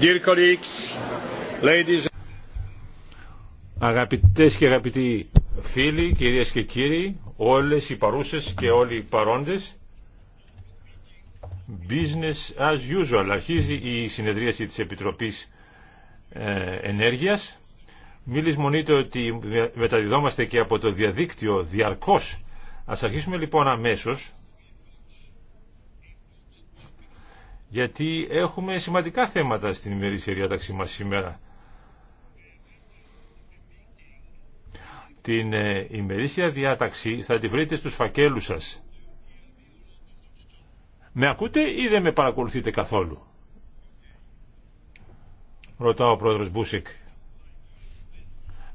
Dear Αγαπητές και αγαπητοί φίλοι, κυρίες και κύριοι, όλες οι παρούσες και όλοι οι παρόντες, business as usual. Αρχίζει η συνεδρίαση της Επιτροπής ε, Ενέργειας. Μη λησμονείτε ότι μεταδιδόμαστε και από το διαδίκτυο διαρκώς. Ας αρχίσουμε λοιπόν αμέσως γιατί έχουμε σημαντικά θέματα στην ημερήσια διάταξη μας σήμερα. Την ε, ημερήσια διάταξη θα τη βρείτε στους φακέλους σας. Με ακούτε ή δεν με παρακολουθείτε καθόλου. Ρωτάω ο πρόεδρος Μπούσικ.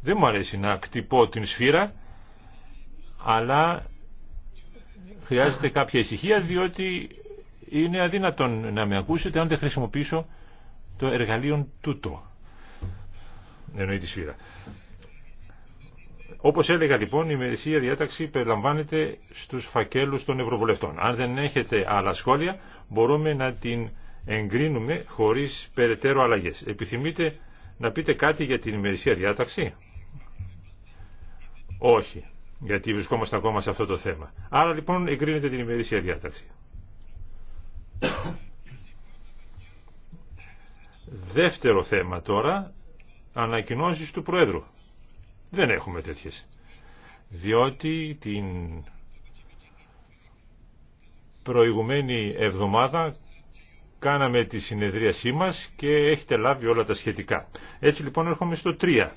Δεν μου αρέσει να κτυπώ την σφύρα, αλλά χρειάζεται κάποια ησυχία διότι είναι αδύνατον να με ακούσετε αν δεν χρησιμοποιήσω το εργαλείο τούτο. Εννοεί τη σφύρα. Όπω έλεγα λοιπόν, η μερισία διάταξη περιλαμβάνεται στου φακέλου των Ευρωβουλευτών. Αν δεν έχετε άλλα σχόλια, μπορούμε να την εγκρίνουμε χωρί περαιτέρω αλλαγέ. Επιθυμείτε να πείτε κάτι για την ημερησία διάταξη? Όχι, γιατί βρισκόμαστε ακόμα σε αυτό το θέμα. Άρα λοιπόν εγκρίνεται την ημερησία διάταξη. Δεύτερο θέμα τώρα, ανακοινώσεις του Προέδρου. Δεν έχουμε τέτοιες. Διότι την προηγουμένη εβδομάδα κάναμε τη συνεδρίασή μας και έχετε λάβει όλα τα σχετικά. Έτσι λοιπόν έρχομαι στο 3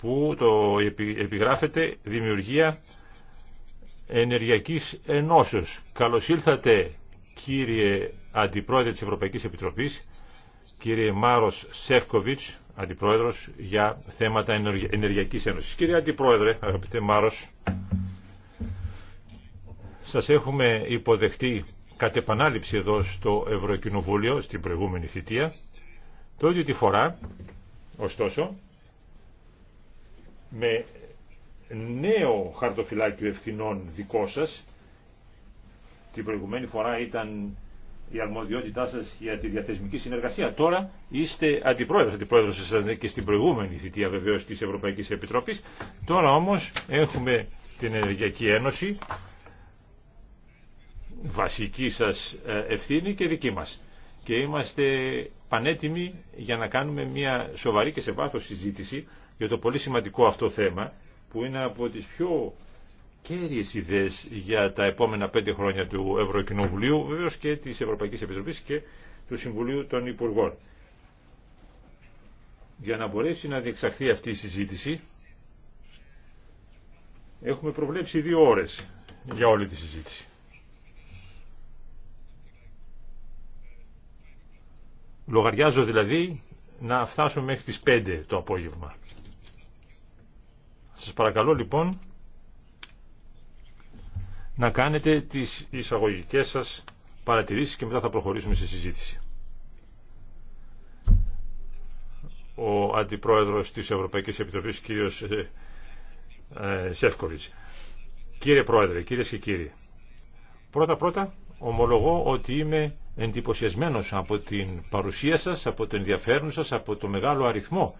που το επιγράφεται δημιουργία Ενεργειακής Ενώσεως. Καλώς ήλθατε κύριε Αντιπρόεδρε της Ευρωπαϊκής Επιτροπής, κύριε Μάρος Σεύκοβιτς, Αντιπρόεδρος για θέματα Ενεργειακής Ένωσης. Κύριε Αντιπρόεδρε, αγαπητέ Μάρος, σας έχουμε υποδεχτεί κατ' επανάληψη εδώ στο Ευρωκοινοβούλιο στην προηγούμενη θητεία. Το ίδιο τη φορά, ωστόσο, με νέο χαρτοφυλάκιο ευθυνών δικό σας. Την προηγουμένη φορά ήταν η αρμοδιότητά σας για τη διαθεσμική συνεργασία. Τώρα είστε αντιπρόεδρος, αντιπρόεδρος σας δηλαδή και στην προηγούμενη θητεία βεβαίως της Ευρωπαϊκής Επιτροπής. Τώρα όμως έχουμε την Ενεργειακή Ένωση, βασική σας ε, ευθύνη και δική μας. Και είμαστε πανέτοιμοι για να κάνουμε μια σοβαρή και σε βάθος συζήτηση για το πολύ σημαντικό αυτό θέμα που είναι από τις πιο κέρυες ιδέες για τα επόμενα πέντε χρόνια του Ευρωκοινοβουλίου, βεβαίως και της Ευρωπαϊκής Επιτροπής και του Συμβουλίου των Υπουργών. Για να μπορέσει να διεξαχθεί αυτή η συζήτηση, έχουμε προβλέψει δύο ώρες για όλη τη συζήτηση. Λογαριάζω δηλαδή να φτάσουμε μέχρι τις 5 το απόγευμα. Σας παρακαλώ λοιπόν να κάνετε τις εισαγωγικές σας παρατηρήσεις και μετά θα προχωρήσουμε σε συζήτηση. Ο Αντιπρόεδρος της Ευρωπαϊκής Επιτροπής, κύριος ε, ε, Σεύκοβιτς. Κύριε Πρόεδρε, κυρίες και κύριοι, πρώτα-πρώτα ομολογώ ότι είμαι εντυπωσιασμένος από την παρουσία σας, από το ενδιαφέρον σας, από το μεγάλο αριθμό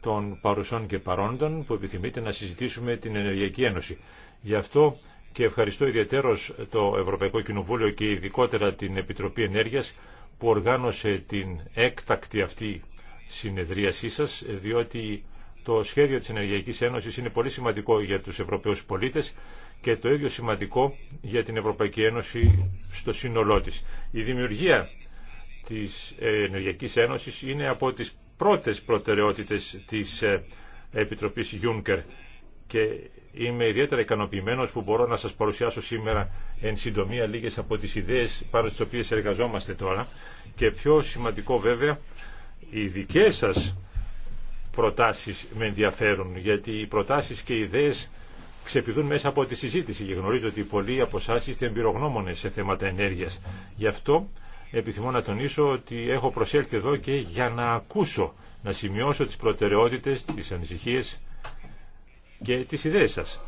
των παρουσών και παρόντων που επιθυμείτε να συζητήσουμε την Ενεργειακή Ένωση. Γι' αυτό και ευχαριστώ ιδιαίτερος το Ευρωπαϊκό Κοινοβούλιο και ειδικότερα την Επιτροπή Ενέργειας που οργάνωσε την έκτακτη αυτή συνεδρίασή σας, διότι το σχέδιο της Ενεργειακής Ένωσης είναι πολύ σημαντικό για τους Ευρωπαίους πολίτες και το ίδιο σημαντικό για την Ευρωπαϊκή Ένωση στο σύνολό της. Η δημιουργία της Ενεργειακής Ένωσης είναι από τις πρώτες προτεραιότητες της ε, Επιτροπής Juncker και είμαι ιδιαίτερα ικανοποιημένο που μπορώ να σας παρουσιάσω σήμερα εν συντομία λίγες από τις ιδέες πάνω στις οποίες εργαζόμαστε τώρα και πιο σημαντικό βέβαια οι δικές σας προτάσεις με ενδιαφέρουν γιατί οι προτάσεις και οι ιδέες ξεπηδούν μέσα από τη συζήτηση και γνωρίζω ότι πολλοί από εσά είστε σε θέματα ενέργεια. Γι' αυτό επιθυμώ να τονίσω ότι έχω προσέλθει εδώ και για να ακούσω, να σημειώσω τις προτεραιότητες, τις ανησυχίες και τις ιδέες σας.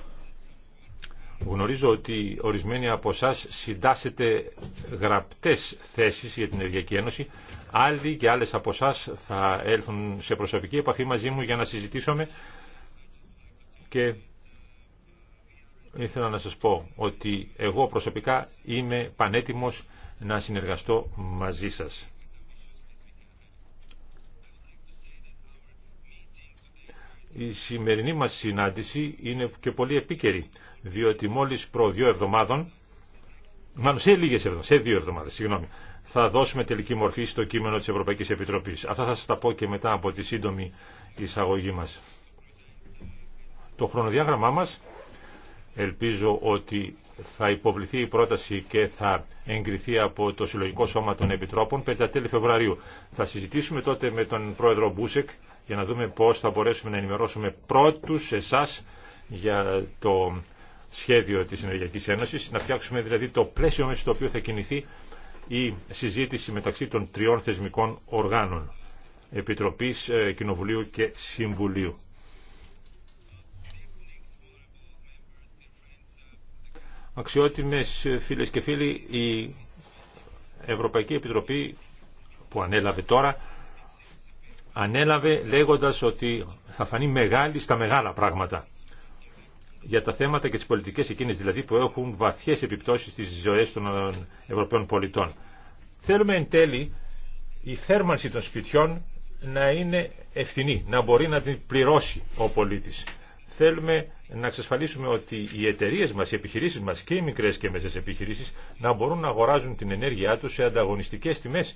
Γνωρίζω ότι ορισμένοι από εσά συντάσσετε γραπτές θέσεις για την Ενεργειακή Ένωση. Άλλοι και άλλες από εσά θα έλθουν σε προσωπική επαφή μαζί μου για να συζητήσουμε και ήθελα να σας πω ότι εγώ προσωπικά είμαι πανέτοιμος να συνεργαστώ μαζί σας. Η σημερινή μας συνάντηση είναι και πολύ επίκαιρη, διότι μόλις προ δύο εβδομάδων, μάλλον σε λίγες εβδομάδες, σε δύο εβδομάδες, συγγνώμη, θα δώσουμε τελική μορφή στο κείμενο της Ευρωπαϊκής Επιτροπής. Αυτά θα σας τα πω και μετά από τη σύντομη εισαγωγή μας. Το χρονοδιάγραμμά μας ελπίζω ότι θα υποβληθεί η πρόταση και θα εγκριθεί από το Συλλογικό Σώμα των Επιτρόπων 5 τέλη Φεβρουαρίου. Θα συζητήσουμε τότε με τον πρόεδρο Μπούσεκ για να δούμε πώς θα μπορέσουμε να ενημερώσουμε πρώτους εσάς για το σχέδιο της Ενεργειακής Ένωσης, να φτιάξουμε δηλαδή το πλαίσιο μέσα στο οποίο θα κινηθεί η συζήτηση μεταξύ των τριών θεσμικών οργάνων, Επιτροπής, ε, Κοινοβουλίου και Συμβουλίου. Αξιότιμες φίλες και φίλοι, η Ευρωπαϊκή Επιτροπή που ανέλαβε τώρα, ανέλαβε λέγοντας ότι θα φανεί μεγάλη στα μεγάλα πράγματα για τα θέματα και τις πολιτικές εκείνες δηλαδή που έχουν βαθιές επιπτώσεις στις ζωές των Ευρωπαίων πολιτών. Θέλουμε εν τέλει η θέρμανση των σπιτιών να είναι ευθυνή, να μπορεί να την πληρώσει ο πολίτης. Θέλουμε να εξασφαλίσουμε ότι οι εταιρείε μα, οι επιχειρήσει μα και οι μικρέ και μεσαίε επιχειρήσει να μπορούν να αγοράζουν την ενέργειά του σε ανταγωνιστικέ τιμέ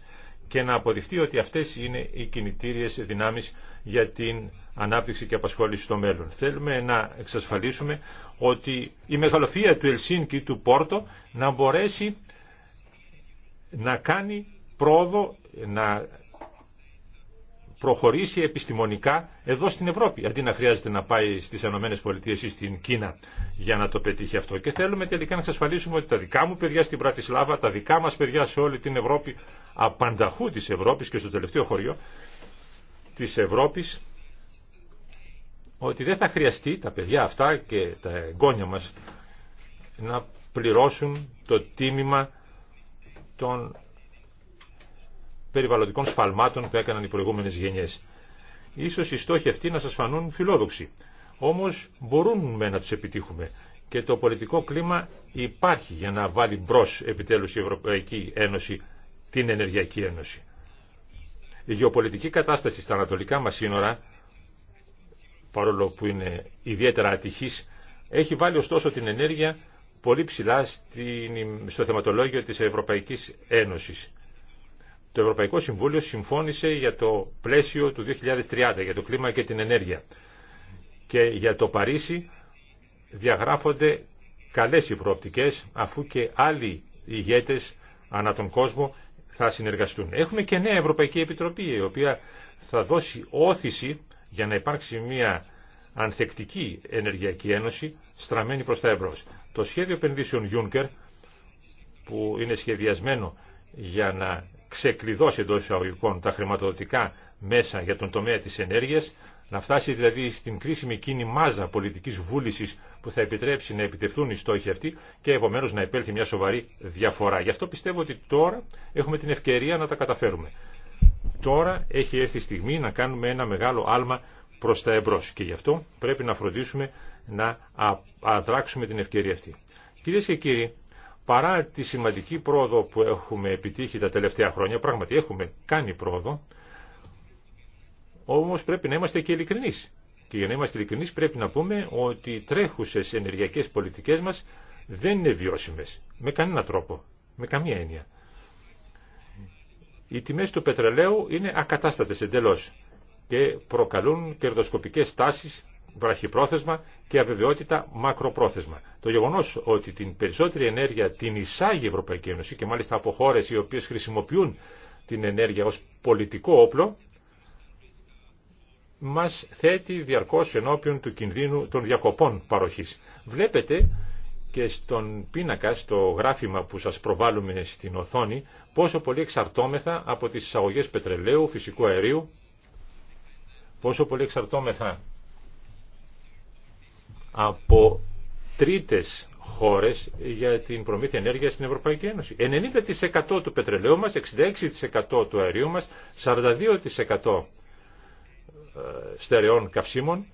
και να αποδειχτεί ότι αυτέ είναι οι κινητήριε δυνάμει για την ανάπτυξη και απασχόληση στο μέλλον. Θέλουμε να εξασφαλίσουμε ότι η μεγαλοφία του και του Πόρτο να μπορέσει να κάνει πρόοδο, να προχωρήσει επιστημονικά εδώ στην Ευρώπη, αντί να χρειάζεται να πάει στις ΗΠΑ ή στην Κίνα για να το πετύχει αυτό. Και θέλουμε τελικά να εξασφαλίσουμε ότι τα δικά μου παιδιά στην Πρατισλάβα, τα δικά μας παιδιά σε όλη την Ευρώπη, απανταχού της Ευρώπης και στο τελευταίο χωριό της Ευρώπης, ότι δεν θα χρειαστεί τα παιδιά αυτά και τα εγγόνια μα να πληρώσουν το τίμημα των περιβαλλοντικών σφαλμάτων που έκαναν οι προηγούμενε γενιές. Ίσως οι στόχοι αυτοί να σα φανούν φιλόδοξοι. Όμως μπορούμε να του επιτύχουμε και το πολιτικό κλίμα υπάρχει για να βάλει μπρο επιτέλου η Ευρωπαϊκή Ένωση την Ενεργειακή Ένωση. Η γεωπολιτική κατάσταση στα ανατολικά μα σύνορα, παρόλο που είναι ιδιαίτερα ατυχή, έχει βάλει ωστόσο την ενέργεια πολύ ψηλά στο θεματολόγιο της Ευρωπαϊκής Ένωσης το Ευρωπαϊκό Συμβούλιο συμφώνησε για το πλαίσιο του 2030, για το κλίμα και την ενέργεια. Και για το Παρίσι διαγράφονται καλές οι προοπτικές, αφού και άλλοι ηγέτες ανά τον κόσμο θα συνεργαστούν. Έχουμε και νέα Ευρωπαϊκή Επιτροπή, η οποία θα δώσει όθηση για να υπάρξει μια ανθεκτική ενεργειακή ένωση στραμμένη προς τα εμπρός. Το σχέδιο επενδύσεων Juncker, που είναι σχεδιασμένο για να ξεκλειδώσει εντό εισαγωγικών τα χρηματοδοτικά μέσα για τον τομέα της ενέργειας, να φτάσει δηλαδή στην κρίσιμη κίνη μάζα πολιτικής βούλησης που θα επιτρέψει να επιτευχθούν οι στόχοι αυτοί και επομένως να επέλθει μια σοβαρή διαφορά. Γι' αυτό πιστεύω ότι τώρα έχουμε την ευκαιρία να τα καταφέρουμε. Τώρα έχει έρθει η στιγμή να κάνουμε ένα μεγάλο άλμα προς τα εμπρός και γι' αυτό πρέπει να φροντίσουμε να αδράξουμε την ευκαιρία αυτή. Κυρίε και κύριοι, παρά τη σημαντική πρόοδο που έχουμε επιτύχει τα τελευταία χρόνια, πράγματι έχουμε κάνει πρόοδο, όμως πρέπει να είμαστε και ειλικρινείς. Και για να είμαστε ειλικρινείς πρέπει να πούμε ότι οι τρέχουσες ενεργειακές πολιτικές μας δεν είναι βιώσιμες, με κανένα τρόπο, με καμία έννοια. Οι τιμές του πετρελαίου είναι ακατάστατες εντελώς και προκαλούν κερδοσκοπικές τάσεις βραχυπρόθεσμα και αβεβαιότητα μακροπρόθεσμα. Το γεγονό ότι την περισσότερη ενέργεια την εισάγει η Ευρωπαϊκή Ένωση και μάλιστα από χώρε οι οποίε χρησιμοποιούν την ενέργεια ω πολιτικό όπλο, μα θέτει διαρκώ ενώπιον του κινδύνου των διακοπών παροχή. Βλέπετε και στον πίνακα, στο γράφημα που σας προβάλλουμε στην οθόνη, πόσο πολύ εξαρτώμεθα από τις εισαγωγές πετρελαίου, φυσικού αερίου, πόσο πολύ εξαρτώμεθα από τρίτες χώρες για την προμήθεια ενέργειας στην Ευρωπαϊκή Ένωση. 90% του πετρελαίου μας, 66% του αερίου μας, 42% ε, στερεών καυσίμων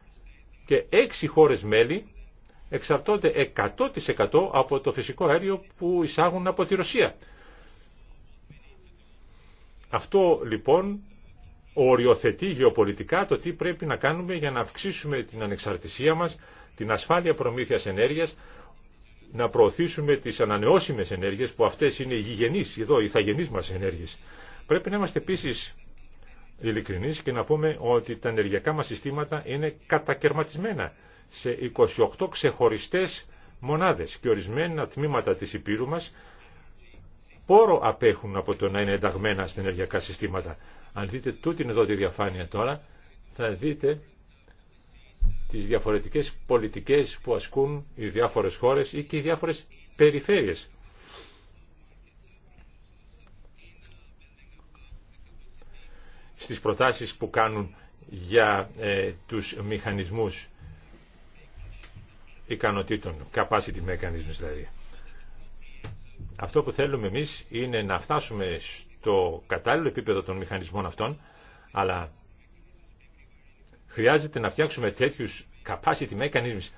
και 6 χώρες μέλη εξαρτώνται 100% από το φυσικό αέριο που εισάγουν από τη Ρωσία. Αυτό λοιπόν οριοθετεί γεωπολιτικά το τι πρέπει να κάνουμε για να αυξήσουμε την ανεξαρτησία μας την ασφάλεια προμήθειας ενέργειας, να προωθήσουμε τις ανανεώσιμες ενέργειες που αυτές είναι οι γηγενεί, εδώ οι θαγενείς μας ενέργειες. Πρέπει να είμαστε επίσης ειλικρινείς και να πούμε ότι τα ενεργειακά μας συστήματα είναι κατακαιρματισμένα σε 28 ξεχωριστές μονάδες και ορισμένα τμήματα της υπήρου μας πόρο απέχουν από το να είναι ενταγμένα στα ενεργειακά συστήματα. Αν δείτε τούτην εδώ τη διαφάνεια τώρα, θα δείτε τις διαφορετικές πολιτικές που ασκούν οι διάφορες χώρες ή και οι διάφορες περιφέρειες. Στις προτάσεις που κάνουν για ε, τους μηχανισμούς ικανοτήτων, capacity mechanisms δηλαδή. Αυτό που θέλουμε εμείς είναι να φτάσουμε στο κατάλληλο επίπεδο των μηχανισμών αυτών, αλλά Χρειάζεται να φτιάξουμε τέτοιου capacity mechanisms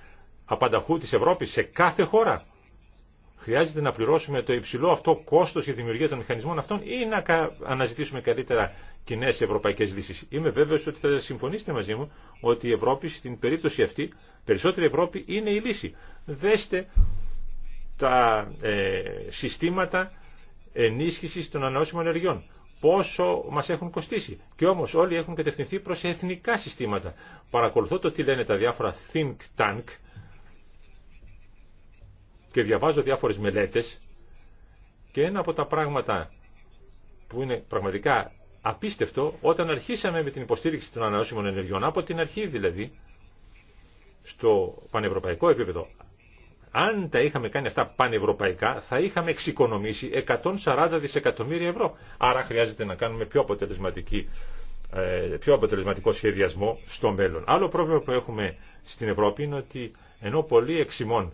απανταχού της Ευρώπης σε κάθε χώρα. Χρειάζεται να πληρώσουμε το υψηλό αυτό κόστος για τη δημιουργία των μηχανισμών αυτών ή να αναζητήσουμε καλύτερα κοινέ ευρωπαϊκές λύσεις. Είμαι βέβαιος ότι θα συμφωνήσετε μαζί μου ότι η Ευρώπη στην περίπτωση αυτή, περισσότερη Ευρώπη είναι η λύση. Δέστε τα ε, συστήματα ενίσχυση των ανανεώσιμων ενεργειών πόσο μας έχουν κοστίσει. Και όμως όλοι έχουν κατευθυνθεί προ εθνικά συστήματα. Παρακολουθώ το τι λένε τα διάφορα think tank και διαβάζω διάφορες μελέτες και ένα από τα πράγματα που είναι πραγματικά απίστευτο όταν αρχίσαμε με την υποστήριξη των ανανεώσιμων ενεργειών από την αρχή δηλαδή στο πανευρωπαϊκό επίπεδο αν τα είχαμε κάνει αυτά πανευρωπαϊκά, θα είχαμε εξοικονομήσει 140 δισεκατομμύρια ευρώ. Άρα χρειάζεται να κάνουμε πιο, αποτελεσματική, ε, πιο αποτελεσματικό σχεδιασμό στο μέλλον. Άλλο πρόβλημα που έχουμε στην Ευρώπη είναι ότι ενώ πολλοί εξημών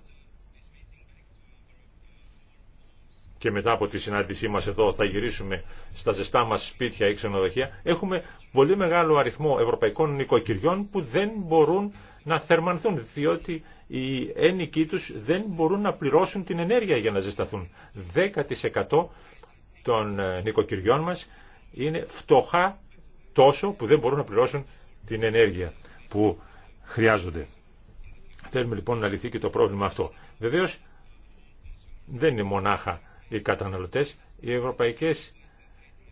και μετά από τη συνάντησή μας εδώ θα γυρίσουμε στα ζεστά μας σπίτια ή ξενοδοχεία, έχουμε πολύ μεγάλο αριθμό ευρωπαϊκών νοικοκυριών που δεν μπορούν να θερμανθούν, διότι οι ενικοί τους δεν μπορούν να πληρώσουν την ενέργεια για να ζεσταθούν. 10% των ε, νοικοκυριών μας είναι φτωχά τόσο που δεν μπορούν να πληρώσουν την ενέργεια που χρειάζονται. Θέλουμε λοιπόν να λυθεί και το πρόβλημα αυτό. Βεβαίως δεν είναι μονάχα οι καταναλωτές, οι ευρωπαϊκές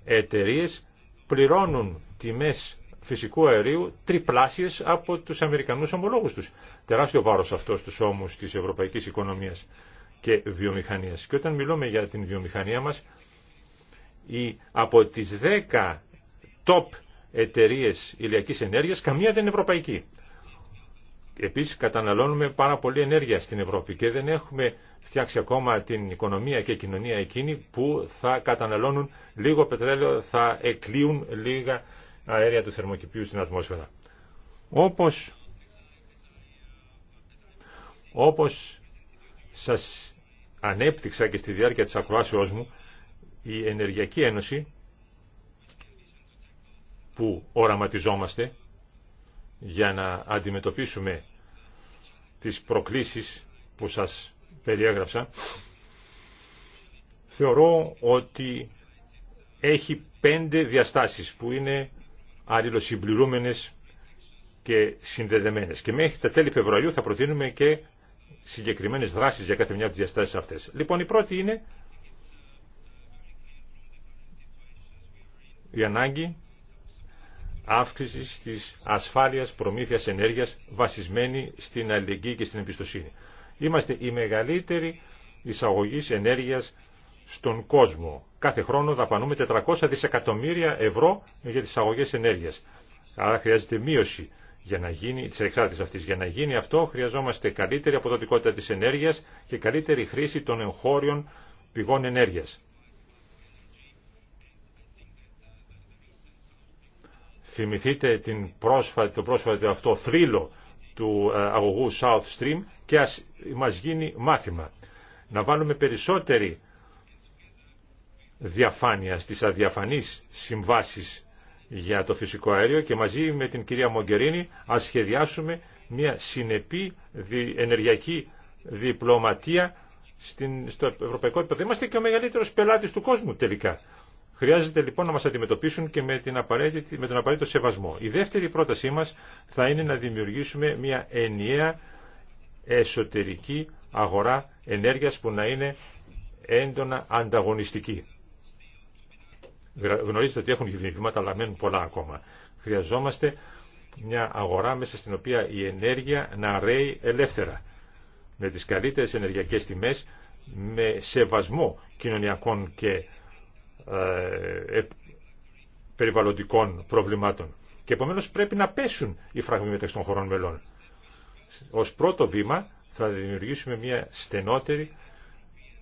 εταιρείες πληρώνουν τιμές φυσικού αερίου τριπλάσιες από τους Αμερικανούς ομολόγους τους. Τεράστιο βάρος αυτό στους ώμους της ευρωπαϊκής οικονομίας και βιομηχανίας. Και όταν μιλούμε για την βιομηχανία μας, από τις 10 top εταιρείε ηλιακής ενέργειας, καμία δεν είναι ευρωπαϊκή. Επίσης καταναλώνουμε πάρα πολύ ενέργεια στην Ευρώπη και δεν έχουμε φτιάξει ακόμα την οικονομία και κοινωνία εκείνη που θα καταναλώνουν λίγο πετρέλαιο, θα εκλείουν λίγα αέρια του θερμοκηπίου στην ατμόσφαιρα. Όπως, όπως σας ανέπτυξα και στη διάρκεια της ακροάσεώς μου, η Ενεργειακή Ένωση που οραματιζόμαστε για να αντιμετωπίσουμε τις προκλήσεις που σας περιέγραψα, θεωρώ ότι έχει πέντε διαστάσεις που είναι αλληλοσυμπληρούμενες και συνδεδεμένες. Και μέχρι τα τέλη Φεβρουαρίου θα προτείνουμε και συγκεκριμένες δράσεις για κάθε μια από τις διαστάσεις αυτές. Λοιπόν, η πρώτη είναι η ανάγκη αύξησης της ασφάλειας προμήθειας ενέργειας βασισμένη στην αλληλεγγύη και στην εμπιστοσύνη. Είμαστε η μεγαλύτερη εισαγωγή ενέργειας στον κόσμο. Κάθε χρόνο δαπανούμε 400 δισεκατομμύρια ευρώ για τις αγωγές ενέργειας. Άρα χρειάζεται μείωση για να γίνει, της εξάρτησης αυτής. Για να γίνει αυτό χρειαζόμαστε καλύτερη αποδοτικότητα της ενέργειας και καλύτερη χρήση των εγχώριων πηγών ενέργειας. Θυμηθείτε το πρόσφατο αυτό θρύλο του ε, αγωγού South Stream και ας μας γίνει μάθημα. Να βάλουμε περισσότερη διαφάνειας, της αδιαφανής συμβάσεις για το φυσικό αέριο και μαζί με την κυρία Μογκερίνη ας σχεδιάσουμε μια συνεπή ενεργειακή διπλωματία στην, στο ευρωπαϊκό επίπεδο. Είμαστε και ο μεγαλύτερος πελάτης του κόσμου τελικά. Χρειάζεται λοιπόν να μας αντιμετωπίσουν και με, με τον απαραίτητο σεβασμό. Η δεύτερη πρότασή μας θα είναι να δημιουργήσουμε μια ενιαία εσωτερική αγορά ενέργειας που να είναι έντονα ανταγωνιστική. Γνωρίζετε ότι έχουν βήματα αλλά μένουν πολλά ακόμα. Χρειαζόμαστε μια αγορά μέσα στην οποία η ενέργεια να ρέει ελεύθερα. Με τις καλύτερες ενεργειακές τιμές, με σεβασμό κοινωνιακών και ε, περιβαλλοντικών προβλημάτων. Και επομένως πρέπει να πέσουν οι φραγμοί μεταξύ των χωρών μελών. Ως πρώτο βήμα θα δημιουργήσουμε μια στενότερη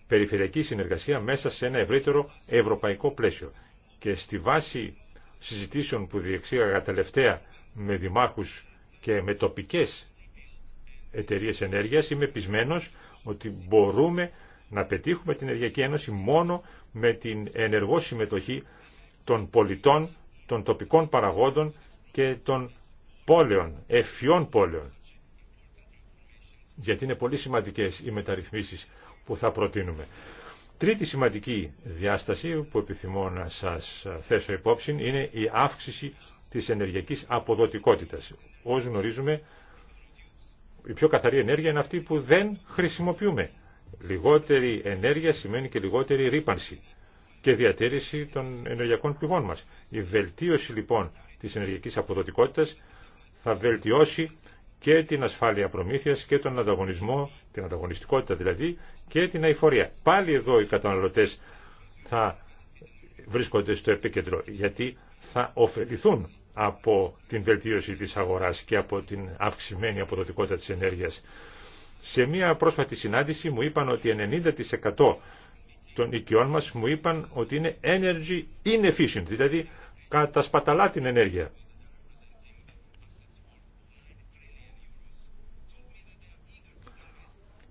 περιφερειακή συνεργασία μέσα σε ένα ευρύτερο ευρωπαϊκό πλαίσιο και στη βάση συζητήσεων που διεξήγαγα τελευταία με δημάρχους και με τοπικές εταιρείες ενέργειας είμαι πεισμένος ότι μπορούμε να πετύχουμε την Ενεργειακή Ένωση μόνο με την ενεργό συμμετοχή των πολιτών, των τοπικών παραγόντων και των πόλεων, ευφυών πόλεων. Γιατί είναι πολύ σημαντικές οι μεταρρυθμίσεις που θα προτείνουμε. Τρίτη σημαντική διάσταση που επιθυμώ να σας θέσω υπόψη είναι η αύξηση της ενεργειακής αποδοτικότητας. Όσοι γνωρίζουμε, η πιο καθαρή ενέργεια είναι αυτή που δεν χρησιμοποιούμε. Λιγότερη ενέργεια σημαίνει και λιγότερη ρήπανση και διατήρηση των ενεργειακών πηγών μας. Η βελτίωση λοιπόν της ενεργειακής αποδοτικότητας θα βελτιώσει και την ασφάλεια προμήθειας και τον ανταγωνισμό, την ανταγωνιστικότητα δηλαδή και την αηφορία. Πάλι εδώ οι καταναλωτές θα βρίσκονται στο επίκεντρο γιατί θα ωφεληθούν από την βελτίωση της αγοράς και από την αυξημένη αποδοτικότητα της ενέργειας. Σε μια πρόσφατη συνάντηση μου είπαν ότι 90% των οικειών μας μου είπαν ότι είναι energy inefficient, δηλαδή κατασπαταλά την ενέργεια.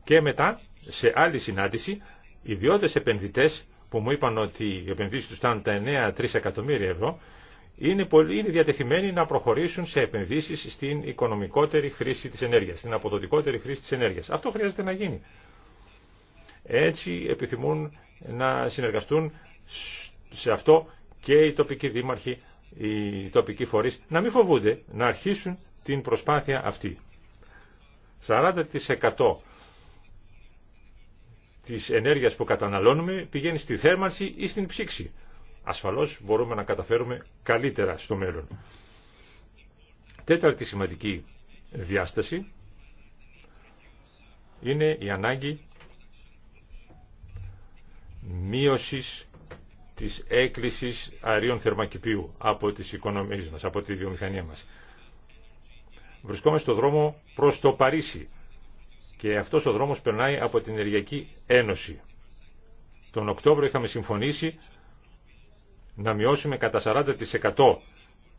Και μετά, σε άλλη συνάντηση, ιδιώτε επενδυτέ που μου είπαν ότι οι επενδύσει του φτάνουν τα 9-3 εκατομμύρια ευρώ, είναι, πολύ, είναι διατεθειμένοι να προχωρήσουν σε επενδύσει στην οικονομικότερη χρήση τη ενέργεια, στην αποδοτικότερη χρήση τη ενέργεια. Αυτό χρειάζεται να γίνει. Έτσι επιθυμούν να συνεργαστούν σε αυτό και οι τοπικοί δήμαρχοι, οι τοπικοί φορείς, να μην φοβούνται να αρχίσουν την προσπάθεια αυτή. 40% της ενέργειας που καταναλώνουμε πηγαίνει στη θέρμανση ή στην ψήξη. Ασφαλώς μπορούμε να καταφέρουμε καλύτερα στο μέλλον. Τέταρτη σημαντική διάσταση είναι η ανάγκη μείωσης της έκκλησης αερίων θερμακηπίου από τις οικονομίες μας, από τη βιομηχανία μας. Βρισκόμαστε στο δρόμο προς το Παρίσι. Και αυτός ο δρόμος περνάει από την Ενεργειακή Ένωση. Τον Οκτώβριο είχαμε συμφωνήσει να μειώσουμε κατά 40%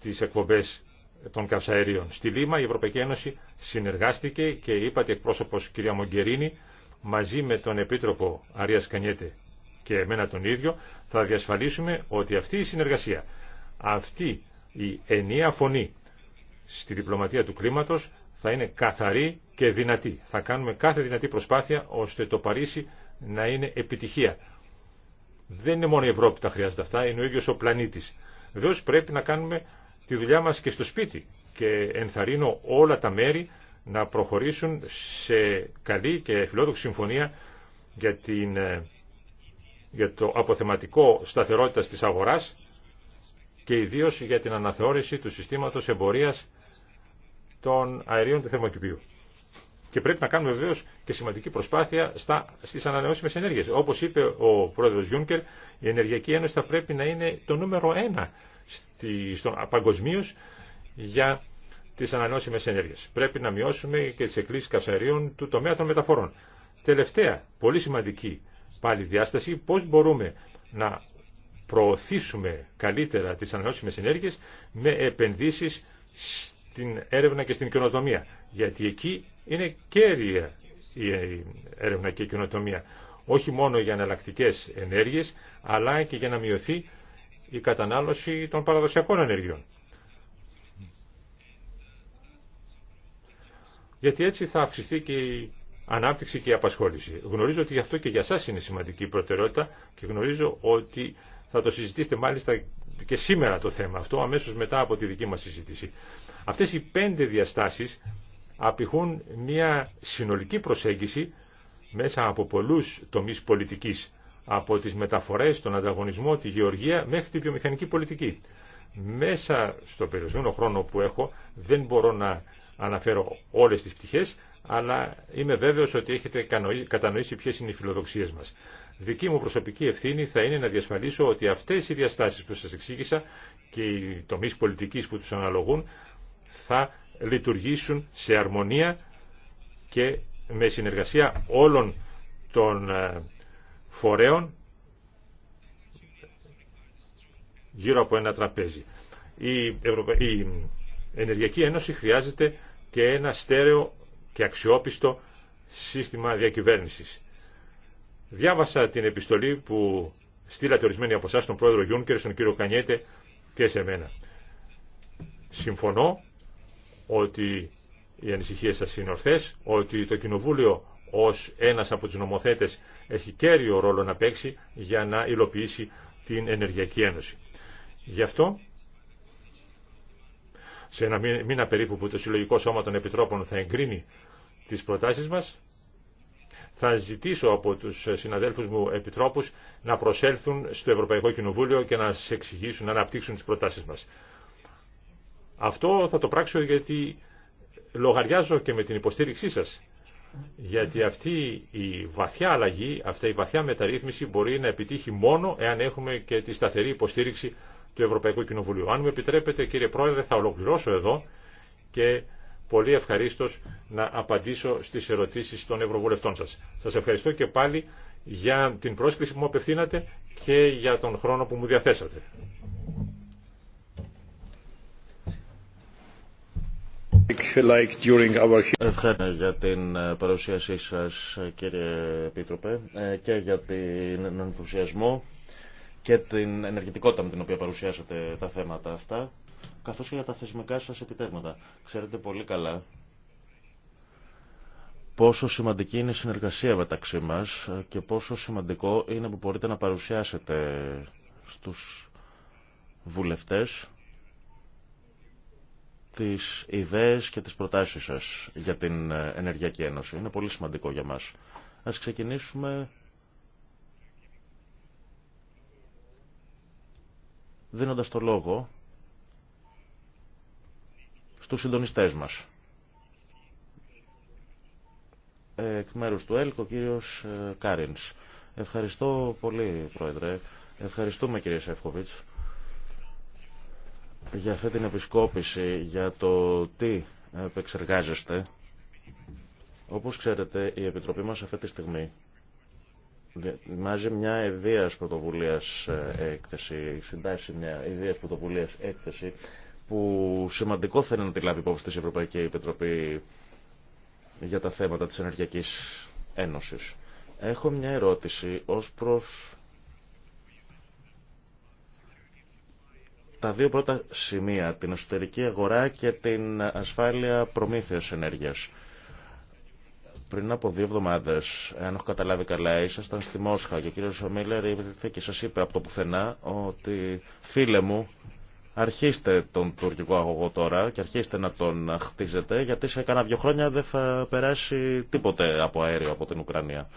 τις εκπομπές των καυσαερίων. Στη Λίμα η Ευρωπαϊκή Ένωση συνεργάστηκε και είπατε εκπρόσωπος κυρία Μογκερίνη μαζί με τον Επίτροπο Αρία Κανιέτε και εμένα τον ίδιο θα διασφαλίσουμε ότι αυτή η συνεργασία, αυτή η ενία φωνή στη διπλωματία του κλίματος θα είναι καθαρή και δυνατή. Θα κάνουμε κάθε δυνατή προσπάθεια ώστε το Παρίσι να είναι επιτυχία. Δεν είναι μόνο η Ευρώπη τα χρειάζεται αυτά, είναι ο ίδιος ο πλανήτης. Βεβαίω πρέπει να κάνουμε τη δουλειά μας και στο σπίτι και ενθαρρύνω όλα τα μέρη να προχωρήσουν σε καλή και φιλόδοξη συμφωνία για, την, ε, για το αποθεματικό σταθερότητα της αγοράς και ιδίως για την αναθεώρηση του συστήματος εμπορίας των αερίων του θερμοκηπίου. Και πρέπει να κάνουμε βεβαίω και σημαντική προσπάθεια στι ανανεώσιμε ενέργειε. Όπω είπε ο πρόεδρο Γιούνκερ, η Ενεργειακή Ένωση θα πρέπει να είναι το νούμερο ένα παγκοσμίω για τι ανανεώσιμε ενέργειε. Πρέπει να μειώσουμε και τι εκκλήσει καυσαερίων του τομέα των μεταφορών. Τελευταία, πολύ σημαντική πάλι διάσταση, πώ μπορούμε να προωθήσουμε καλύτερα τι ανανεώσιμε ενέργειε με επενδύσει στην έρευνα και στην καινοτομία. Γιατί εκεί είναι κέρια η έρευνα και η καινοτομία. Όχι μόνο για εναλλακτικέ ενέργειες, αλλά και για να μειωθεί η κατανάλωση των παραδοσιακών ενεργειών. Γιατί έτσι θα αυξηθεί και η ανάπτυξη και η απασχόληση. Γνωρίζω ότι γι' αυτό και για σας είναι σημαντική προτεραιότητα και γνωρίζω ότι θα το συζητήσετε μάλιστα και σήμερα το θέμα αυτό, αμέσως μετά από τη δική μας συζήτηση. Αυτές οι πέντε διαστάσεις απηχούν μια συνολική προσέγγιση μέσα από πολλούς τομείς πολιτικής, από τις μεταφορές, τον ανταγωνισμό, τη γεωργία μέχρι τη βιομηχανική πολιτική. Μέσα στο περιορισμένο χρόνο που έχω δεν μπορώ να αναφέρω όλες τις πτυχές, αλλά είμαι βέβαιος ότι έχετε κατανοήσει ποιες είναι οι φιλοδοξίες μας. Δική μου προσωπική ευθύνη θα είναι να διασφαλίσω ότι αυτές οι διαστάσεις που σας εξήγησα και οι τομείς πολιτικής που τους αναλογούν θα λειτουργήσουν σε αρμονία και με συνεργασία όλων των ε, φορέων γύρω από ένα τραπέζι. Η, η Ενεργειακή Ένωση χρειάζεται και ένα στέρεο και αξιόπιστο σύστημα διακυβέρνησης. Διάβασα την επιστολή που στείλατε ορισμένοι από εσά στον πρόεδρο Γιούνκερ, στον κύριο Κανιέτε και σε μένα. Συμφωνώ ότι οι ανησυχίε σα είναι ορθέ, ότι το Κοινοβούλιο ως ένα από τους νομοθέτες έχει κέριο ρόλο να παίξει για να υλοποιήσει την Ενεργειακή Ένωση. Γι' αυτό, σε ένα μήνα περίπου που το Συλλογικό Σώμα των Επιτρόπων θα εγκρίνει τις προτάσεις μας, θα ζητήσω από τους συναδέλφους μου επιτρόπους να προσέλθουν στο Ευρωπαϊκό Κοινοβούλιο και να σας εξηγήσουν, να αναπτύξουν τις προτάσεις μας. Αυτό θα το πράξω γιατί λογαριάζω και με την υποστήριξή σας. Γιατί αυτή η βαθιά αλλαγή, αυτή η βαθιά μεταρρύθμιση μπορεί να επιτύχει μόνο εάν έχουμε και τη σταθερή υποστήριξη του Ευρωπαϊκού Κοινοβουλίου. Αν μου επιτρέπετε κύριε Πρόεδρε θα ολοκληρώσω εδώ και πολύ ευχαρίστω να απαντήσω στι ερωτήσει των Ευρωβουλευτών σα. Σα ευχαριστώ και πάλι για την πρόσκληση που μου απευθύνατε και για τον χρόνο που μου διαθέσατε. Ευχαριστώ για την παρουσίασή σας κύριε Επίτροπε ε, και για την ενθουσιασμό και την ενεργητικότητα με την οποία παρουσιάσατε τα θέματα αυτά καθώς και για τα θεσμικά σας επιτεύγματα. Ξέρετε πολύ καλά πόσο σημαντική είναι η συνεργασία μεταξύ μας και πόσο σημαντικό είναι που μπορείτε να παρουσιάσετε στους βουλευτές τις ιδέες και τις προτάσεις σας για την Ενεργειακή Ένωση. Είναι πολύ σημαντικό για μας. Ας ξεκινήσουμε δίνοντας το λόγο τους συντονιστές μας. Εκ μέρους του ΕΛΚ ο κύριος ε, Κάρινς. Ευχαριστώ πολύ πρόεδρε. Ευχαριστούμε κύριε Σεύκοβιτς για αυτή την επισκόπηση για το τι επεξεργάζεστε. Όπως ξέρετε η Επιτροπή μας αυτή τη στιγμή Μάζει μια ιδέα πρωτοβουλία ε, έκθεση, συντάσσει μια ιδέα πρωτοβουλία έκθεση που σημαντικό θα είναι να τη λάβει υπόψη της Ευρωπαϊκή Επιτροπή για τα θέματα της Ενεργειακής Ένωσης. Έχω μια ερώτηση ως προς τα δύο πρώτα σημεία, την εσωτερική αγορά και την ασφάλεια προμήθειας ενέργειας. Πριν από δύο εβδομάδε, αν έχω καταλάβει καλά, ήσασταν στη Μόσχα και ο κύριο Σομίλερ ήρθε και σα είπε από το πουθενά ότι φίλε μου, Αρχίστε τον τουρκικό αγωγό τώρα και αρχίστε να τον χτίζετε γιατί σε κανένα δυο χρόνια δεν θα περάσει τίποτε από αέριο από την Ουκρανία.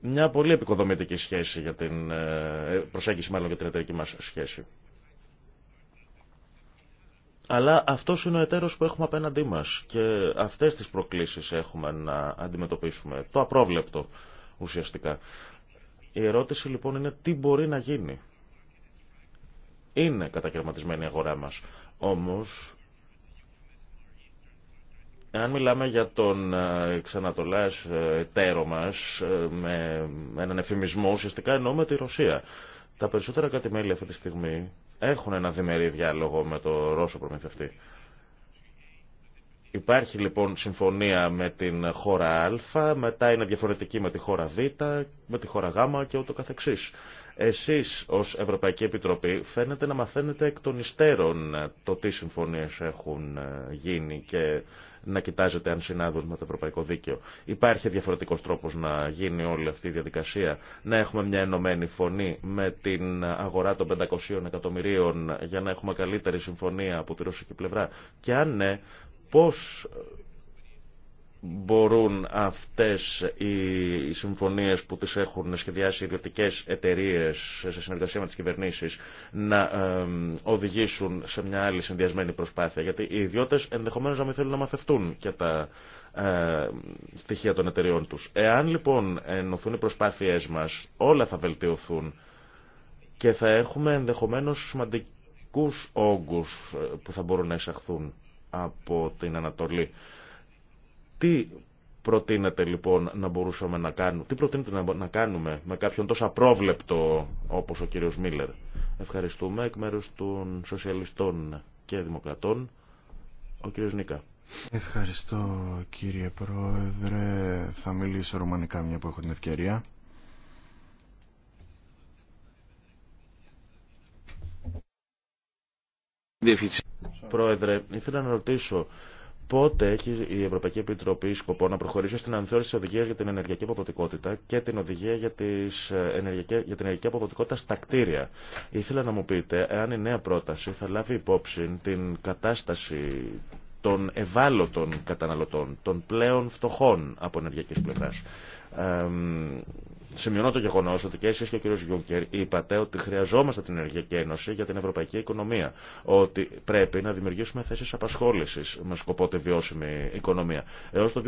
Μια πολύ επικοδομητική σχέση για την ε, προσέγγιση μάλλον για την εταιρική μας σχέση. Αλλά αυτό είναι ο εταίρος που έχουμε απέναντί μας και αυτές τις προκλήσεις έχουμε να αντιμετωπίσουμε. Το απρόβλεπτο ουσιαστικά. Η ερώτηση λοιπόν είναι τι μπορεί να γίνει είναι κατακαιρματισμένη η αγορά μας. Όμως, αν μιλάμε για τον εξανατολάς ε, εταίρο μας ε, με έναν εφημισμό, ουσιαστικά εννοούμε τη Ρωσία. Τα περισσότερα κατημέλη αυτή τη στιγμή έχουν ένα διμερή διάλογο με το Ρώσο προμηθευτή. Υπάρχει λοιπόν συμφωνία με την χώρα Α, μετά είναι διαφορετική με τη χώρα Β, με τη χώρα Γ και ούτω καθεξής. Εσείς ως Ευρωπαϊκή Επιτροπή φαίνεται να μαθαίνετε εκ των υστέρων ε, το τι συμφωνίες έχουν ε, γίνει και να κοιτάζετε αν συνάδουν με το Ευρωπαϊκό Δίκαιο. Υπάρχει διαφορετικός τρόπος να γίνει όλη αυτή η διαδικασία, να έχουμε μια ενωμένη φωνή με την αγορά των 500 εκατομμυρίων για να έχουμε καλύτερη συμφωνία από τη ρωσική πλευρά. Και αν ναι, πώς μπορούν αυτές οι συμφωνίες που τις έχουν σχεδιάσει ιδιωτικέ εταιρείε σε συνεργασία με τις κυβερνήσεις να οδηγήσουν σε μια άλλη συνδυασμένη προσπάθεια. Γιατί οι ιδιώτες ενδεχομένως να μην θέλουν να μαθευτούν και τα ε, στοιχεία των εταιρεών τους. Εάν λοιπόν ενωθούν οι προσπάθειές μας, όλα θα βελτιωθούν και θα έχουμε ενδεχομένως σημαντικούς όγκους ε, που θα μπορούν να εισαχθούν από την Ανατολή. Τι προτείνετε λοιπόν να μπορούσαμε να κάνουμε, τι προτείνετε να κάνουμε με κάποιον τόσο απρόβλεπτο όπως ο κύριος Μίλλερ. Ευχαριστούμε εκ μέρους των σοσιαλιστών και δημοκρατών, ο κύριος Νίκα. Ευχαριστώ κύριε Πρόεδρε. Θα μιλήσω ρουμανικά μια που έχω την ευκαιρία. Πρόεδρε, ήθελα να ρωτήσω Πότε έχει η Ευρωπαϊκή Επιτροπή σκοπό να προχωρήσει στην ανθεώρηση οδηγία για την ενεργειακή αποδοτικότητα και την οδηγία για, τις ε, ενεργειακή, για την ενεργειακή αποδοτικότητα στα κτίρια. Ήθελα να μου πείτε εάν η νέα πρόταση θα λάβει υπόψη την κατάσταση των ευάλωτων καταναλωτών, των πλέον φτωχών από ενεργειακή πλευρά. Σημειώνω το γεγονό ότι και εσεί και ο κ. Γιούγκερ είπατε ότι χρειαζόμαστε την Ενεργειακή Ένωση για την ευρωπαϊκή οικονομία. Ότι πρέπει να δημιουργήσουμε θέσει απασχόληση με σκοπό τη βιώσιμη οικονομία. Έω το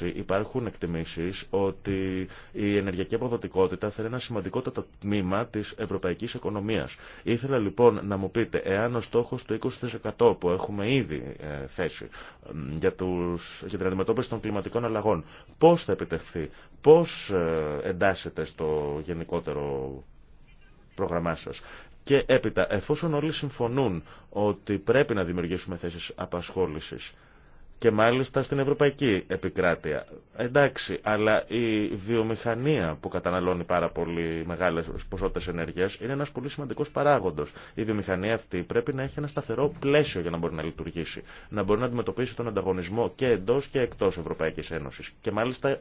2020 υπάρχουν εκτιμήσει ότι η ενεργειακή αποδοτικότητα θα είναι ένα σημαντικότατο τμήμα τη ευρωπαϊκή οικονομία. Ήθελα λοιπόν να μου πείτε, εάν ο στόχο του 20% που έχουμε ήδη ε, θέσει για, τους, για την αντιμετώπιση των κλιματικών αλλαγών, πώ θα επιτευχθεί, πώ ε, εντάξει εντάσσεται στο γενικότερο πρόγραμμά σας. Και έπειτα, εφόσον όλοι συμφωνούν ότι πρέπει να δημιουργήσουμε θέσεις απασχόλησης και μάλιστα στην ευρωπαϊκή επικράτεια, εντάξει, αλλά η βιομηχανία που καταναλώνει πάρα πολύ μεγάλες ποσότητες ενέργειας είναι ένας πολύ σημαντικός παράγοντος. Η βιομηχανία αυτή πρέπει να έχει ένα σταθερό πλαίσιο για να μπορεί να λειτουργήσει, να μπορεί να αντιμετωπίσει τον ανταγωνισμό και εντός και εκτός Ευρωπαϊκής Ένωσης και μάλιστα ε,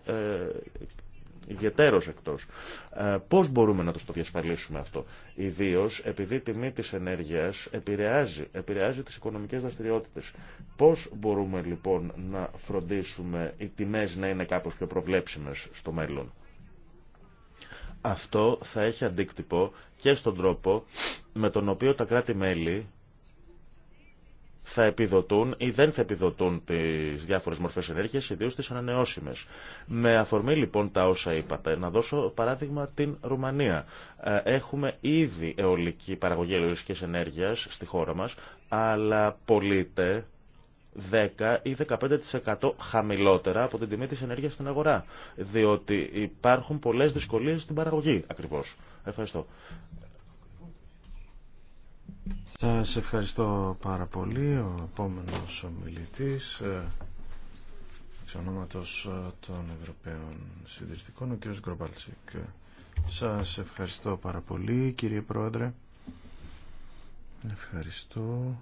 ιδιαιτέρως εκτός. Ε, πώς μπορούμε να το διασφαλίσουμε αυτό, ιδίω επειδή η τιμή της ενέργειας επηρεάζει, επηρεάζει τις οικονομικές δραστηριότητες. Πώς μπορούμε λοιπόν να φροντίσουμε οι τιμές να είναι κάπως πιο προβλέψιμες στο μέλλον. Αυτό θα έχει αντίκτυπο και στον τρόπο με τον οποίο τα κράτη-μέλη θα επιδοτούν ή δεν θα επιδοτούν τις διάφορες μορφές ενέργειας, ιδίω τι ανανεώσιμες. Με αφορμή λοιπόν τα όσα είπατε, να δώσω παράδειγμα την Ρουμανία. Ε, έχουμε ήδη αιωλική παραγωγή αιωλική ενέργειας στη χώρα μας, αλλά πωλείται 10 ή 15% χαμηλότερα από την τιμή της ενέργειας στην αγορά. Διότι υπάρχουν πολλές δυσκολίες στην παραγωγή ακριβώς. Ευχαριστώ. Σας ευχαριστώ πάρα πολύ. Ο επόμενος ομιλητής ε, εξ ονόματος ε, των Ευρωπαίων Συντηρητικών, ο κ. Γκρομπαλτσίκ. Ε, σας ευχαριστώ πάρα πολύ κύριε Πρόεδρε. Ευχαριστώ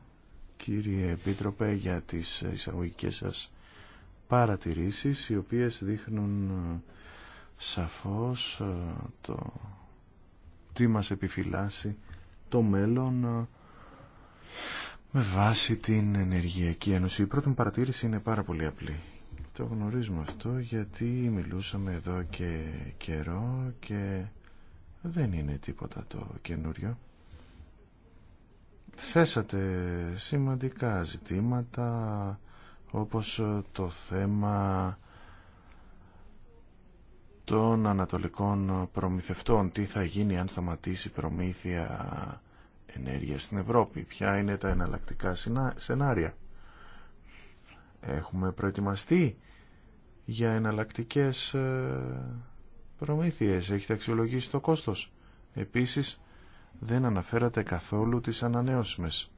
κύριε Επίτροπε για τις εισαγωγικές σας παρατηρήσεις οι οποίες δείχνουν σαφώς το τι μας επιφυλάσσει το μέλλον ε, με βάση την Ενεργειακή Ένωση. Η πρώτη μου παρατήρηση είναι πάρα πολύ απλή. Το γνωρίζουμε αυτό γιατί μιλούσαμε εδώ και καιρό και δεν είναι τίποτα το καινούριο. Θέσατε σημαντικά ζητήματα όπως το θέμα των ανατολικών προμηθευτών. Τι θα γίνει αν σταματήσει η προμήθεια Ενέργεια στην Ευρώπη. Ποια είναι τα εναλλακτικά σενάρια. Έχουμε προετοιμαστεί για εναλλακτικές ε, προμήθειες. Έχετε αξιολογήσει το κόστος. Επίσης, δεν αναφέρατε καθόλου τις ανανεώσιμες.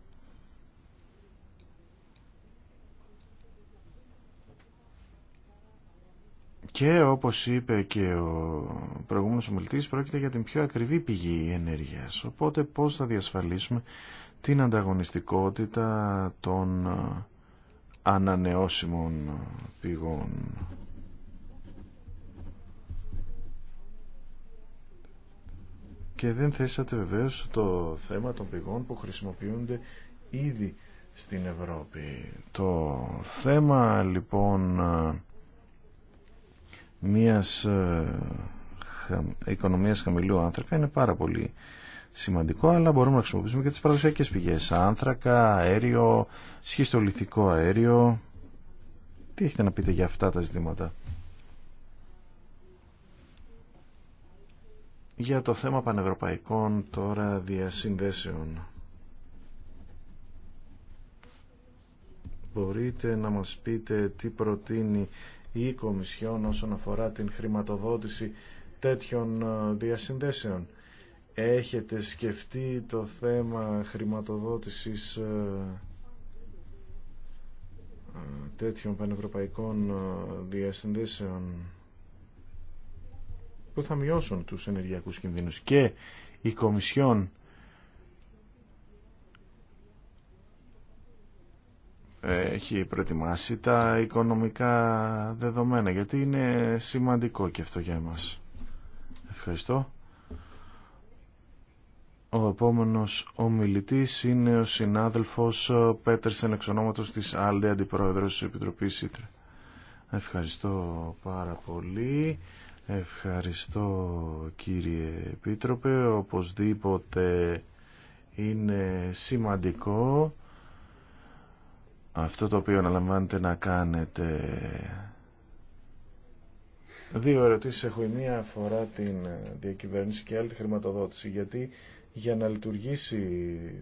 Και όπως είπε και ο προηγούμενος ομιλητής πρόκειται για την πιο ακριβή πηγή ενέργειας. Οπότε πώς θα διασφαλίσουμε την ανταγωνιστικότητα των ανανεώσιμων πηγών. Και δεν θέσατε βεβαίως το θέμα των πηγών που χρησιμοποιούνται ήδη στην Ευρώπη. Το θέμα λοιπόν μιας ε, οικονομίας χαμηλού άνθρακα είναι πάρα πολύ σημαντικό, αλλά μπορούμε να χρησιμοποιήσουμε και τις παραδοσιακές πηγές. Άνθρακα, αέριο, σχιστολιθικό αέριο. Τι έχετε να πείτε για αυτά τα ζητήματα. Για το θέμα πανευρωπαϊκών τώρα διασυνδέσεων. Μπορείτε να μας πείτε τι προτείνει η Κομισιόν όσον αφορά την χρηματοδότηση τέτοιων ε, διασυνδέσεων. Έχετε σκεφτεί το θέμα χρηματοδότησης ε, ε, τέτοιων πανευρωπαϊκών διασυνδέσεων που θα μειώσουν τους ενεργειακούς κινδύνους και η Κομισιόν έχει προετοιμάσει τα οικονομικά δεδομένα γιατί είναι σημαντικό και αυτό για εμάς. Ευχαριστώ. Ο επόμενος ομιλητής είναι ο συνάδελφος Πέτερσεν εξ ονόματος της ΑΛΔΕ Αντιπρόεδρος της Επιτροπής ΣΥΤΡΕ. Ευχαριστώ πάρα πολύ. Ευχαριστώ κύριε Επίτροπε. Οπωσδήποτε είναι σημαντικό αυτό το οποίο αναλαμβάνετε να κάνετε. Δύο ερωτήσεις έχω. Η μία αφορά την ε, διακυβέρνηση και άλλη τη χρηματοδότηση. Γιατί για να λειτουργήσει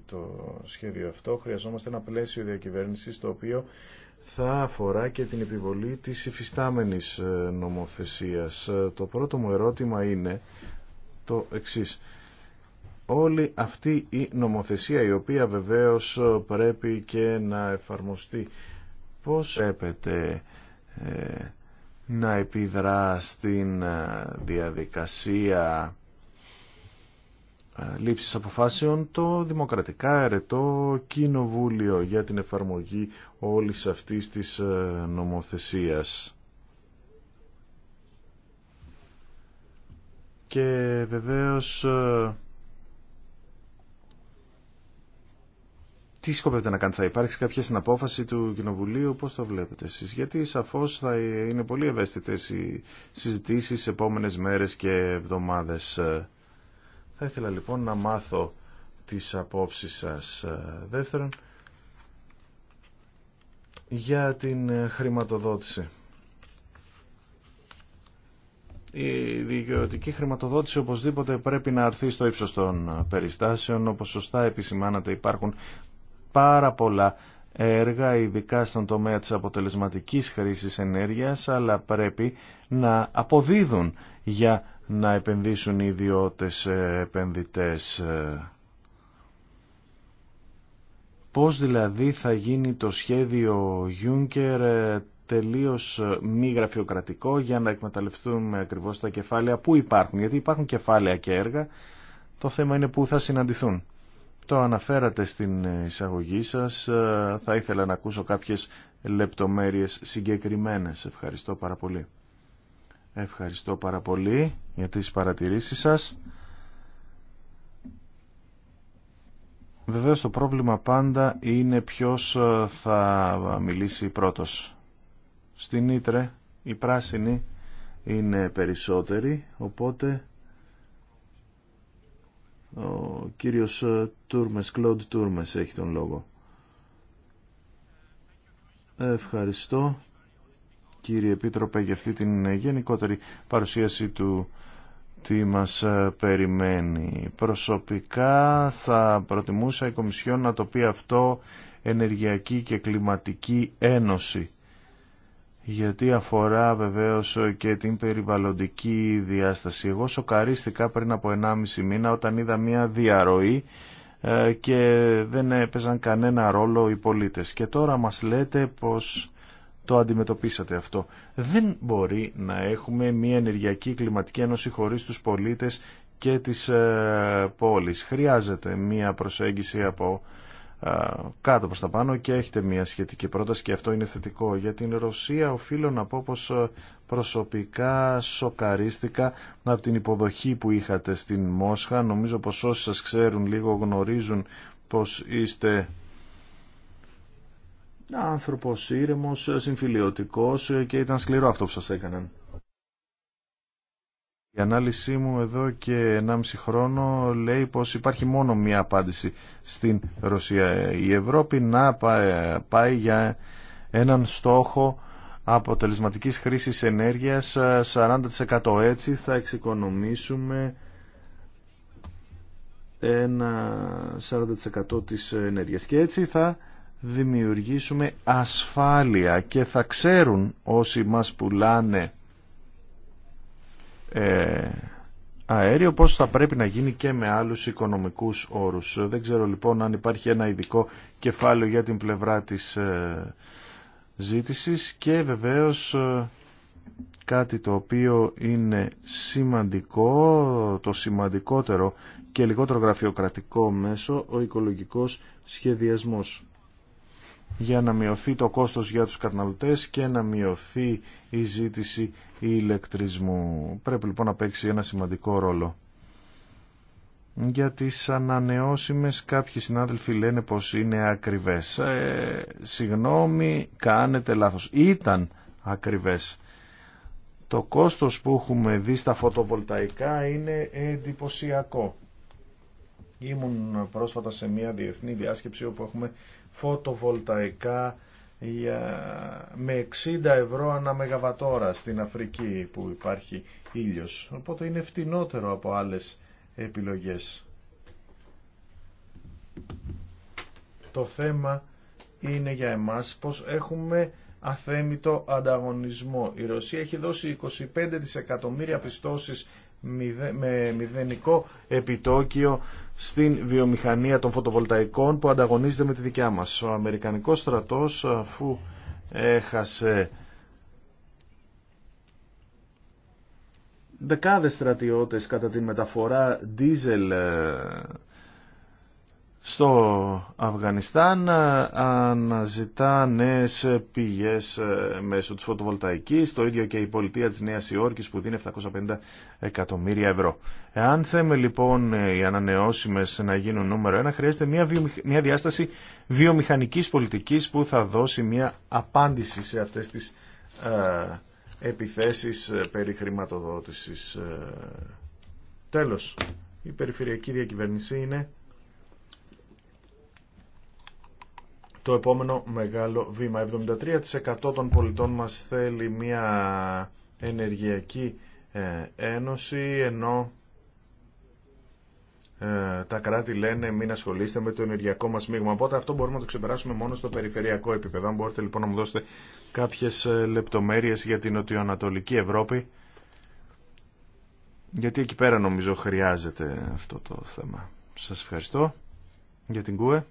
το σχέδιο αυτό χρειαζόμαστε ένα πλαίσιο διακυβέρνησης το οποίο θα αφορά και την επιβολή της υφιστάμενης ε, νομοθεσίας. Ε, το πρώτο μου ερώτημα είναι το εξής όλη αυτή η νομοθεσία η οποία βεβαίως πρέπει και να εφαρμοστεί πώς έπεται ε, να επιδρά στην ε, διαδικασία ε, λήψης αποφάσεων το δημοκρατικά ερετό κοινοβούλιο για την εφαρμογή όλης αυτής της νομοθεσίας. Και βεβαίως τι σκοπεύετε να κάνετε, θα υπάρξει κάποια συναπόφαση του Κοινοβουλίου, πώς το βλέπετε εσείς. Γιατί σαφώς θα είναι πολύ ευαίσθητες οι συζητήσεις σε επόμενες μέρες και εβδομάδες. Θα ήθελα λοιπόν να μάθω τις απόψεις σας. Δεύτερον, για την χρηματοδότηση. Η δικαιωτική χρηματοδότηση οπωσδήποτε πρέπει να αρθεί στο ύψος των περιστάσεων. Όπως σωστά επισημάνατε υπάρχουν πάρα πολλά έργα, ειδικά στον τομέα της αποτελεσματικής χρήσης ενέργειας, αλλά πρέπει να αποδίδουν για να επενδύσουν οι ιδιώτες επενδυτές. Πώς δηλαδή θα γίνει το σχέδιο Juncker ε, τελείως ε, μη γραφειοκρατικό για να εκμεταλλευτούμε ακριβώς τα κεφάλαια που υπάρχουν, γιατί υπάρχουν κεφάλαια και έργα, το θέμα είναι πού θα συναντηθούν. Το αναφέρατε στην εισαγωγή σας. Θα ήθελα να ακούσω κάποιες λεπτομέρειες συγκεκριμένες. Ευχαριστώ πάρα πολύ. Ευχαριστώ πάρα πολύ για τις παρατηρήσεις σας. Βεβαίως το πρόβλημα πάντα είναι ποιος ε, θα μιλήσει πρώτος. Στην Ήτρε η πράσινη είναι περισσότερη, οπότε ο κύριος ε, Τούρμες, Κλοντ Τούρμες έχει τον λόγο. Ευχαριστώ κύριε Επίτροπε για αυτή την γενικότερη παρουσίαση του τι μας ε, περιμένει. Προσωπικά θα προτιμούσα η Κομισιόν να το πει αυτό ενεργειακή και κλιματική ένωση γιατί αφορά βεβαίως και την περιβαλλοντική διάσταση. Εγώ σοκαρίστηκα πριν από 1,5 μήνα όταν είδα μια διαρροή ε, και δεν έπαιζαν κανένα ρόλο οι πολίτες. Και τώρα μας λέτε πως το αντιμετωπίσατε αυτό. Δεν μπορεί να έχουμε μια ενεργειακή κλιματική ένωση χωρίς τους πολίτες και τις ε, πόλεις. Χρειάζεται μια προσέγγιση από κάτω προς τα πάνω και έχετε μια σχετική πρόταση και αυτό είναι θετικό. Για την Ρωσία οφείλω να πω πως ε, προσωπικά σοκαρίστηκα από την υποδοχή που είχατε στην Μόσχα. Νομίζω πως όσοι σας ξέρουν λίγο γνωρίζουν πως είστε άνθρωπος ήρεμος, συμφιλιωτικός και ήταν σκληρό αυτό που σας έκαναν. Η ανάλυση μου εδώ και 1,5 χρόνο λέει πως υπάρχει μόνο μία απάντηση στην Ρωσία. Η Ευρώπη να πάει για έναν στόχο αποτελεσματικής χρήσης ενέργειας 40%. Έτσι θα εξοικονομήσουμε ένα 40% της ενέργειας και έτσι θα δημιουργήσουμε ασφάλεια και θα ξέρουν όσοι μας πουλάνε ε, αέριο, πώς θα πρέπει να γίνει και με άλλους οικονομικούς όρους. Δεν ξέρω λοιπόν αν υπάρχει ένα ειδικό κεφάλαιο για την πλευρά της ε, ζήτησης και βεβαίως ε, κάτι το οποίο είναι σημαντικό, το σημαντικότερο και λιγότερο γραφειοκρατικό μέσο, ο οικολογικός σχεδιασμός για να μειωθεί το κόστος για τους καταναλωτές και να μειωθεί η ζήτηση ηλεκτρισμού. Πρέπει λοιπόν να παίξει ένα σημαντικό ρόλο. Για τις ανανεώσιμες κάποιοι συνάδελφοι λένε πως είναι ακριβές. Ε, συγγνώμη, κάνετε λάθος. Ήταν ακριβές. Το κόστος που έχουμε δει στα φωτοβολταϊκά είναι εντυπωσιακό. Ήμουν πρόσφατα σε μια διεθνή διάσκεψη όπου έχουμε φωτοβολταϊκά για, με 60 ευρώ ανά μεγαβατόρα στην Αφρική που υπάρχει ήλιος. Οπότε είναι φτηνότερο από άλλες επιλογές. Το θέμα είναι για εμάς πως έχουμε αθέμητο ανταγωνισμό. Η Ρωσία έχει δώσει 25 δισεκατομμύρια πιστώσεις με μηδενικό επιτόκιο στην βιομηχανία των φωτοβολταϊκών που ανταγωνίζεται με τη δικιά μας. Ο Αμερικανικός στρατός αφού έχασε δεκάδες στρατιώτες κατά τη μεταφορά δίζελ στο Αφγανιστάν ε, αναζητά νέες πηγές ε, μέσω της φωτοβολταϊκής, το ίδιο και η πολιτεία της Νέας Υόρκης που δίνει 750 εκατομμύρια ευρώ. Εάν θέμε λοιπόν ε, οι ανανεώσιμες να γίνουν νούμερο ένα, χρειάζεται μια, μια διάσταση βιομηχανικής πολιτικής που θα δώσει μια απάντηση σε αυτές τις επιθέσει επιθέσεις περί χρηματοδότησης. Τέλος, η περιφερειακή διακυβέρνηση είναι το επόμενο μεγάλο βήμα. 73% των πολιτών μας θέλει μια ενεργειακή ε, ένωση, ενώ ε, τα κράτη λένε μην ασχολείστε με το ενεργειακό μας μείγμα. Οπότε αυτό μπορούμε να το ξεπεράσουμε μόνο στο περιφερειακό επίπεδο. Αν μπορείτε λοιπόν να μου δώσετε κάποιες ε, λεπτομέρειες για την νοτιοανατολική Ευρώπη, γιατί εκεί πέρα νομίζω χρειάζεται αυτό το θέμα. Σας ευχαριστώ για την ΚΟΕ.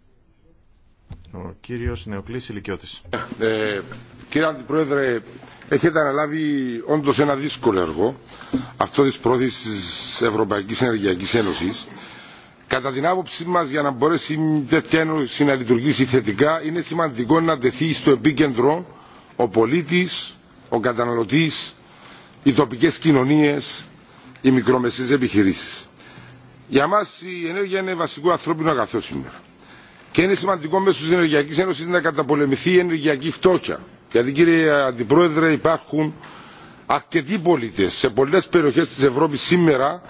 Ο κύριος Νεοκλής Ηλικιώτης. Ε, ε, κύριε Αντιπρόεδρε, έχετε αναλάβει όντως ένα δύσκολο έργο, αυτό της πρόθεσης της Ευρωπαϊκής Ενεργειακής Ένωσης. Κατά την άποψή μας, για να μπορέσει η τέτοια ένωση να λειτουργήσει θετικά, είναι σημαντικό να τεθεί στο επίκεντρο ο πολίτης, ο καταναλωτής, οι τοπικές κοινωνίες, οι μικρομεσαίες επιχειρήσεις. Για μας η ενέργεια είναι βασικό ανθρώπινο αγαθό σήμερα και είναι σημαντικό μέσω τη Ενεργειακή Ένωση να καταπολεμηθεί η ενεργειακή φτώχεια. Γιατί κύριε Αντιπρόεδρε υπάρχουν αρκετοί πολίτε σε πολλές περιοχές της Ευρώπης σήμερα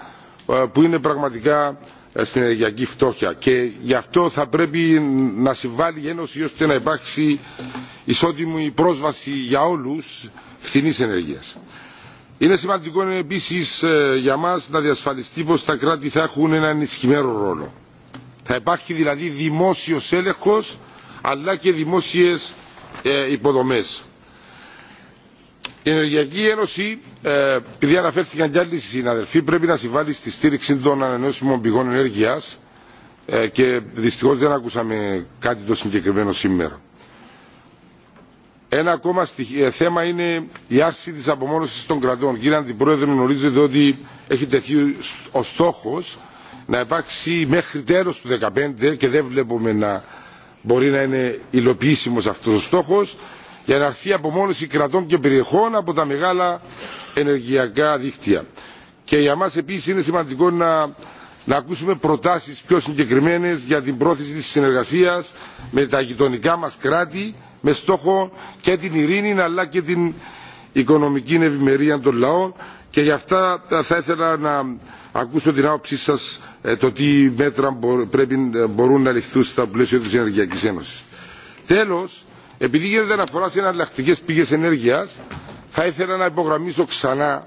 ε, που είναι πραγματικά ε, στην ενεργειακή φτώχεια. Και γι' αυτό θα πρέπει να συμβάλλει η Ένωση ώστε να υπάρξει ισότιμη πρόσβαση για όλους φθηνής ενέργεια. Είναι σημαντικό επίσης ε, για μας να διασφαλιστεί πω τα κράτη θα έχουν ένα ενισχυμένο ρόλο θα υπάρχει δηλαδή δημόσιος έλεγχος αλλά και δημόσιες ε, υποδομές. Η Ενεργειακή Ένωση, ε, επειδή αναφέρθηκαν κι άλλοι συναδελφοί, πρέπει να συμβάλλει στη στήριξη των ανανεώσιμων πηγών ενέργειας ε, και δυστυχώς δεν ακούσαμε κάτι το συγκεκριμένο σήμερα. Ένα ακόμα ε, θέμα είναι η άρση της απομόνωσης των κρατών. Κύριε Αντιπρόεδρε, γνωρίζετε ότι έχει τεθεί ο στόχος να υπάρξει μέχρι τέλος του 2015 και δεν βλέπουμε να μπορεί να είναι υλοποιήσιμος αυτός ο στόχος για να έρθει απομόνωση κρατών και περιεχών από τα μεγάλα ενεργειακά δίκτυα. Και για μας επίσης είναι σημαντικό να, να ακούσουμε προτάσεις πιο συγκεκριμένες για την πρόθεση της συνεργασίας με τα γειτονικά μας κράτη με στόχο και την ειρήνη αλλά και την οικονομική ευημερία των λαών και γι' αυτά θα ήθελα να ακούσω την άποψή σα ε, το τι μέτρα πρέπει, ε, μπορούν να ληφθούν στα πλαίσια τη Ενεργειακή Ένωση. Τέλο, επειδή γίνεται αναφορά σε εναλλακτικέ πηγέ ενέργεια, θα ήθελα να υπογραμμίσω ξανά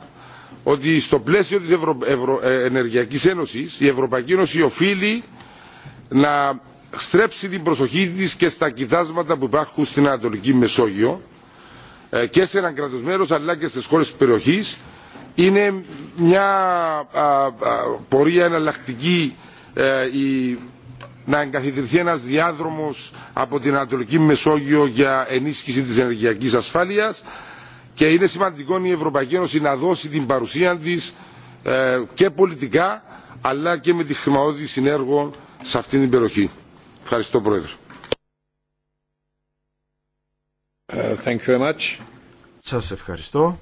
ότι στο πλαίσιο τη Ευρω... Ευρω... Ε, Ένωσης η Ευρωπαϊκή Ένωση οφείλει να στρέψει την προσοχή της και στα κοιτάσματα που υπάρχουν στην Ανατολική Μεσόγειο και σε έναν κράτος αλλά και στις χώρες της περιοχής είναι μια πορεία εναλλακτική ε, η να εγκαθιδρυθεί ένας διάδρομος από την Ανατολική Μεσόγειο για ενίσχυση της ενεργειακής ασφάλειας και είναι σημαντικό η Ευρωπαϊκή Ένωση να δώσει την παρουσία της ε, και πολιτικά αλλά και με τη χρηματοδότηση συνέργων σε αυτήν την περιοχή. Ευχαριστώ Πρόεδρε. Ε, thank you very much. Σας ευχαριστώ.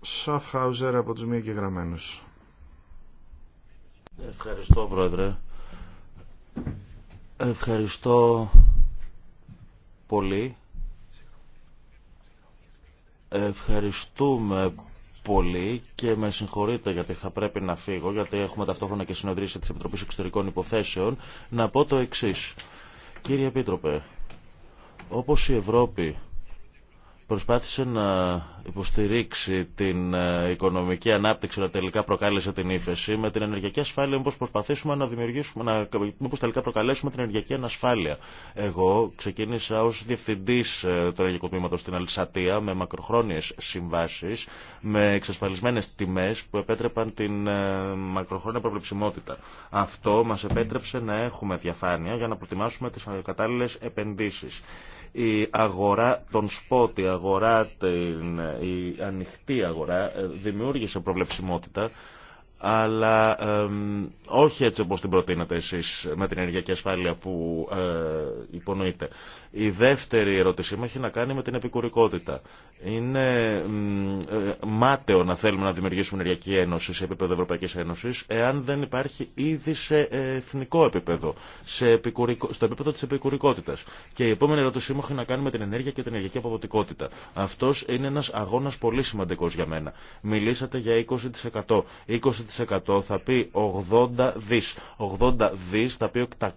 Σαφχάουζερ από τους μία γραμμένους. Ευχαριστώ Πρόεδρε. Ευχαριστώ πολύ. Ευχαριστούμε πολύ και με συγχωρείτε γιατί θα πρέπει να φύγω γιατί έχουμε ταυτόχρονα και συνεδρίσει της Επιτροπής Εξωτερικών Υποθέσεων να πω το εξής. Κύριε Επίτροπε, όπως η Ευρώπη προσπάθησε να υποστηρίξει την ε, οικονομική ανάπτυξη, αλλά τελικά προκάλεσε την ύφεση. Με την ενεργειακή ασφάλεια, όπω προσπαθήσουμε να δημιουργήσουμε, να, μήπως τελικά προκαλέσουμε την ενεργειακή ανασφάλεια. Εγώ ξεκίνησα ως διευθυντής ε, του ενεργειακού στην Αλσατία, με μακροχρόνιες συμβάσεις με εξασφαλισμένες τιμές που επέτρεπαν την ε, μακροχρόνια προβλεψιμότητα. Αυτό μας επέτρεψε να έχουμε διαφάνεια για να προτιμάσουμε τις κατάλληλε επενδύσει. Η αγορά των σπότ, η αγορά, την, η ανοιχτή αγορά ε, δημιούργησε προβλεψιμότητα αλλά ε, όχι έτσι όπως την προτείνατε εσείς με την ενεργειακή ασφάλεια που ε, υπονοείτε. Η δεύτερη ερώτησή μου έχει να κάνει με την επικουρικότητα. Είναι ε, μάταιο να θέλουμε να δημιουργήσουμε ενεργειακή ένωση σε επίπεδο Ευρωπαϊκή Ένωση, εάν δεν υπάρχει ήδη σε εθνικό επίπεδο, σε επικουρικο... στο επίπεδο τη επικουρικότητα. Και η επόμενη ερώτησή μου έχει να κάνει με την ενέργεια και την ενεργειακή αποδοτικότητα. Αυτό είναι ένα αγώνα πολύ σημαντικό για μένα. Μιλήσατε για 20%. 20% θα πει 80 δι. 80 δι θα πει 800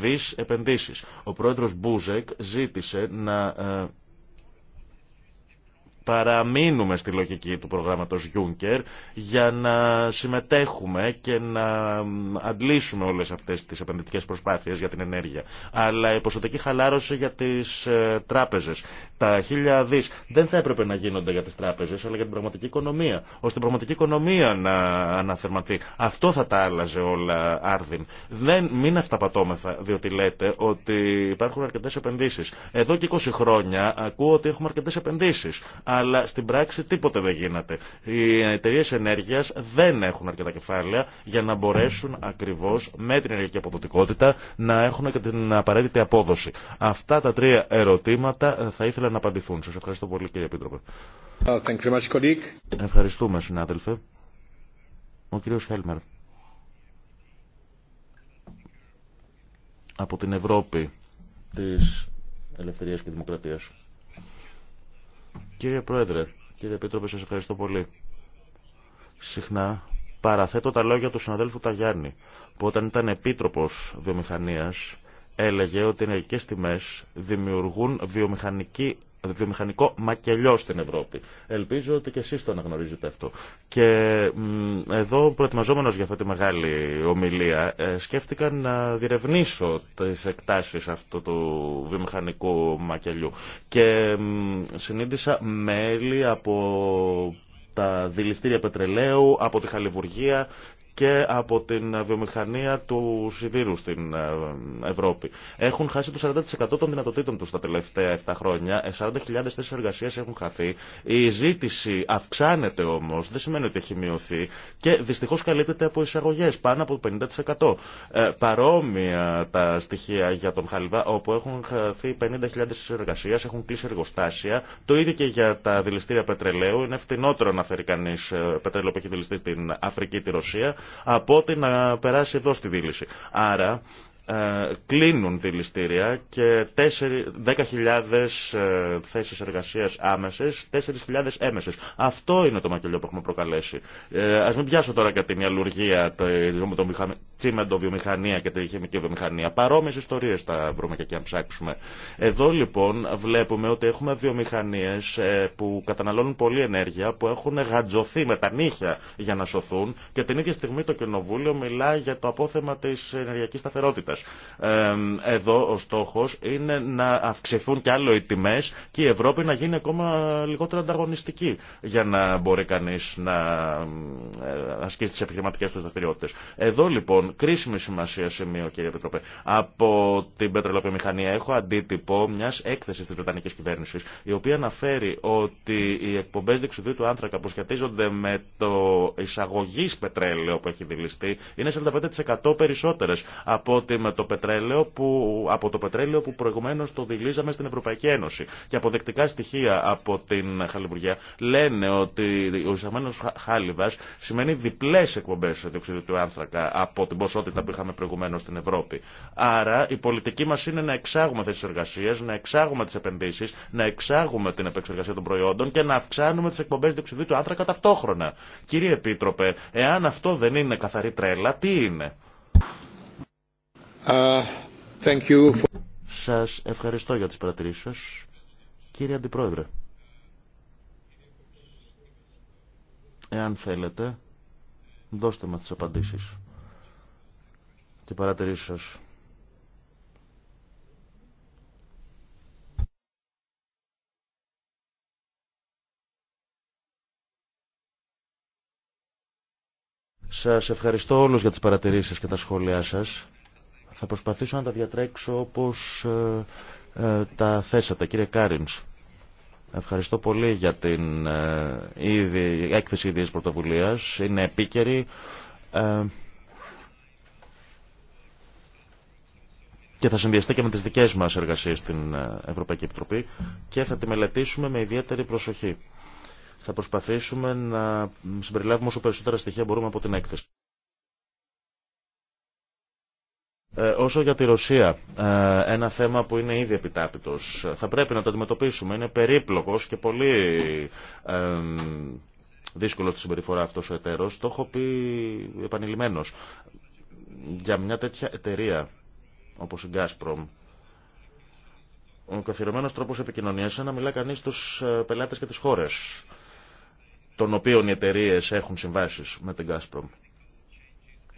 δι επενδύσει. Ο πρόεδρο μπουζ ζήτησε να ε, παραμείνουμε στη λογική του προγράμματος Juncker για να συμμετέχουμε και να αντλήσουμε όλες αυτές τις επενδυτικές προσπάθειες για την ενέργεια. Αλλά η ποσοτική χαλάρωση για τις ε, τράπεζες. Τα χίλια δις δεν θα έπρεπε να γίνονται για τις τράπεζες αλλά για την πραγματική οικονομία. Ώστε την πραγματική οικονομία να αναθερματεί. Αυτό θα τα άλλαζε όλα άρδιν. Δεν, μην αυταπατώμεθα διότι λέτε ότι υπάρχουν αρκετές επενδύσεις. Εδώ και 20 χρόνια ακούω ότι έχουμε αρκετές επενδύσεις αλλά στην πράξη τίποτε δεν γίνεται. Οι εταιρείε ενέργεια δεν έχουν αρκετά κεφάλαια για να μπορέσουν ακριβώ με την ενεργειακή αποδοτικότητα να έχουν και την απαραίτητη απόδοση. Αυτά τα τρία ερωτήματα θα ήθελα να απαντηθούν. Σα ευχαριστώ πολύ κύριε Επίτροπε. Oh, Ευχαριστούμε συνάδελφε. Ο κύριος Χέλμερ. Από την Ευρώπη της Ελευθερίας και Δημοκρατίας. Κύριε Πρόεδρε, κύριε Επίτροπε, σας ευχαριστώ πολύ. Συχνά παραθέτω τα λόγια του συναδέλφου Ταγιάννη, που όταν ήταν Επίτροπος Βιομηχανίας έλεγε ότι οι ενεργικές τιμές δημιουργούν βιομηχανική βιομηχανικό μακελιό στην Ευρώπη. Ελπίζω ότι και εσείς το αναγνωρίζετε αυτό. Και εδώ προετοιμαζόμενος για αυτή τη μεγάλη ομιλία ε, σκέφτηκα να διερευνήσω τις εκτάσεις αυτού του βιομηχανικού μακελιού και συνείδησα μέλη από τα δηληστήρια πετρελαίου, από τη χαλιβουργία και από την βιομηχανία του σιδήρου στην ε, Ευρώπη. Έχουν χάσει το 40% των δυνατοτήτων του τα τελευταία 7 χρόνια. 40.000 ε, θέσει εργασία έχουν χαθεί. Η ζήτηση αυξάνεται όμω, δεν σημαίνει ότι έχει μειωθεί και δυστυχώ καλύπτεται από εισαγωγέ, πάνω από το 50%. Ε, παρόμοια τα στοιχεία για τον Χαλβά, όπου έχουν χαθεί 50.000 εργασία, έχουν κλείσει εργοστάσια. Το ίδιο και για τα δηληστήρια πετρελαίου. Είναι φτηνότερο να φέρει κανεί ε, πετρέλαιο που έχει δηληστεί στην Αφρική, τη Ρωσία από ότι να περάσει εδώ στη δίληση. Άρα ε, κλείνουν τη ληστήρια και 10.000 ε, θέσεις εργασίας άμεσες, 4.000 έμεσες. Αυτό είναι το μακελιό που έχουμε προκαλέσει. Ε, ας μην πιάσω τώρα και την ιαλουργία, το, το τσίμεντο βιομηχανία και τη χημική βιομηχανία. Παρόμοιες ιστορίες θα βρούμε και εκεί να ψάξουμε. Εδώ λοιπόν βλέπουμε ότι έχουμε βιομηχανίες ε, που καταναλώνουν πολλή ενέργεια, που έχουν γαντζωθεί με τα νύχια για να σωθούν και την ίδια στιγμή το Κοινοβούλιο μιλά για το απόθεμα της ενεργειακής σταθερότητα. Εδώ ο στόχος είναι να αυξηθούν και άλλο οι τιμές και η Ευρώπη να γίνει ακόμα λιγότερο ανταγωνιστική για να μπορεί κανείς να ασκήσει τις επιχειρηματικές του δραστηριότητες. Εδώ λοιπόν κρίσιμη σημασία σημείο κύριε Επιτροπέ. Από την πετρελαιοβιομηχανία έχω αντίτυπο μιας έκθεσης της Βρετανικής κυβέρνησης η οποία αναφέρει ότι οι εκπομπές διεξουδίου του άνθρακα που σχετίζονται με το εισαγωγής πετρέλαιο που έχει δηληστεί είναι 45% περισσότερες από ότι το πετρέλαιο που, από το πετρέλαιο που προηγουμένω το δηλίζαμε στην Ευρωπαϊκή Ένωση. Και αποδεκτικά στοιχεία από την Χαλιβουργία λένε ότι ο εισαγμένο χάλιβα σημαίνει διπλέ εκπομπέ διοξιδίου του άνθρακα από την ποσότητα που είχαμε προηγουμένω στην Ευρώπη. Άρα η πολιτική μα είναι να εξάγουμε θέσει εργασία, να εξάγουμε τι επενδύσει, να εξάγουμε την επεξεργασία των προϊόντων και να αυξάνουμε τι εκπομπέ διοξιδίου του άνθρακα ταυτόχρονα. Κύριε Επίτροπε, εάν αυτό δεν είναι καθαρή τρέλα, τι είναι. Σα uh, Σας ευχαριστώ για τις παρατηρήσεις σας. Κύριε Αντιπρόεδρε, εάν θέλετε, δώστε μας τις απαντήσεις και παρατηρήσεις σας. Σας ευχαριστώ όλους για τις παρατηρήσεις και τα σχόλιά σας. Θα προσπαθήσω να τα διατρέξω όπως ε, ε, τα θέσατε, κύριε Κάρινς. Ευχαριστώ πολύ για την ε, έκθεση ίδιας πρωτοβουλίας. Είναι επίκαιρη και θα συνδυαστεί και με τις δικές μας εργασίες στην Ευρωπαϊκή Επιτροπή και θα τη μελετήσουμε με ιδιαίτερη προσοχή. Θα προσπαθήσουμε να συμπεριλάβουμε όσο περισσότερα στοιχεία μπορούμε από την έκθεση. Ε, όσο για τη Ρωσία, ε, ένα θέμα που είναι ήδη επιτάπητος, θα πρέπει να το αντιμετωπίσουμε. Είναι περίπλοκος και πολύ δύσκολο στη συμπεριφορά αυτός ο εταίρος. Το έχω πει επανειλημμένος. Για μια τέτοια εταιρεία όπως η Gazprom, ο καθιερωμένος τρόπος επικοινωνίας είναι να μιλά κανείς στους ε, πελάτες και τις χώρες των οποίων οι εταιρείε έχουν συμβάσεις με την Gazprom.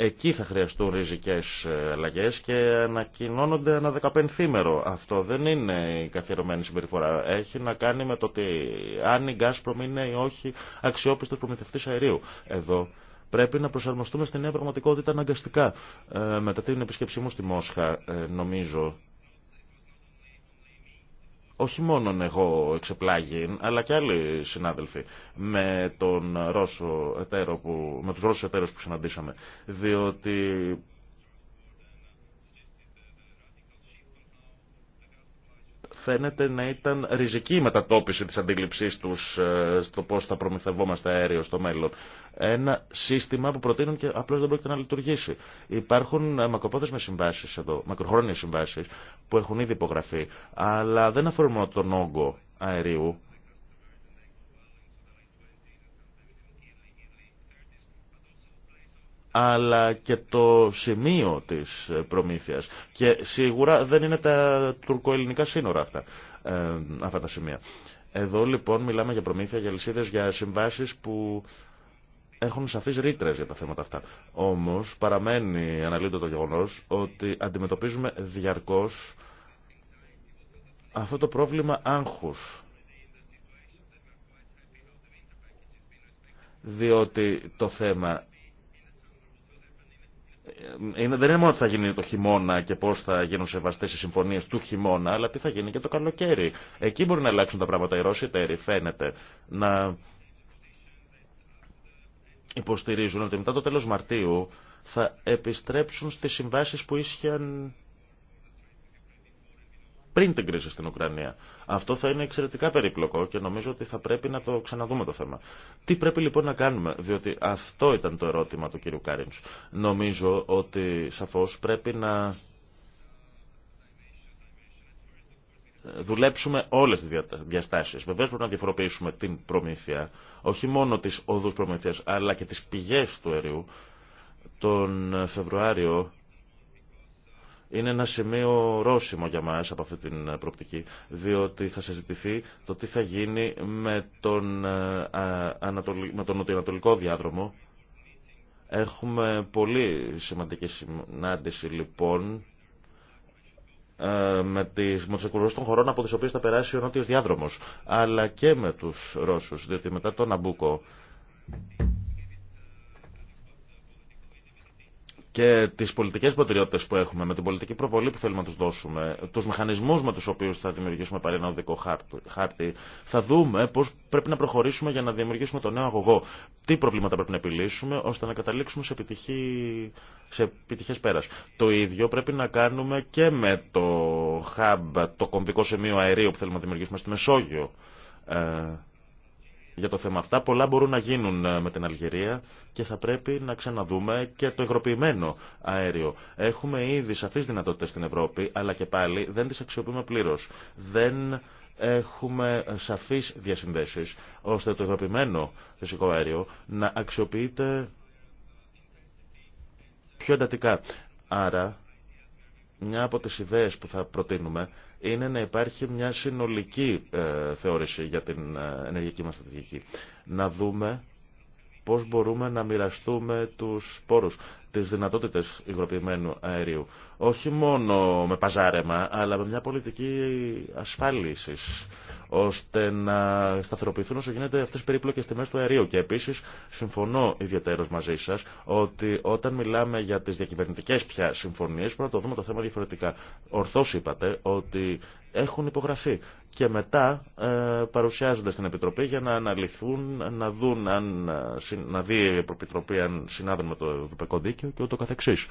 Εκεί θα χρειαστούν ριζικέ ε, αλλαγέ και ανακοινώνονται ένα δεκαπενθήμερο. Αυτό δεν είναι η καθιερωμένη συμπεριφορά. Έχει να κάνει με το ότι αν η Γκάσπρομ είναι ή όχι αξιόπιστος προμηθευτή αερίου. Εδώ πρέπει να προσαρμοστούμε στη νέα πραγματικότητα αναγκαστικά. Ε, μετά την επίσκεψή μου στη Μόσχα, ε, νομίζω όχι μόνον εγώ εξεπλάγει, αλλά και άλλοι συνάδελφοι με, τον Ρώσο εταίρο που, με τους Ρώσους εταίρους που συναντήσαμε. Διότι φαίνεται να ήταν ριζική η μετατόπιση της αντίληψής τους ε, στο πώς θα προμηθευόμαστε αέριο στο μέλλον. Ένα σύστημα που προτείνουν και απλώς δεν πρόκειται να λειτουργήσει. Υπάρχουν ε, μακροπρόθεσμες συμβάσεις εδώ, μακροχρόνιες συμβάσεις που έχουν ήδη υπογραφεί, αλλά δεν αφορούν μόνο τον όγκο αερίου, αλλά και το σημείο της προμήθειας. Και σίγουρα δεν είναι τα τουρκοελληνικά σύνορα αυτά, ε, αυτά τα σημεία. Εδώ λοιπόν μιλάμε για προμήθεια, για λυσίδες, για συμβάσεις που έχουν σαφείς ρήτρες για τα θέματα αυτά. Όμως παραμένει αναλύτω το γεγονός ότι αντιμετωπίζουμε διαρκώς αυτό το πρόβλημα άγχους. Διότι το θέμα είναι, δεν είναι μόνο τι θα γίνει το χειμώνα και πώ θα γίνουν σεβαστέ οι συμφωνίε του χειμώνα, αλλά τι θα γίνει και το καλοκαίρι. Εκεί μπορεί να αλλάξουν τα πράγματα. Οι Ρώσοι εταίροι φαίνεται να υποστηρίζουν ότι μετά το τέλο Μαρτίου θα επιστρέψουν στι συμβάσει που ίσχυαν πριν την κρίση στην Ουκρανία. Αυτό θα είναι εξαιρετικά περίπλοκο και νομίζω ότι θα πρέπει να το ξαναδούμε το θέμα. Τι πρέπει λοιπόν να κάνουμε, διότι αυτό ήταν το ερώτημα του κύριου Κάριντς. Νομίζω ότι σαφώς πρέπει να δουλέψουμε όλες τις διαστάσεις. Βεβαίω πρέπει να διαφοροποιήσουμε την προμήθεια, όχι μόνο τι οδού προμήθεια, αλλά και τι πηγέ του αερίου. Τον Φεβρουάριο είναι ένα σημείο ρώσιμο για μας από αυτή την προοπτική, διότι θα συζητηθεί το τι θα γίνει με τον, ε, με τον νοτιοανατολικό διάδρομο. Έχουμε πολύ σημαντική συνάντηση λοιπόν ε, με τις εκπληρώσεις των χωρών από τις οποίες θα περάσει ο νότιος διάδρομος αλλά και με τους Ρώσους διότι μετά τον Αμπούκο και τι πολιτικέ προτεραιότητε που έχουμε, με την πολιτική προβολή που θέλουμε να του δώσουμε, του μηχανισμού με του οποίου θα δημιουργήσουμε πάλι ένα οδικό χάρτη, θα δούμε πώ πρέπει να προχωρήσουμε για να δημιουργήσουμε το νέο αγωγό. Τι προβλήματα πρέπει να επιλύσουμε ώστε να καταλήξουμε σε, επιτυχή, σε επιτυχές πέρας. Το ίδιο πρέπει να κάνουμε και με το hub, το κομβικό σημείο αερίου που θέλουμε να δημιουργήσουμε στη Μεσόγειο. Ε, για το θέμα αυτά. Πολλά μπορούν να γίνουν ε, με την Αλγερία και θα πρέπει να ξαναδούμε και το υγροποιημένο αέριο. Έχουμε ήδη σαφείς δυνατότητες στην Ευρώπη, αλλά και πάλι δεν τις αξιοποιούμε πλήρως. Δεν έχουμε σαφείς διασυνδέσεις, ώστε το υγροποιημένο φυσικό αέριο να αξιοποιείται πιο εντατικά. Άρα, μια από τις ιδέες που θα προτείνουμε είναι να υπάρχει μια συνολική ε, θεώρηση για την ε, ενεργειακή μας στρατηγική. Να δούμε πώς μπορούμε να μοιραστούμε τους πόρους, τις δυνατότητες υγροποιημένου αερίου. Όχι μόνο με παζάρεμα, αλλά με μια πολιτική ασφάλισης ώστε να σταθεροποιηθούν όσο γίνεται αυτέ οι περίπλοκε τιμέ του αερίου. Και επίση συμφωνώ ιδιαίτερω μαζί σα ότι όταν μιλάμε για τι διακυβερνητικέ πια συμφωνίε πρέπει να το δούμε το θέμα διαφορετικά. Ορθώ είπατε ότι έχουν υπογραφεί και μετά ε, παρουσιάζονται στην Επιτροπή για να αναλυθούν, να δουν αν, να δει η Επιτροπή αν συνάδουν με το Ευρωπαϊκό Δίκαιο και ούτω καθεξής.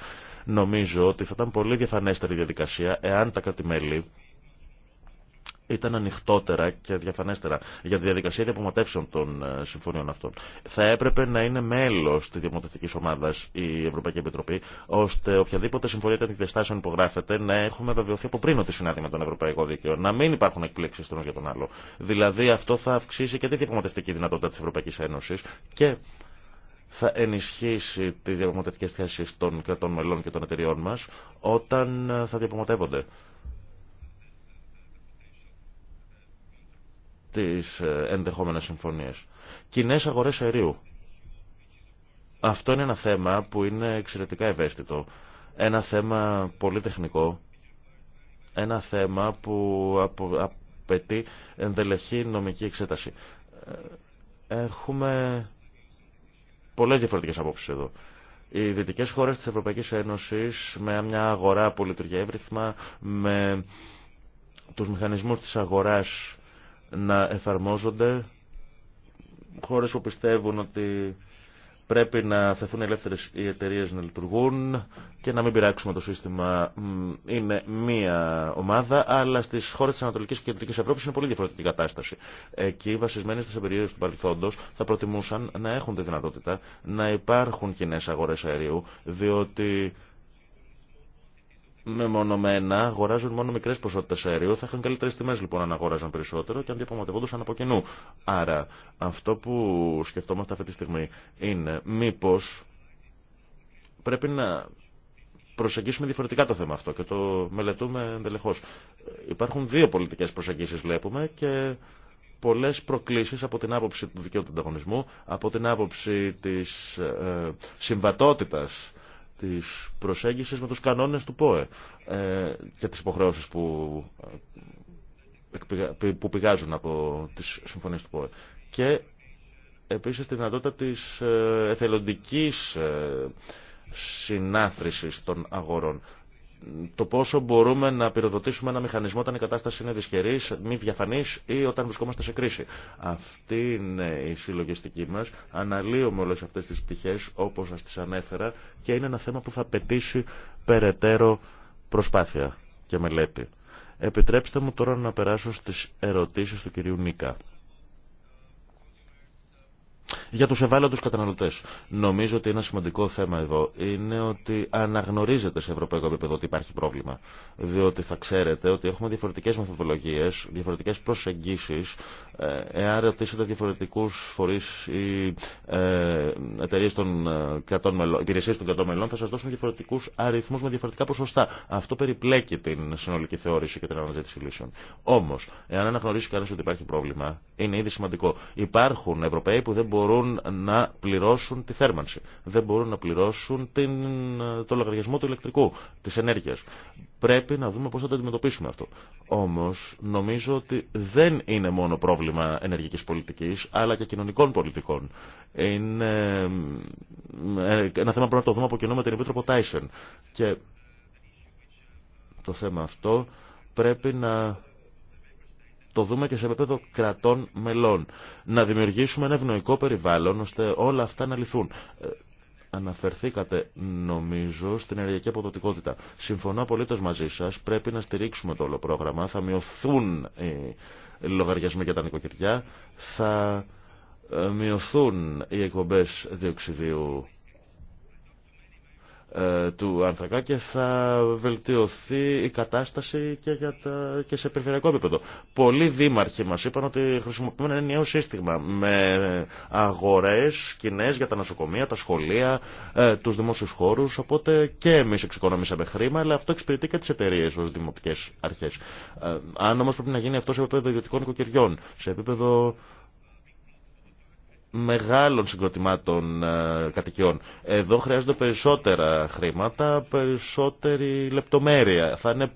Νομίζω ότι θα ήταν πολύ διαφανέστερη η διαδικασία εάν τα κρατημέλη ήταν ανοιχτότερα και διαφανέστερα για τη διαδικασία διαπραγματεύσεων των ε, συμφωνιών αυτών. Θα έπρεπε να είναι μέλο τη διαπραγματευτική ομάδα η Ευρωπαϊκή Επιτροπή, ώστε οποιαδήποτε συμφωνία τέτοιων διαστάσεων υπογράφεται να έχουμε βεβαιωθεί από πριν ότι συνάδει με τον Ευρωπαϊκό Δίκαιο. Να μην υπάρχουν εκπλήξει τον για τον άλλο. Δηλαδή αυτό θα αυξήσει και τη διαπραγματευτική δυνατότητα τη Ευρωπαϊκή Ένωση και θα ενισχύσει τι διαπραγματευτικέ θέσει των κρατών μελών και των εταιριών μα όταν ε, θα διαπραγματεύονται. τις ε, ενδεχόμενες συμφωνίες. Κοινέ αγορές αερίου. Αυτό είναι ένα θέμα που είναι εξαιρετικά ευαίσθητο. Ένα θέμα πολύ τεχνικό. Ένα θέμα που απαιτεί ενδελεχή νομική εξέταση. Ε, έχουμε πολλές διαφορετικές απόψεις εδώ. Οι δυτικέ χώρε τη Ευρωπαϊκή Ένωση με μια αγορά που λειτουργεί εύρυθμα, με τους μηχανισμού τη αγορά να εφαρμόζονται χώρες που πιστεύουν ότι πρέπει να θεθούν ελεύθερες οι εταιρείε να λειτουργούν και να μην πειράξουμε το σύστημα. Είναι μία ομάδα, αλλά στις χώρες της Ανατολικής και Κεντρικής Ευρώπης είναι πολύ διαφορετική κατάσταση. Εκεί, βασισμένοι στις εμπειρίες του παρελθόντος, θα προτιμούσαν να έχουν τη δυνατότητα να υπάρχουν κοινέ αγορές αερίου, διότι μεμονωμένα αγοράζουν μόνο μικρέ ποσότητε αερίου. Θα είχαν καλύτερε τιμέ λοιπόν αν αγοράζαν περισσότερο και αν από κοινού. Άρα αυτό που σκεφτόμαστε αυτή τη στιγμή είναι μήπω πρέπει να προσεγγίσουμε διαφορετικά το θέμα αυτό και το μελετούμε εντελεχώ. Υπάρχουν δύο πολιτικέ προσεγγίσει βλέπουμε και πολλέ προκλήσει από την άποψη του δικαίου του ανταγωνισμού, από την άποψη τη ε, συμβατότητα της προσέγγισης με τους κανόνες του ΠΟΕ ε, και τις υποχρεώσεις που, ε, που πηγάζουν από τις συμφωνίες του ΠΟΕ. Και επίσης τη δυνατότητα της ε, εθελοντικής συνάθρησης των αγορών το πόσο μπορούμε να πυροδοτήσουμε ένα μηχανισμό όταν η κατάσταση είναι δυσχερή, μη διαφανής ή όταν βρισκόμαστε σε κρίση. Αυτή είναι η συλλογιστική μα. Αναλύουμε όλε αυτές τις πτυχέ όπως σα τι ανέφερα και είναι ένα θέμα που θα απαιτήσει περαιτέρω προσπάθεια και μελέτη. Επιτρέψτε μου τώρα να περάσω στις ερωτήσει του κυρίου Νίκα για τους ευάλωτους καταναλωτές. Νομίζω ότι ένα σημαντικό θέμα εδώ είναι ότι αναγνωρίζεται σε ευρωπαϊκό επίπεδο ότι υπάρχει πρόβλημα. Διότι θα ξέρετε ότι έχουμε διαφορετικές μεθοδολογίες, διαφορετικές προσεγγίσεις. Ε, εάν ρωτήσετε διαφορετικούς φορείς ή ε, εταιρείες των ε, κρατών μελών, των κρατών μελών, θα σας δώσουν διαφορετικούς αριθμούς με διαφορετικά ποσοστά. Αυτό περιπλέκει την συνολική θεώρηση και την αναζήτηση λύσεων. Όμως, εάν αναγνωρίσει κανείς ότι υπάρχει πρόβλημα, είναι ήδη σημαντικό. Υπάρχουν Ευρωπαίοι που δεν μπορούν να πληρώσουν τη θέρμανση, δεν μπορούν να πληρώσουν την, το λογαριασμό του ηλεκτρικού, της ενέργειας. Πρέπει να δούμε πώς θα το αντιμετωπίσουμε αυτό. Όμως νομίζω ότι δεν είναι μόνο πρόβλημα ενεργειακής πολιτικής, αλλά και κοινωνικών πολιτικών. Είναι ε, ένα θέμα που να το δούμε από κοινό με την Επίτροπο Τάισεν. Και το θέμα αυτό πρέπει να το δούμε και σε επίπεδο κρατών μελών. Να δημιουργήσουμε ένα ευνοϊκό περιβάλλον ώστε όλα αυτά να λυθούν. Ε, αναφερθήκατε, νομίζω, στην ενεργειακή αποδοτικότητα. Συμφωνώ απολύτω μαζί σα. Πρέπει να στηρίξουμε το όλο πρόγραμμα. Θα μειωθούν οι λογαριασμοί για τα νοικοκυριά. Θα ε, μειωθούν οι εκπομπέ διοξιδίου ε, του άνθρακα και θα βελτιωθεί η κατάσταση και, για τα, και σε περιφερειακό επίπεδο. Πολλοί δήμαρχοι μας είπαν ότι χρησιμοποιούμε ένα νέο σύστημα με αγορές κοινέ για τα νοσοκομεία, τα σχολεία, ε, τους δημόσιους χώρους, οπότε και εμείς εξοικονομήσαμε χρήμα, αλλά αυτό εξυπηρετεί και τις εταιρείες ως δημοτικές αρχές. Ε, αν όμως πρέπει να γίνει αυτό σε επίπεδο ιδιωτικών οικοκυριών, σε επίπεδο μεγάλων συγκροτημάτων ε, κατοικιών. Εδώ χρειάζονται περισσότερα χρήματα, περισσότερη λεπτομέρεια. Θα είναι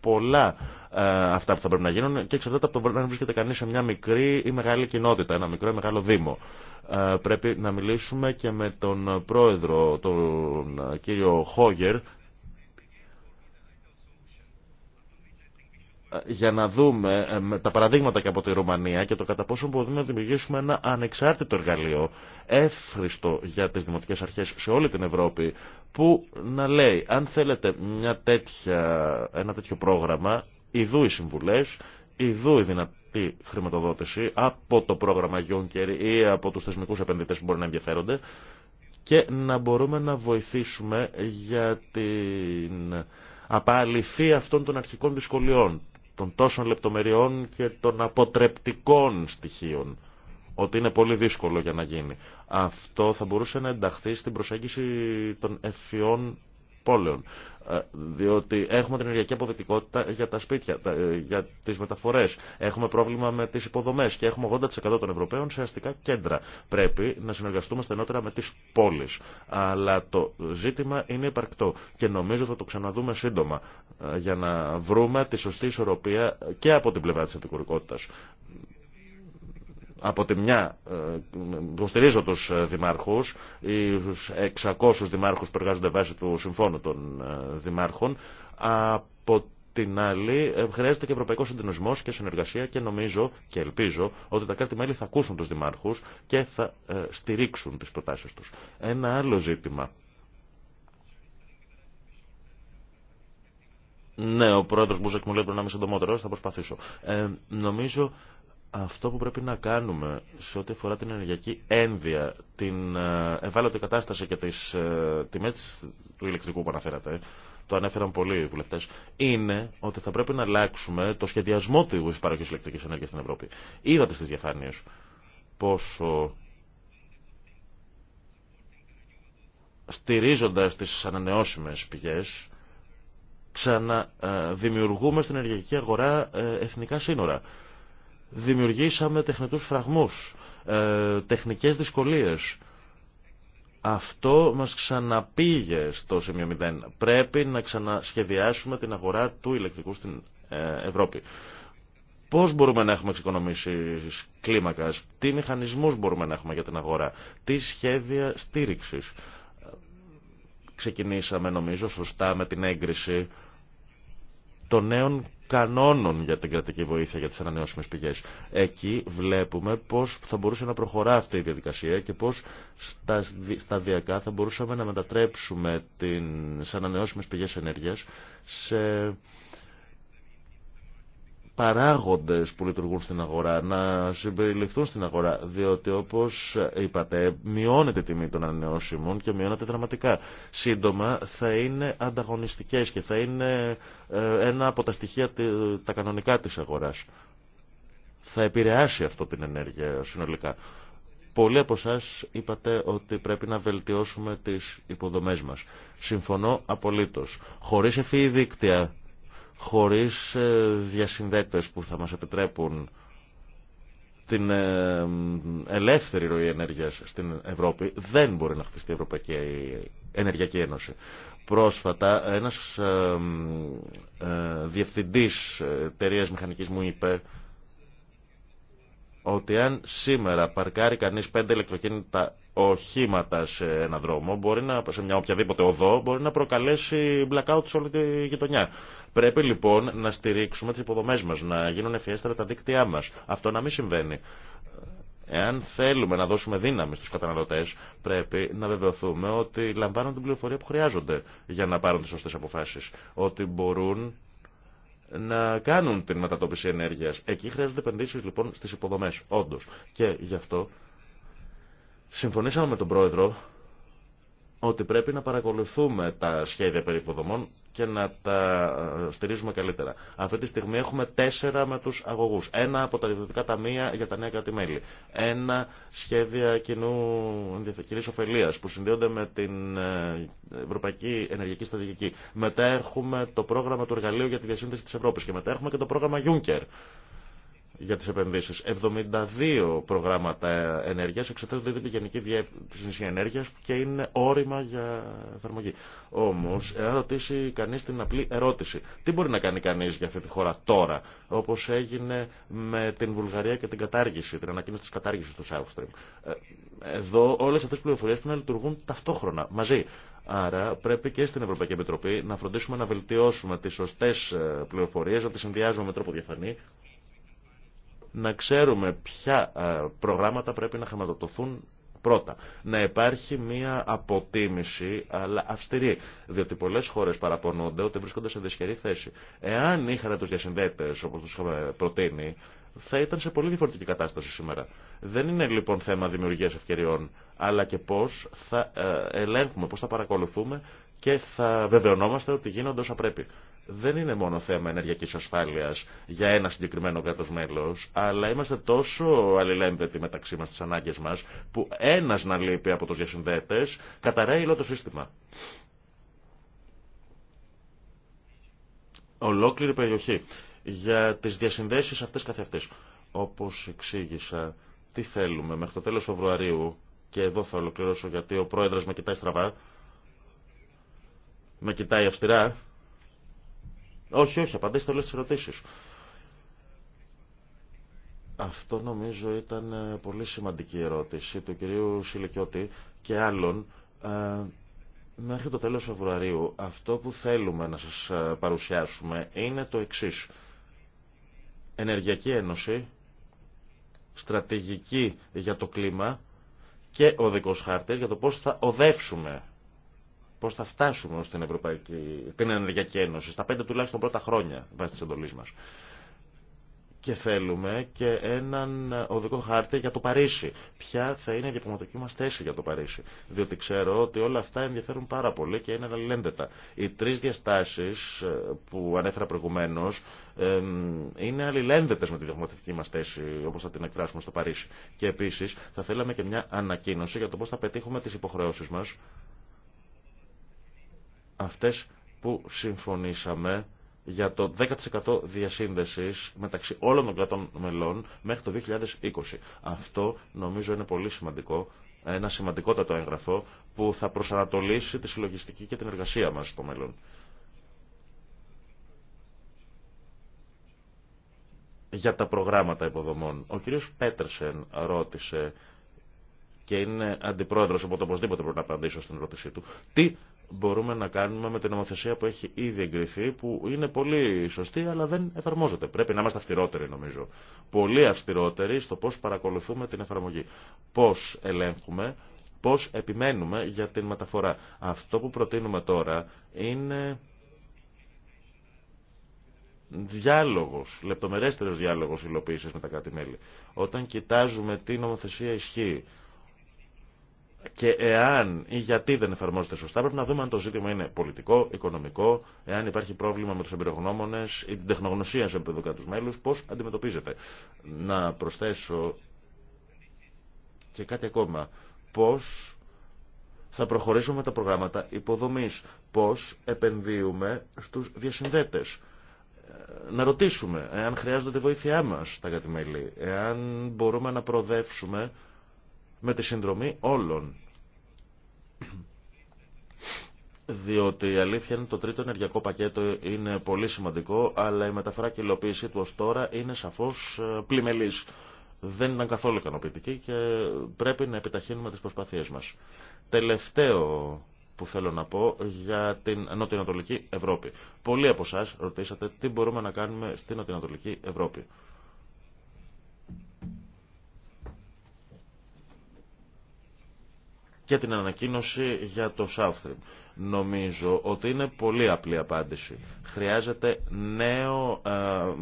πολλά ε, αυτά που θα πρέπει να γίνουν και εξαρτάται από το να βρίσκεται κανεί σε μια μικρή ή μεγάλη κοινότητα, ένα μικρό ή μεγάλο δήμο. Ε, πρέπει να μιλήσουμε και με τον πρόεδρο, τον κύριο Χόγερ, για να δούμε ε, τα παραδείγματα και από τη Ρουμανία και το κατά πόσο μπορούμε να δημιουργήσουμε ένα ανεξάρτητο εργαλείο εύχριστο για τις δημοτικές αρχές σε όλη την Ευρώπη που να λέει αν θέλετε μια τέτοια, ένα τέτοιο πρόγραμμα, ιδού οι συμβουλές, ιδού η δυνατή χρηματοδότηση από το πρόγραμμα Juncker ή από τους θεσμικούς επενδυτές που μπορεί να ενδιαφέρονται και να μπορούμε να βοηθήσουμε για την απαλυθή αυτών των αρχικών δυσκολιών των τόσων λεπτομεριών και των αποτρεπτικών στοιχείων ότι είναι πολύ δύσκολο για να γίνει. Αυτό θα μπορούσε να ενταχθεί στην προσέγγιση των ευφυών πόλεων. Ε, διότι έχουμε την ενεργειακή αποδεκτικότητα για τα σπίτια, ε, για τι μεταφορέ. Έχουμε πρόβλημα με τι υποδομέ και έχουμε 80% των Ευρωπαίων σε αστικά κέντρα. Πρέπει να συνεργαστούμε στενότερα με τι πόλει. Αλλά το ζήτημα είναι υπαρκτό και νομίζω θα το ξαναδούμε σύντομα ε, για να βρούμε τη σωστή ισορροπία και από την πλευρά τη επικουρικότητα από τη μια ε, υποστηρίζω τους ε, δημάρχους, τους 600 δημάρχους που εργάζονται βάσει του Συμφώνου των ε, Δημάρχων, από την άλλη, χρειάζεται και ευρωπαϊκό συντονισμό και συνεργασία και νομίζω και ελπίζω ότι τα κράτη-μέλη θα ακούσουν του δημάρχου και θα στηρίξουν τι προτάσει του. Ένα άλλο ζήτημα. Ναι, ο πρόεδρος Μπούζεκ μου λέει πρέπει να είμαι συντομότερος, θα προσπαθήσω. νομίζω αυτό που πρέπει να κάνουμε σε ό,τι αφορά την ενεργειακή ένδυα, την ε, ευάλωτη κατάσταση και τις ε, τιμές του ηλεκτρικού που αναφέρατε, το ανέφεραν πολλοί οι βουλευτέ, είναι ότι θα πρέπει να αλλάξουμε το σχεδιασμό της παροχή ηλεκτρικής ενέργειας στην Ευρώπη. Είδατε στις διαφάνειες πόσο στηρίζοντας τις ανανεώσιμες πηγές ξαναδημιουργούμε ε, στην ενεργειακή αγορά εθνικά σύνορα δημιουργήσαμε τεχνητούς φραγμούς, ε, τεχνικές δυσκολίες. Αυτό μας ξαναπήγε στο σημείο 0. Πρέπει να ξανασχεδιάσουμε την αγορά του ηλεκτρικού στην ε, Ευρώπη. Πώς μπορούμε να έχουμε εξοικονομήσει κλίμακας, τι μηχανισμούς μπορούμε να έχουμε για την αγορά, τι σχέδια στήριξης. Ξεκινήσαμε νομίζω σωστά με την έγκριση των νέων κανόνων για την κρατική βοήθεια για τις ανανεώσιμες πηγές. Εκεί βλέπουμε πώς θα μπορούσε να προχωρά αυτή η διαδικασία και πώς σταδιακά θα μπορούσαμε να μετατρέψουμε τις ανανεώσιμες πηγές ενέργειας σε παράγοντες που λειτουργούν στην αγορά να συμπεριληφθούν στην αγορά διότι όπως είπατε μειώνεται η τιμή των ανανεώσιμων και μειώνεται δραματικά. Σύντομα θα είναι ανταγωνιστικές και θα είναι ε, ένα από τα στοιχεία τα κανονικά της αγοράς. Θα επηρεάσει αυτό την ενέργεια συνολικά. Πολλοί από εσά είπατε ότι πρέπει να βελτιώσουμε τις υποδομές μας. Συμφωνώ απολύτως. Χωρίς ευφυή δίκτυα χωρίς ε, διασυνδέτες που θα μας επιτρέπουν την ε, ελεύθερη ροή ενέργειας στην Ευρώπη δεν μπορεί να χτιστεί η Ευρωπαϊκή Ενεργειακή Ένωση. Πρόσφατα ένας ε, διευθυντής εταιρεία μηχανικής μου είπε ότι αν σήμερα παρκάρει κανείς πέντε ηλεκτροκίνητα οχήματα σε ένα δρόμο, μπορεί να, σε μια οποιαδήποτε οδό, μπορεί να προκαλέσει blackout σε όλη τη γειτονιά. Πρέπει λοιπόν να στηρίξουμε τι υποδομέ μα, να γίνουν ευφιέστερα τα δίκτυά μα. Αυτό να μην συμβαίνει. Εάν θέλουμε να δώσουμε δύναμη στους καταναλωτές, πρέπει να βεβαιωθούμε ότι λαμβάνουν την πληροφορία που χρειάζονται για να πάρουν τις σωστές αποφάσεις. Ότι μπορούν να κάνουν την μετατόπιση ενέργειας. Εκεί χρειάζονται επενδύσεις λοιπόν στις υποδομές, όντως. Και γι' αυτό Συμφωνήσαμε με τον Πρόεδρο ότι πρέπει να παρακολουθούμε τα σχέδια περί υποδομών και να τα ε, στηρίζουμε καλύτερα. Αυτή τη στιγμή έχουμε τέσσερα με τους αγωγούς. Ένα από τα διευθυντικά ταμεία για τα νέα κράτη-μέλη. Ένα σχέδια κοινού κοινής ωφελίας που συνδέονται με την ε, Ευρωπαϊκή Ενεργειακή Στρατηγική. Μετά έχουμε το πρόγραμμα του Εργαλείου για τη Διασύνδεση της Ευρώπης και μετά έχουμε και το πρόγραμμα Juncker για τις επενδύσεις. 72 προγράμματα ενέργειας εξετάζονται την Γενική Διεύθυνση Ενέργειας και είναι όριμα για εφαρμογή. Όμως, εάν ρωτήσει κανείς την απλή ερώτηση, τι μπορεί να κάνει κανείς για αυτή τη χώρα τώρα, όπως έγινε με την Βουλγαρία και την κατάργηση, την ανακοίνωση της κατάργησης του South Stream. Ε, εδώ όλες αυτές τις πληροφορίες πρέπει να λειτουργούν ταυτόχρονα, μαζί. Άρα πρέπει και στην Ευρωπαϊκή Επιτροπή να φροντίσουμε να βελτιώσουμε τις σωστές ε, πληροφορίες, να τις συνδυάζουμε με τρόπο διαφανή, να ξέρουμε ποια ε, προγράμματα πρέπει να χρηματοδοτηθούν πρώτα. Να υπάρχει μια αποτίμηση, αλλά αυστηρή. Διότι πολλέ χώρε παραπονούνται ότι βρίσκονται σε δυσχερή θέση. Εάν είχαν του διασυνδέτε, όπω του είχαμε προτείνει, θα ήταν σε πολύ διαφορετική κατάσταση σήμερα. Δεν είναι λοιπόν θέμα δημιουργία ευκαιριών, αλλά και πώ θα ε, ελέγχουμε, πώ θα παρακολουθούμε και θα βεβαιωνόμαστε ότι γίνονται όσα πρέπει δεν είναι μόνο θέμα ενεργειακής ασφάλειας για ένα συγκεκριμένο κράτος μέλος, αλλά είμαστε τόσο αλληλέμπετοι μεταξύ μας στις ανάγκες μας, που ένας να λείπει από τους διασυνδέτες, καταραίει όλο το σύστημα. Ολόκληρη περιοχή. Για τις διασυνδέσεις αυτές καθ' αυτές. Όπως εξήγησα, τι θέλουμε μέχρι το τέλος Φεβρουαρίου, και εδώ θα ολοκληρώσω γιατί ο πρόεδρος με κοιτάει στραβά, με κοιτάει αυστηρά, όχι, όχι, απαντήστε όλες τις ερωτήσεις. Αυτό νομίζω ήταν ε, πολύ σημαντική ερώτηση του κυρίου Σιλικιώτη και άλλων. Ε, μέχρι το τέλος Φεβρουαρίου αυτό που θέλουμε να σας ε, παρουσιάσουμε είναι το εξής. Ενεργειακή Ένωση, στρατηγική για το κλίμα και οδικός χάρτης για το πώς θα οδεύσουμε πώ θα φτάσουμε στην Ευρωπαϊκή, την Ενεργειακή Ένωση, στα πέντε τουλάχιστον πρώτα χρόνια βάσει τη εντολή μα. Και θέλουμε και έναν οδικό χάρτη για το Παρίσι. Ποια θα είναι η διαπραγματική μα θέση για το Παρίσι. Διότι ξέρω ότι όλα αυτά ενδιαφέρουν πάρα πολύ και είναι αλληλένδετα. Οι τρει διαστάσει ε, που ανέφερα προηγουμένω ε, είναι αλληλένδετε με τη διαπραγματική μα θέση όπω θα την εκφράσουμε στο Παρίσι. Και επίση θα θέλαμε και μια ανακοίνωση για το πώ θα πετύχουμε τι υποχρεώσει μα αυτές που συμφωνήσαμε για το 10% διασύνδεσης μεταξύ όλων των κρατών μελών μέχρι το 2020. Αυτό νομίζω είναι πολύ σημαντικό, ένα σημαντικότατο έγγραφο που θα προσανατολίσει τη συλλογιστική και την εργασία μας στο μέλλον. Για τα προγράμματα υποδομών. Ο κύριος Πέτερσεν ρώτησε και είναι αντιπρόεδρος, οπότε οπωσδήποτε πρέπει να απαντήσω στην ερώτησή του. Τι μπορούμε να κάνουμε με την νομοθεσία που έχει ήδη εγκριθεί, που είναι πολύ σωστή, αλλά δεν εφαρμόζεται. Πρέπει να είμαστε αυστηρότεροι, νομίζω. Πολύ αυστηρότεροι στο πώ παρακολουθούμε την εφαρμογή. Πώ ελέγχουμε, πώ επιμένουμε για την μεταφορά. Αυτό που προτείνουμε τώρα είναι διάλογο, λεπτομερέστερος διάλογο υλοποίηση με τα κράτη-μέλη. Όταν κοιτάζουμε τι νομοθεσία ισχύει, και εάν ή γιατί δεν εφαρμόζεται σωστά, πρέπει να δούμε αν το ζήτημα είναι πολιτικό, οικονομικό, εάν υπάρχει πρόβλημα με του εμπειρογνώμονε ή την τεχνογνωσία σε επίπεδο κράτου μέλου, πώ αντιμετωπίζεται. Να προσθέσω και κάτι ακόμα. Πώ θα προχωρήσουμε με τα προγράμματα υποδομή, πώ επενδύουμε στου διασυνδέτε. Να ρωτήσουμε εάν χρειάζονται τη βοήθειά μα τα κατημέλη, εάν μπορούμε να προοδεύσουμε με τη συνδρομή όλων. Διότι η αλήθεια είναι το τρίτο ενεργειακό πακέτο είναι πολύ σημαντικό, αλλά η μεταφορά και η υλοποίησή του ως τώρα είναι σαφώς ε, πλημελής. Δεν ήταν καθόλου ικανοποιητική και πρέπει να επιταχύνουμε τις προσπαθίες μας. Τελευταίο που θέλω να πω για την Νοτιοανατολική Ευρώπη. Πολλοί από εσά ρωτήσατε τι μπορούμε να κάνουμε στην Νοτιοανατολική Ευρώπη. και την ανακοίνωση για το Southrim. Νομίζω ότι είναι πολύ απλή απάντηση. Χρειάζεται νέο ε,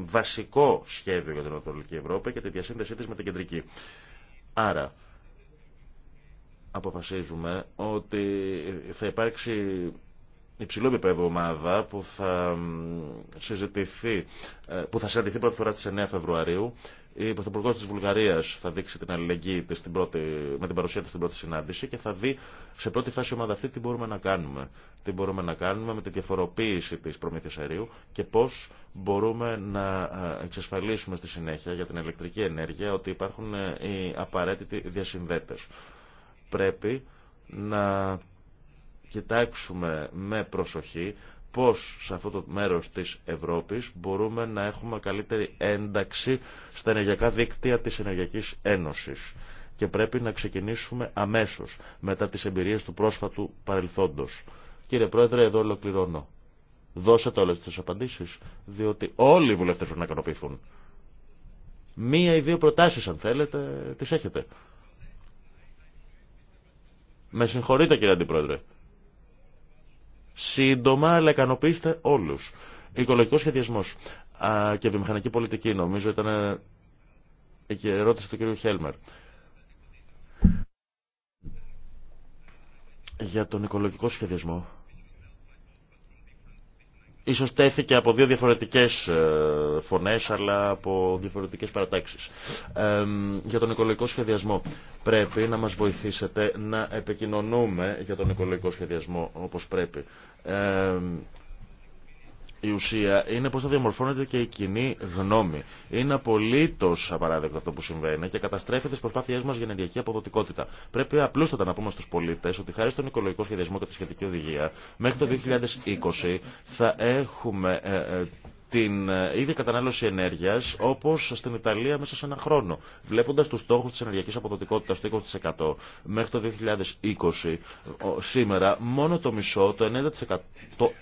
βασικό σχέδιο για την Ανατολική Ευρώπη και τη διασύνδεσή της με την κεντρική. Άρα, αποφασίζουμε ότι θα υπάρξει υψηλό επίπεδο ομάδα που θα συζητηθεί, ε, που θα συναντηθεί πρώτη φορά στις 9 Φεβρουαρίου. Η Πρωθυπουργό τη Βουλγαρία θα δείξει την αλληλεγγύη της στην πρώτη, με την παρουσία τη στην πρώτη συνάντηση και θα δει σε πρώτη φάση ομάδα αυτή τι μπορούμε να κάνουμε. Τι μπορούμε να κάνουμε με τη διαφοροποίηση τη προμήθεια αερίου και πώ μπορούμε να ε, εξασφαλίσουμε στη συνέχεια για την ηλεκτρική ενέργεια ότι υπάρχουν ε, οι απαραίτητοι διασυνδέτε. Πρέπει να κοιτάξουμε με προσοχή πώς σε αυτό το μέρος της Ευρώπης μπορούμε να έχουμε καλύτερη ένταξη στα ενεργειακά δίκτυα της Ενεργειακής Ένωσης και πρέπει να ξεκινήσουμε αμέσως μετά τις εμπειρίες του πρόσφατου παρελθόντος. Κύριε Πρόεδρε, εδώ ολοκληρώνω. Δώσετε όλες τις απαντήσεις, διότι όλοι οι βουλευτές πρέπει να ικανοποιηθούν. Μία ή δύο προτάσεις, αν θέλετε, τις έχετε. Με συγχωρείτε, κύριε Αντιπρόεδρε σύντομα, αλλά ικανοποιήστε όλους. οικολογικό σχεδιασμό και βιομηχανική πολιτική, νομίζω ήταν ε, η ερώτηση του κ. Χέλμερ. Για τον οικολογικό σχεδιασμό, Ίσως τέθηκε από δύο διαφορετικές ε, φωνές αλλά από διαφορετικές παρατάξεις. Ε, για τον οικολογικό σχεδιασμό πρέπει να μας βοηθήσετε να επικοινωνούμε για τον οικολογικό σχεδιασμό όπως πρέπει. Ε, η ουσία είναι πώς θα διαμορφώνεται και η κοινή γνώμη. Είναι απολύτω απαράδεκτο αυτό που συμβαίνει και καταστρέφει τι προσπάθειέ μα για ενεργειακή αποδοτικότητα. Πρέπει απλούστατα να πούμε στου πολίτε ότι χάρη στον οικολογικό σχεδιασμό και τη σχετική οδηγία, μέχρι το 2020 θα έχουμε ε, ε, την ίδια ε, κατανάλωση ενέργεια όπω στην Ιταλία μέσα σε ένα χρόνο. Βλέποντα του στόχου τη ενεργειακή αποδοτικότητα του 20% μέχρι το 2020, σήμερα μόνο το μισό, το 9%, το,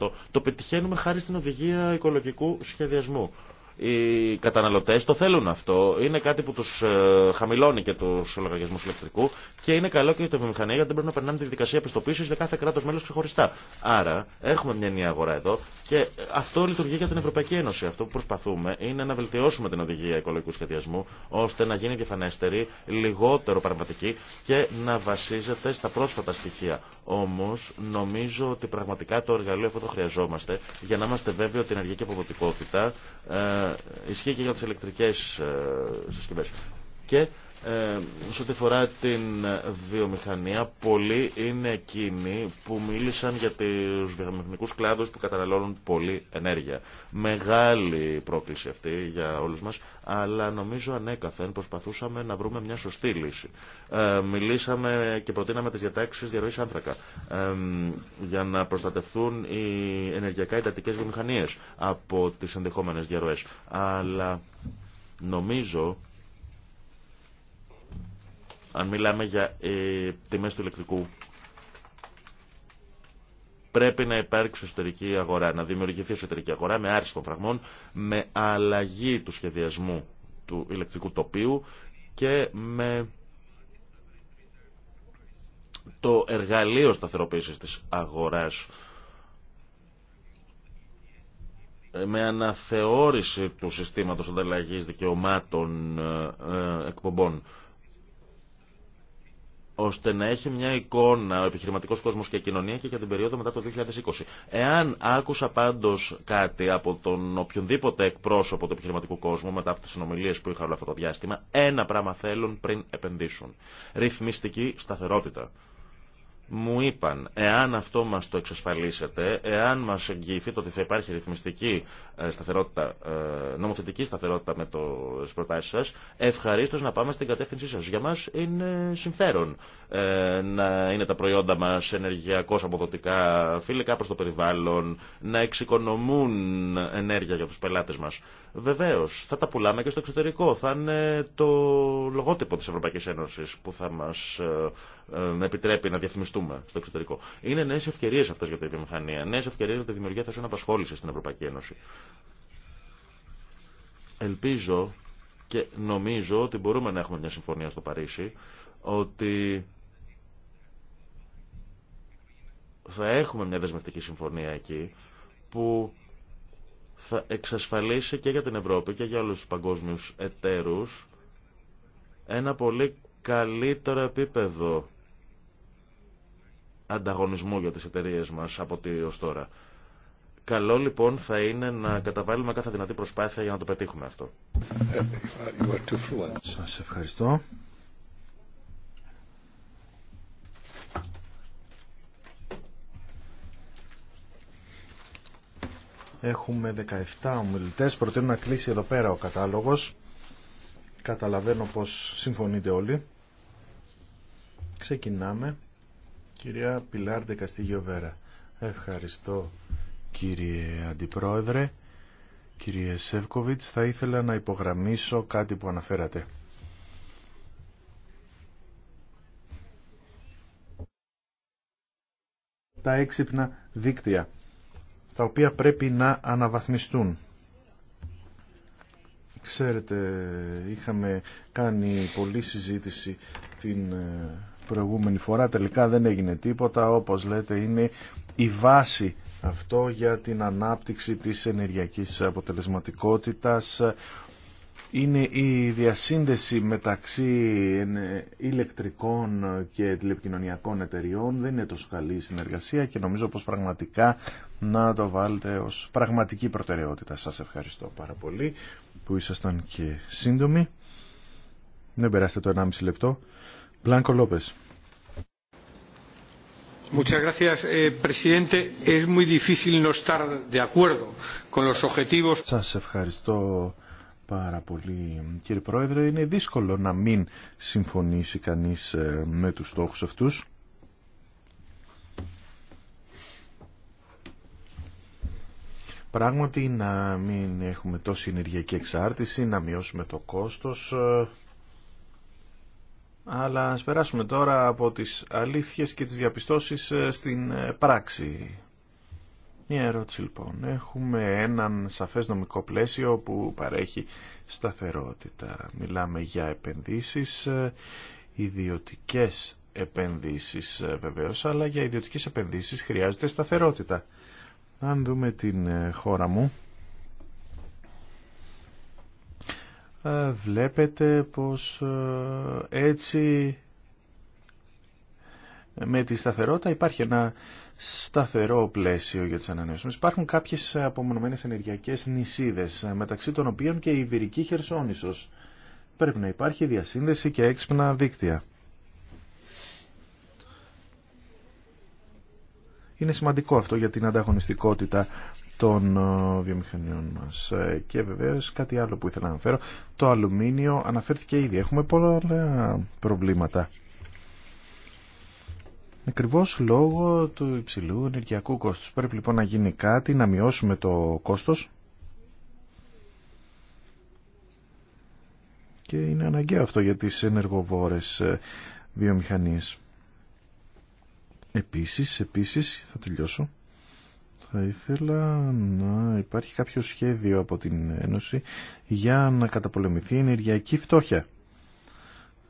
9% το πετυχαίνουμε χάρη στην οδηγία οικολογικού σχεδιασμού. Οι καταναλωτέ το θέλουν αυτό. Είναι κάτι που του ε, χαμηλώνει και του λογαριασμού ηλεκτρικού και είναι καλό και για τη βιομηχανία γιατί δεν πρέπει να περνάνε τη δικασία πιστοποίηση για κάθε κράτο μέλο ξεχωριστά. Άρα έχουμε μια νέα αγορά εδώ και αυτό λειτουργεί για την Ευρωπαϊκή Ένωση. Αυτό που προσπαθούμε είναι να βελτιώσουμε την οδηγία οικολογικού σχεδιασμού ώστε να γίνει διαφανέστερη, λιγότερο παραγματική και να βασίζεται στα πρόσφατα στοιχεία. Όμω νομίζω ότι πραγματικά το εργαλείο αυτό το χρειαζόμαστε για να είμαστε βέβαιοι ότι η ενεργειακή αποδοτικότητα ε, ισχύει και για τις ηλεκτρικές ε, συσκευές. Και ε, σε ό,τι φορά την βιομηχανία, πολλοί είναι εκείνοι που μίλησαν για τους βιομηχανικούς κλάδους που καταναλώνουν πολύ ενέργεια. Μεγάλη πρόκληση αυτή για όλους μας, αλλά νομίζω ανέκαθεν προσπαθούσαμε να βρούμε μια σωστή λύση. Ε, μιλήσαμε και προτείναμε τις διατάξεις διαρροής άνθρακα ε, για να προστατευτούν οι ενεργειακά εντατικές βιομηχανίες από τις ενδεχόμενε διαρροές. Αλλά νομίζω αν μιλάμε για ε, τιμές του ηλεκτρικού, πρέπει να υπάρξει εσωτερική αγορά, να δημιουργηθεί εσωτερική αγορά με των φραγμών, με αλλαγή του σχεδιασμού του ηλεκτρικού τοπίου και με το εργαλείο σταθεροποίησης της αγοράς ε, με αναθεώρηση του συστήματος ανταλλαγής δικαιωμάτων ε, ε, εκπομπών ώστε να έχει μια εικόνα ο επιχειρηματικό κόσμο και η κοινωνία και για την περίοδο μετά το 2020. Εάν άκουσα πάντω κάτι από τον οποιονδήποτε εκπρόσωπο του επιχειρηματικού κόσμου μετά από τι συνομιλίε που είχα όλο αυτό το διάστημα, ένα πράγμα θέλουν πριν επενδύσουν. Ρυθμιστική σταθερότητα μου είπαν, εάν αυτό μας το εξασφαλίσετε, εάν μας εγγυηθείτε ότι θα υπάρχει ρυθμιστική ε, σταθερότητα, ε, νομοθετική σταθερότητα με τις προτάσεις σας, ευχαρίστως να πάμε στην κατεύθυνσή σας. Για μας είναι συμφέρον ε, να είναι τα προϊόντα μας ενεργειακώς αποδοτικά, φιλικά προς το περιβάλλον, να εξοικονομούν ενέργεια για τους πελάτες μας. Βεβαίως, θα τα πουλάμε και στο εξωτερικό. Θα είναι το λογότυπο της Ευρωπαϊκής Ένωσης που θα μας επιτρέπει να διαφημιστούμε στο εξωτερικό. Είναι νέε ευκαιρίε αυτέ για τη βιομηχανία, νέε ευκαιρίε για τη δημιουργία θέσεων απασχόληση στην Ευρωπαϊκή Ένωση. Ελπίζω και νομίζω ότι μπορούμε να έχουμε μια συμφωνία στο Παρίσι, ότι θα έχουμε μια δεσμευτική συμφωνία εκεί που θα εξασφαλίσει και για την Ευρώπη και για όλους τους παγκόσμιους εταίρους ένα πολύ καλύτερο επίπεδο ανταγωνισμού για τις εταιρείε μας από ό,τι ως τώρα. Καλό λοιπόν θα είναι να καταβάλουμε κάθε δυνατή προσπάθεια για να το πετύχουμε αυτό. Σας ευχαριστώ. Έχουμε 17 ομιλητές. Προτείνω να κλείσει εδώ πέρα ο κατάλογος. Καταλαβαίνω πως συμφωνείτε όλοι. Ξεκινάμε Κυρία Πιλάρντε Καστίγιο Βέρα. Ευχαριστώ κύριε Αντιπρόεδρε. Κύριε Σεύκοβιτς, θα ήθελα να υπογραμμίσω κάτι που αναφέρατε. Τα έξυπνα δίκτυα, τα οποία πρέπει να αναβαθμιστούν. Ξέρετε, είχαμε κάνει πολλή συζήτηση την ε, προηγούμενη φορά τελικά δεν έγινε τίποτα όπως λέτε είναι η βάση αυτό για την ανάπτυξη της ενεργειακής αποτελεσματικότητας είναι η διασύνδεση μεταξύ ηλεκτρικών και τηλεπικοινωνιακών εταιριών δεν είναι τόσο καλή η συνεργασία και νομίζω πως πραγματικά να το βάλετε ως πραγματική προτεραιότητα σας ευχαριστώ πάρα πολύ που ήσασταν και σύντομοι δεν περάσετε το 1,5 λεπτό Blanco Σας ευχαριστώ πάρα πολύ κύριε Πρόεδρε. Είναι δύσκολο να μην συμφωνήσει κανείς ε, με τους στόχους αυτούς. Πράγματι να μην έχουμε τόση ενεργειακή εξάρτηση, να μειώσουμε το κόστος, ε, αλλά ας περάσουμε τώρα από τις αλήθειες και τις διαπιστώσεις ε, στην ε, πράξη. Μια ερώτηση λοιπόν. Έχουμε έναν σαφές νομικό πλαίσιο που παρέχει σταθερότητα. Μιλάμε για επενδύσεις, ε, ιδιωτικές επενδύσεις βεβαίως, αλλά για ιδιωτικές επενδύσεις χρειάζεται σταθερότητα. Αν δούμε την χώρα μου, Ε, βλέπετε πως ε, έτσι με τη σταθερότητα υπάρχει ένα σταθερό πλαίσιο για τις ανανεώσιμες. Υπάρχουν κάποιες απομονωμένες ενεργειακές νησίδες, ε, μεταξύ των οποίων και η Βυρική Χερσόνησος. Πρέπει να υπάρχει διασύνδεση και έξυπνα δίκτυα. Είναι σημαντικό αυτό για την ανταγωνιστικότητα των ε, βιομηχανιών μας. Ε, και βεβαίως κάτι άλλο που ήθελα να αναφέρω, το αλουμίνιο αναφέρθηκε ήδη. Έχουμε πολλά προβλήματα. Ακριβώ λόγω του υψηλού ενεργειακού κόστους. Πρέπει λοιπόν να γίνει κάτι, να μειώσουμε το κόστος. Και είναι αναγκαίο αυτό για τις ενεργοβόρες ε, βιομηχανίες. Επίσης, επίσης, θα τελειώσω. Θα ήθελα να υπάρχει κάποιο σχέδιο από την Ένωση για να καταπολεμηθεί η ενεργειακή φτώχεια.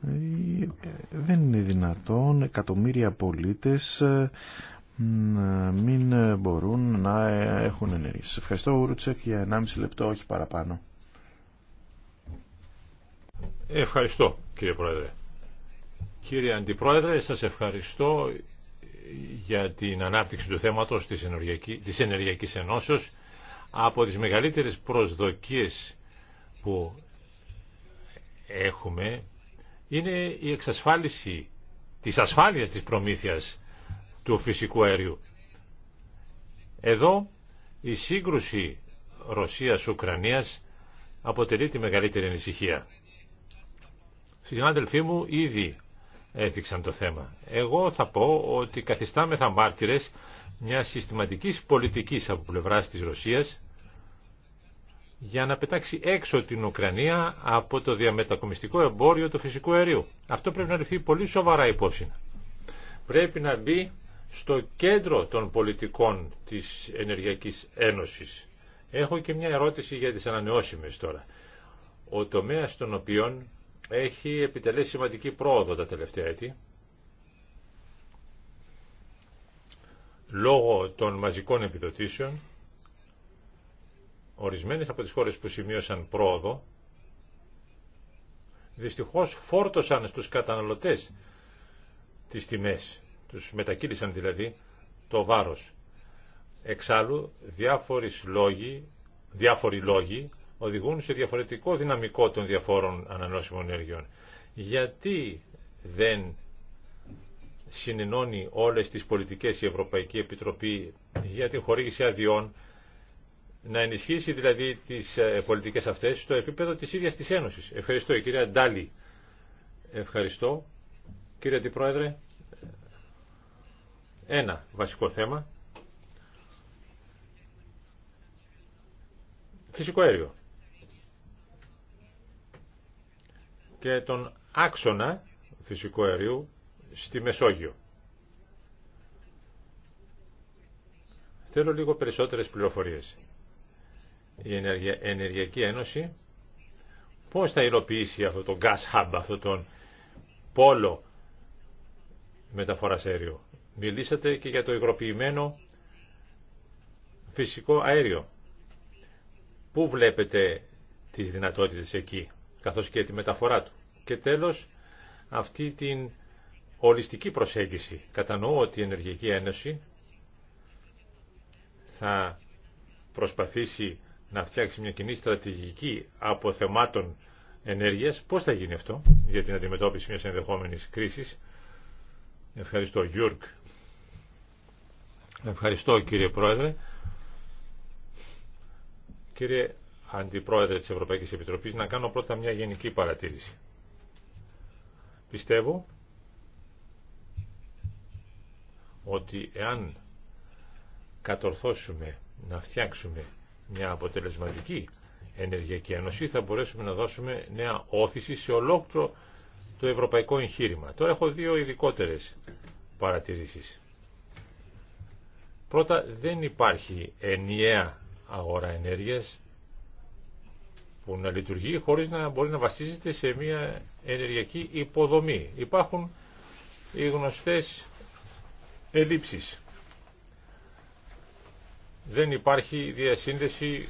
Ε, δεν είναι δυνατόν εκατομμύρια πολίτες ε, να μην μπορούν να έχουν Σας Ευχαριστώ Ουρουτσέκ για 1,5 λεπτό, όχι παραπάνω. Ευχαριστώ κύριε Πρόεδρε. Κύριε Αντιπρόεδρε, σας ευχαριστώ για την ανάπτυξη του θέματος της, ενεργειακή, της Ενεργειακής Ενώσεως από τις μεγαλύτερες προσδοκίες που έχουμε είναι η εξασφάλιση της ασφάλειας της προμήθειας του φυσικού αερίου. Εδώ η σύγκρουση Ρωσίας-Ουκρανίας αποτελεί τη μεγαλύτερη ανησυχία. Συνάδελφοί μου ήδη έθιξαν το θέμα. Εγώ θα πω ότι καθιστάμεθα μάρτυρες μια συστηματικής πολιτικής από πλευράς της Ρωσίας για να πετάξει έξω την Ουκρανία από το διαμετακομιστικό εμπόριο του φυσικού αερίου. Αυτό πρέπει να ληφθεί πολύ σοβαρά υπόψη. Πρέπει να μπει στο κέντρο των πολιτικών της Ενεργειακής Ένωσης. Έχω και μια ερώτηση για τις ανανεώσιμες τώρα. Ο τομέας των οποίων έχει επιτελέσει σημαντική πρόοδο τα τελευταία έτη λόγω των μαζικών επιδοτήσεων ορισμένες από τις χώρες που σημείωσαν πρόοδο δυστυχώς φόρτωσαν στους καταναλωτές τις τιμές, τους μετακύλησαν δηλαδή το βάρος. Εξάλλου διάφοροι λόγοι, διάφοροι λόγοι οδηγούν σε διαφορετικό δυναμικό των διαφόρων ανανόσιμων ενεργειών. Γιατί δεν συνενώνει όλες τις πολιτικές η Ευρωπαϊκή Επιτροπή για την χορήγηση αδειών, να ενισχύσει δηλαδή τις ε, πολιτικές αυτές στο επίπεδο της ίδιας της Ένωσης. Ευχαριστώ η κυρία Ντάλη. Ευχαριστώ. Κύριε Αντιπρόεδρε, ένα βασικό θέμα. Φυσικό αέριο. και τον άξονα φυσικού αερίου στη Μεσόγειο. Θέλω λίγο περισσότερες πληροφορίες. Η Ενεργειακή Ένωση πώς θα υλοποιήσει αυτό το gas hub, αυτό τον πόλο μεταφοράς αέριου. Μιλήσατε και για το υγροποιημένο φυσικό αέριο. Πού βλέπετε τις δυνατότητες εκεί, καθώς και τη μεταφορά του. Και τέλος, αυτή την ολιστική προσέγγιση. Κατανοώ ότι η Ενεργειακή Ένωση θα προσπαθήσει να φτιάξει μια κοινή στρατηγική από θεμάτων ενέργειας. Πώς θα γίνει αυτό για την αντιμετώπιση μιας ενδεχόμενης κρίσης. Ευχαριστώ Γιούρκ. Ευχαριστώ κύριε Πρόεδρε. Κύριε Αντιπρόεδρε της Ευρωπαϊκής Επιτροπής, να κάνω πρώτα μια γενική παρατήρηση. Πιστεύω ότι εάν κατορθώσουμε να φτιάξουμε μια αποτελεσματική ενεργειακή ένωση θα μπορέσουμε να δώσουμε νέα όθηση σε ολόκληρο το ευρωπαϊκό εγχείρημα. Τώρα έχω δύο ειδικότερε παρατηρήσεις. Πρώτα, δεν υπάρχει ενιαία αγορά ενέργειας που να λειτουργεί χωρίς να μπορεί να βασίζεται σε μια ενεργειακή υποδομή. Υπάρχουν οι γνωστές ελλείψεις. Δεν υπάρχει αγωγού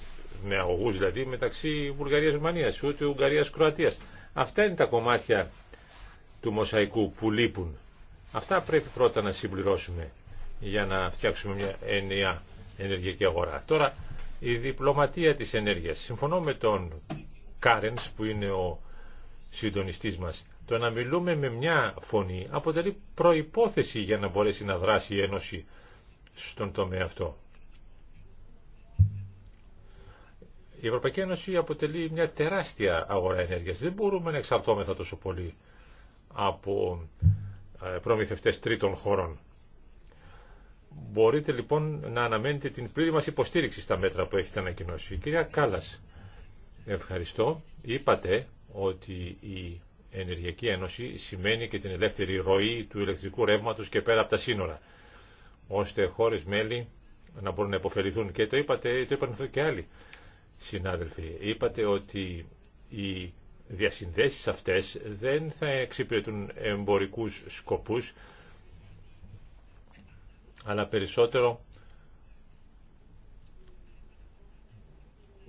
νεαγωγούς δηλαδή μεταξύ Ρουμανία ουτε ούτε Ουγγαρίας-Κροατίας. Αυτά είναι τα κομμάτια του μοσαϊκού που λείπουν. Αυτά πρέπει πρώτα να συμπληρώσουμε για να φτιάξουμε μια ενιαία ενεργειακή αγορά. Τώρα η διπλωματία της ενέργειας. Συμφωνώ με τον Κάρενς που είναι ο συντονιστής μας. Το να μιλούμε με μια φωνή αποτελεί προϋπόθεση για να μπορέσει να δράσει η Ένωση στον τομέα αυτό. Η Ευρωπαϊκή Ένωση αποτελεί μια τεράστια αγορά ενέργειας. Δεν μπορούμε να εξαρτώμεθα τόσο πολύ από ε, προμηθευτές τρίτων χωρών. Μπορείτε λοιπόν να αναμένετε την πλήρη μας υποστήριξη στα μέτρα που έχετε ανακοινώσει. κυρία Κάλλας, ευχαριστώ. Είπατε ότι η Ενεργειακή Ένωση σημαίνει και την ελεύθερη ροή του ηλεκτρικού ρεύματος και πέρα από τα σύνορα, ώστε χώρες μέλη να μπορούν να υποφεληθούν. Και το είπατε, το είπαν αυτό και άλλοι συνάδελφοι. Είπατε ότι οι διασυνδέσεις αυτές δεν θα εξυπηρετούν εμπορικούς σκοπούς, αλλά περισσότερο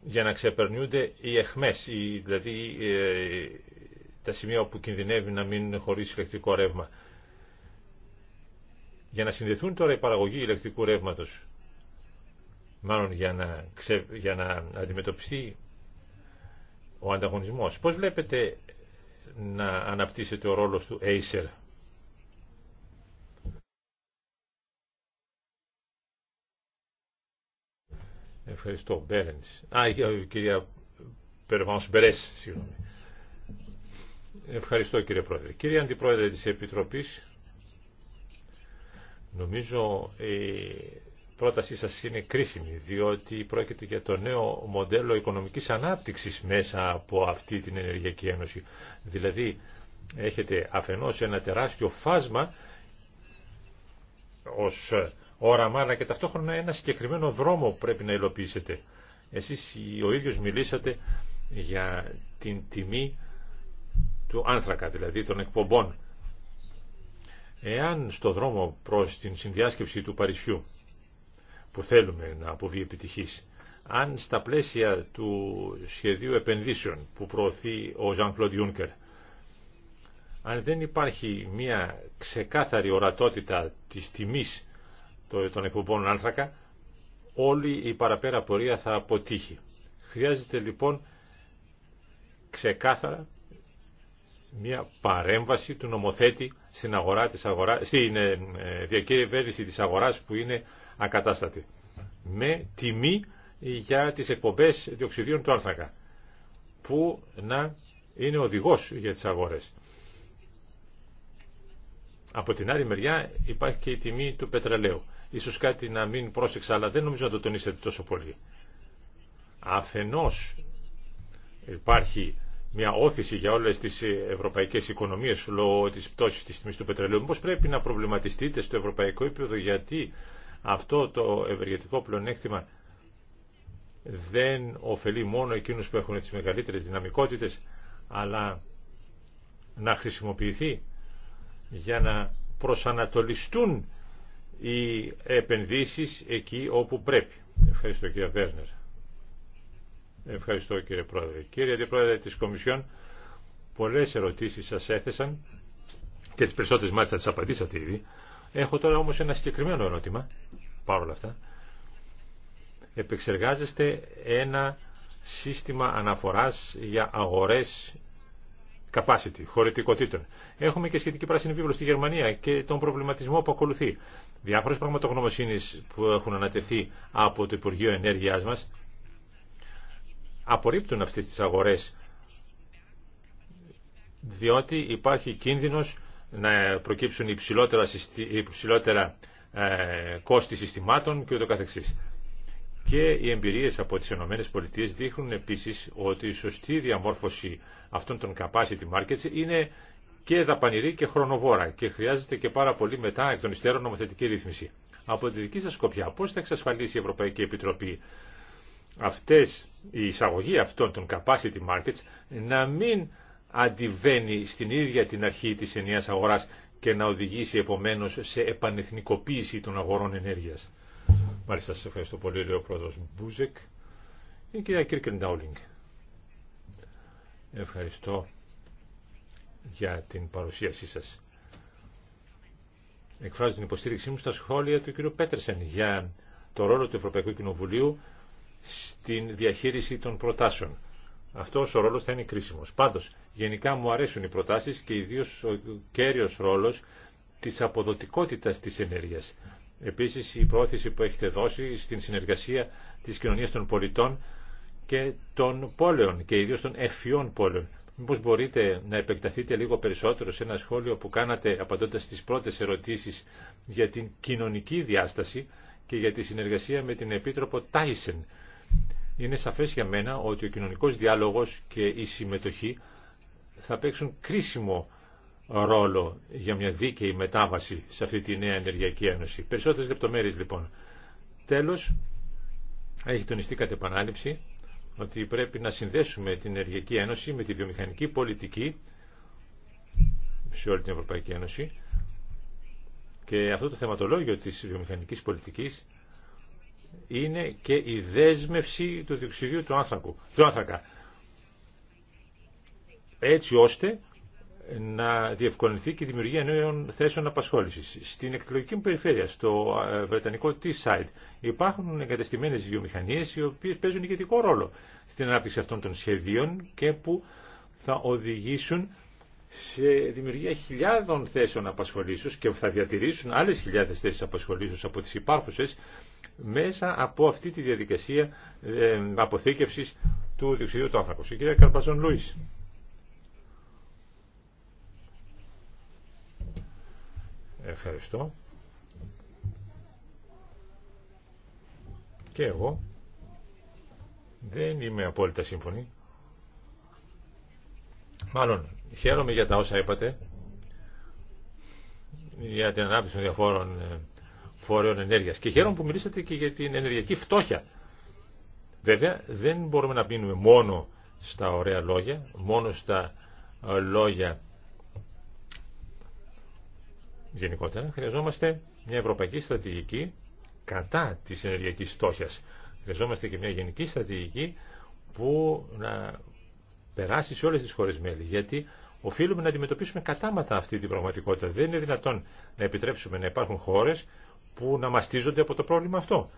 για να ξεπερνούνται οι εχμές, δηλαδή ε, τα σημεία όπου κινδυνεύει να μείνουν χωρίς ηλεκτρικό ρεύμα. Για να συνδεθούν τώρα η παραγωγή ηλεκτρικού ρεύματος, μάλλον για να, ξε, για να αντιμετωπιστεί ο ανταγωνισμός. Πώς βλέπετε να αναπτύσσεται ο ρόλος του Acer Ευχαριστώ. Α, κυρία συγγνώμη. Ευχαριστώ κύριε Πρόεδρε. Κύριε Αντιπρόεδρε τη Επιτροπής, νομίζω η πρότασή σα είναι κρίσιμη, διότι πρόκειται για το νέο μοντέλο οικονομικής ανάπτυξης μέσα από αυτή την Ενεργειακή Ένωση. Δηλαδή, έχετε αφενός ένα τεράστιο φάσμα ως όραμα, αλλά και ταυτόχρονα ένα συγκεκριμένο δρόμο πρέπει να υλοποιήσετε. Εσείς ο ίδιος μιλήσατε για την τιμή του άνθρακα, δηλαδή των εκπομπών. Εάν στο δρόμο προς την συνδιάσκεψη του Παρισιού, που θέλουμε να αποβεί επιτυχής, αν στα πλαίσια του σχεδίου επενδύσεων που προωθεί ο Ζαν αν δεν υπάρχει μια ξεκάθαρη ορατότητα της τιμής των εκπομπών άνθρακα, όλη η παραπέρα πορεία θα αποτύχει. Χρειάζεται λοιπόν ξεκάθαρα μια παρέμβαση του νομοθέτη στην, αγορά της αγορά, στην ε, ε, της αγοράς που είναι ακατάστατη. Με τιμή για τις εκπομπές διοξιδίων του άνθρακα που να είναι οδηγός για τις αγορές. Από την άλλη μεριά υπάρχει και η τιμή του πετρελαίου. Ίσως κάτι να μην πρόσεξα, αλλά δεν νομίζω να το τονίσετε τόσο πολύ. Αφενός υπάρχει μια όθηση για όλες τις ευρωπαϊκές οικονομίες λόγω της πτώσης της τιμής του πετρελαίου. Μήπως πρέπει να προβληματιστείτε στο ευρωπαϊκό επίπεδο γιατί αυτό το ευεργετικό πλεονέκτημα δεν ωφελεί μόνο εκείνους που έχουν τις μεγαλύτερες δυναμικότητες, αλλά να χρησιμοποιηθεί για να προσανατολιστούν οι επενδύσεις εκεί όπου πρέπει. Ευχαριστώ κύριε Βέρνερ. Ευχαριστώ κύριε Πρόεδρε. Κύριε Αντιπρόεδρε της Κομισιόν, πολλές ερωτήσεις σας έθεσαν και τις περισσότερες μάλιστα τις απαντήσατε ήδη. Έχω τώρα όμως ένα συγκεκριμένο ερώτημα, παρόλα αυτά. Επεξεργάζεστε ένα σύστημα αναφοράς για αγορές capacity, χωρητικοτήτων. Έχουμε και σχετική πράσινη βίβλο στη Γερμανία και τον προβληματισμό που ακολουθεί διάφορες πραγματογνωμοσύνες που έχουν ανατεθεί από το Υπουργείο ενέργεια μα, απορρίπτουν αυτέ τις αγορές διότι υπάρχει κίνδυνος να προκύψουν υψηλότερα, υψηλότερα ε, κόστη συστημάτων και ούτω καθεξής. Και οι εμπειρίες από τις ΗΠΑ δείχνουν επίσης ότι η σωστή διαμόρφωση αυτών των capacity markets είναι και δαπανηρή και χρονοβόρα και χρειάζεται και πάρα πολύ μετά εκ των υστέρων νομοθετική ρύθμιση. Από τη δική σας σκοπιά, πώς θα εξασφαλίσει η Ευρωπαϊκή Επιτροπή αυτές, η εισαγωγή αυτών των capacity markets να μην αντιβαίνει στην ίδια την αρχή της ενιαίας αγοράς και να οδηγήσει επομένως σε επανεθνικοποίηση των αγορών ενέργειας. Μάλιστα, σας ευχαριστώ πολύ, λέει ο πρόεδρος Μπούζεκ. Η κυρία Κίρκεν Ντάουλινγκ. Ευχαριστώ για την παρουσίασή σας. Εκφράζω την υποστήριξή μου στα σχόλια του κ. Πέτερσεν για το ρόλο του Ευρωπαϊκού Κοινοβουλίου στην διαχείριση των προτάσεων. Αυτό ο ρόλο θα είναι κρίσιμο. Πάντω, γενικά μου αρέσουν οι προτάσει και ιδίω ο κέριο ρόλο τη αποδοτικότητα τη ενέργεια. Επίση, η πρόθεση που έχετε δώσει στην συνεργασία τη κοινωνία των πολιτών και των πόλεων και ιδίω των Εφιών πόλεων. Μήπως μπορείτε να επεκταθείτε λίγο περισσότερο σε ένα σχόλιο που κάνατε απαντώντας στις πρώτες ερωτήσεις για την κοινωνική διάσταση και για τη συνεργασία με την Επίτροπο Τάισεν. Είναι σαφές για μένα ότι ο κοινωνικός διάλογος και η συμμετοχή θα παίξουν κρίσιμο ρόλο για μια δίκαιη μετάβαση σε αυτή τη νέα ενεργειακή ένωση. Περισσότερες λεπτομέρειες λοιπόν. Τέλος, έχει τονιστεί κατ' επανάληψη ότι πρέπει να συνδέσουμε την Ενεργειακή Ένωση με τη βιομηχανική πολιτική σε όλη την Ευρωπαϊκή Ένωση και αυτό το θεματολόγιο της βιομηχανικής πολιτικής είναι και η δέσμευση του διοξιδίου του του άνθρακα. Έτσι ώστε να διευκολυνθεί και η δημιουργία νέων θέσεων απασχόληση. Στην εκλογική μου περιφέρεια, στο ε, βρετανικό T-Side, υπάρχουν εγκατεστημένε βιομηχανίε οι οποίε παίζουν ηγετικό ρόλο στην ανάπτυξη αυτών των σχεδίων και που θα οδηγήσουν σε δημιουργία χιλιάδων θέσεων απασχολήσεως και θα διατηρήσουν άλλες χιλιάδες θέσεις απασχολήσεως από τις υπάρχουσες μέσα από αυτή τη διαδικασία ε, αποθήκευσης του διοξιδίου του άνθρακος. Η κυρία Καρπαζόν Λούις. Ευχαριστώ. Και εγώ δεν είμαι απόλυτα σύμφωνη. Μάλλον χαίρομαι για τα όσα είπατε για την ανάπτυξη των διαφόρων ε, φορέων ενέργειας και χαίρομαι που μιλήσατε και για την ενεργειακή φτώχεια. Βέβαια δεν μπορούμε να πίνουμε μόνο στα ωραία λόγια, μόνο στα ε, λόγια γενικότερα, χρειαζόμαστε μια ευρωπαϊκή στρατηγική κατά της ενεργειακής φτώχειας. Χρειαζόμαστε και μια γενική στρατηγική που να περάσει σε όλες τις χώρες μέλη. Γιατί οφείλουμε να αντιμετωπίσουμε κατάματα αυτή την πραγματικότητα. Δεν είναι δυνατόν να επιτρέψουμε να υπάρχουν χώρες που να μαστίζονται από το πρόβλημα αυτό.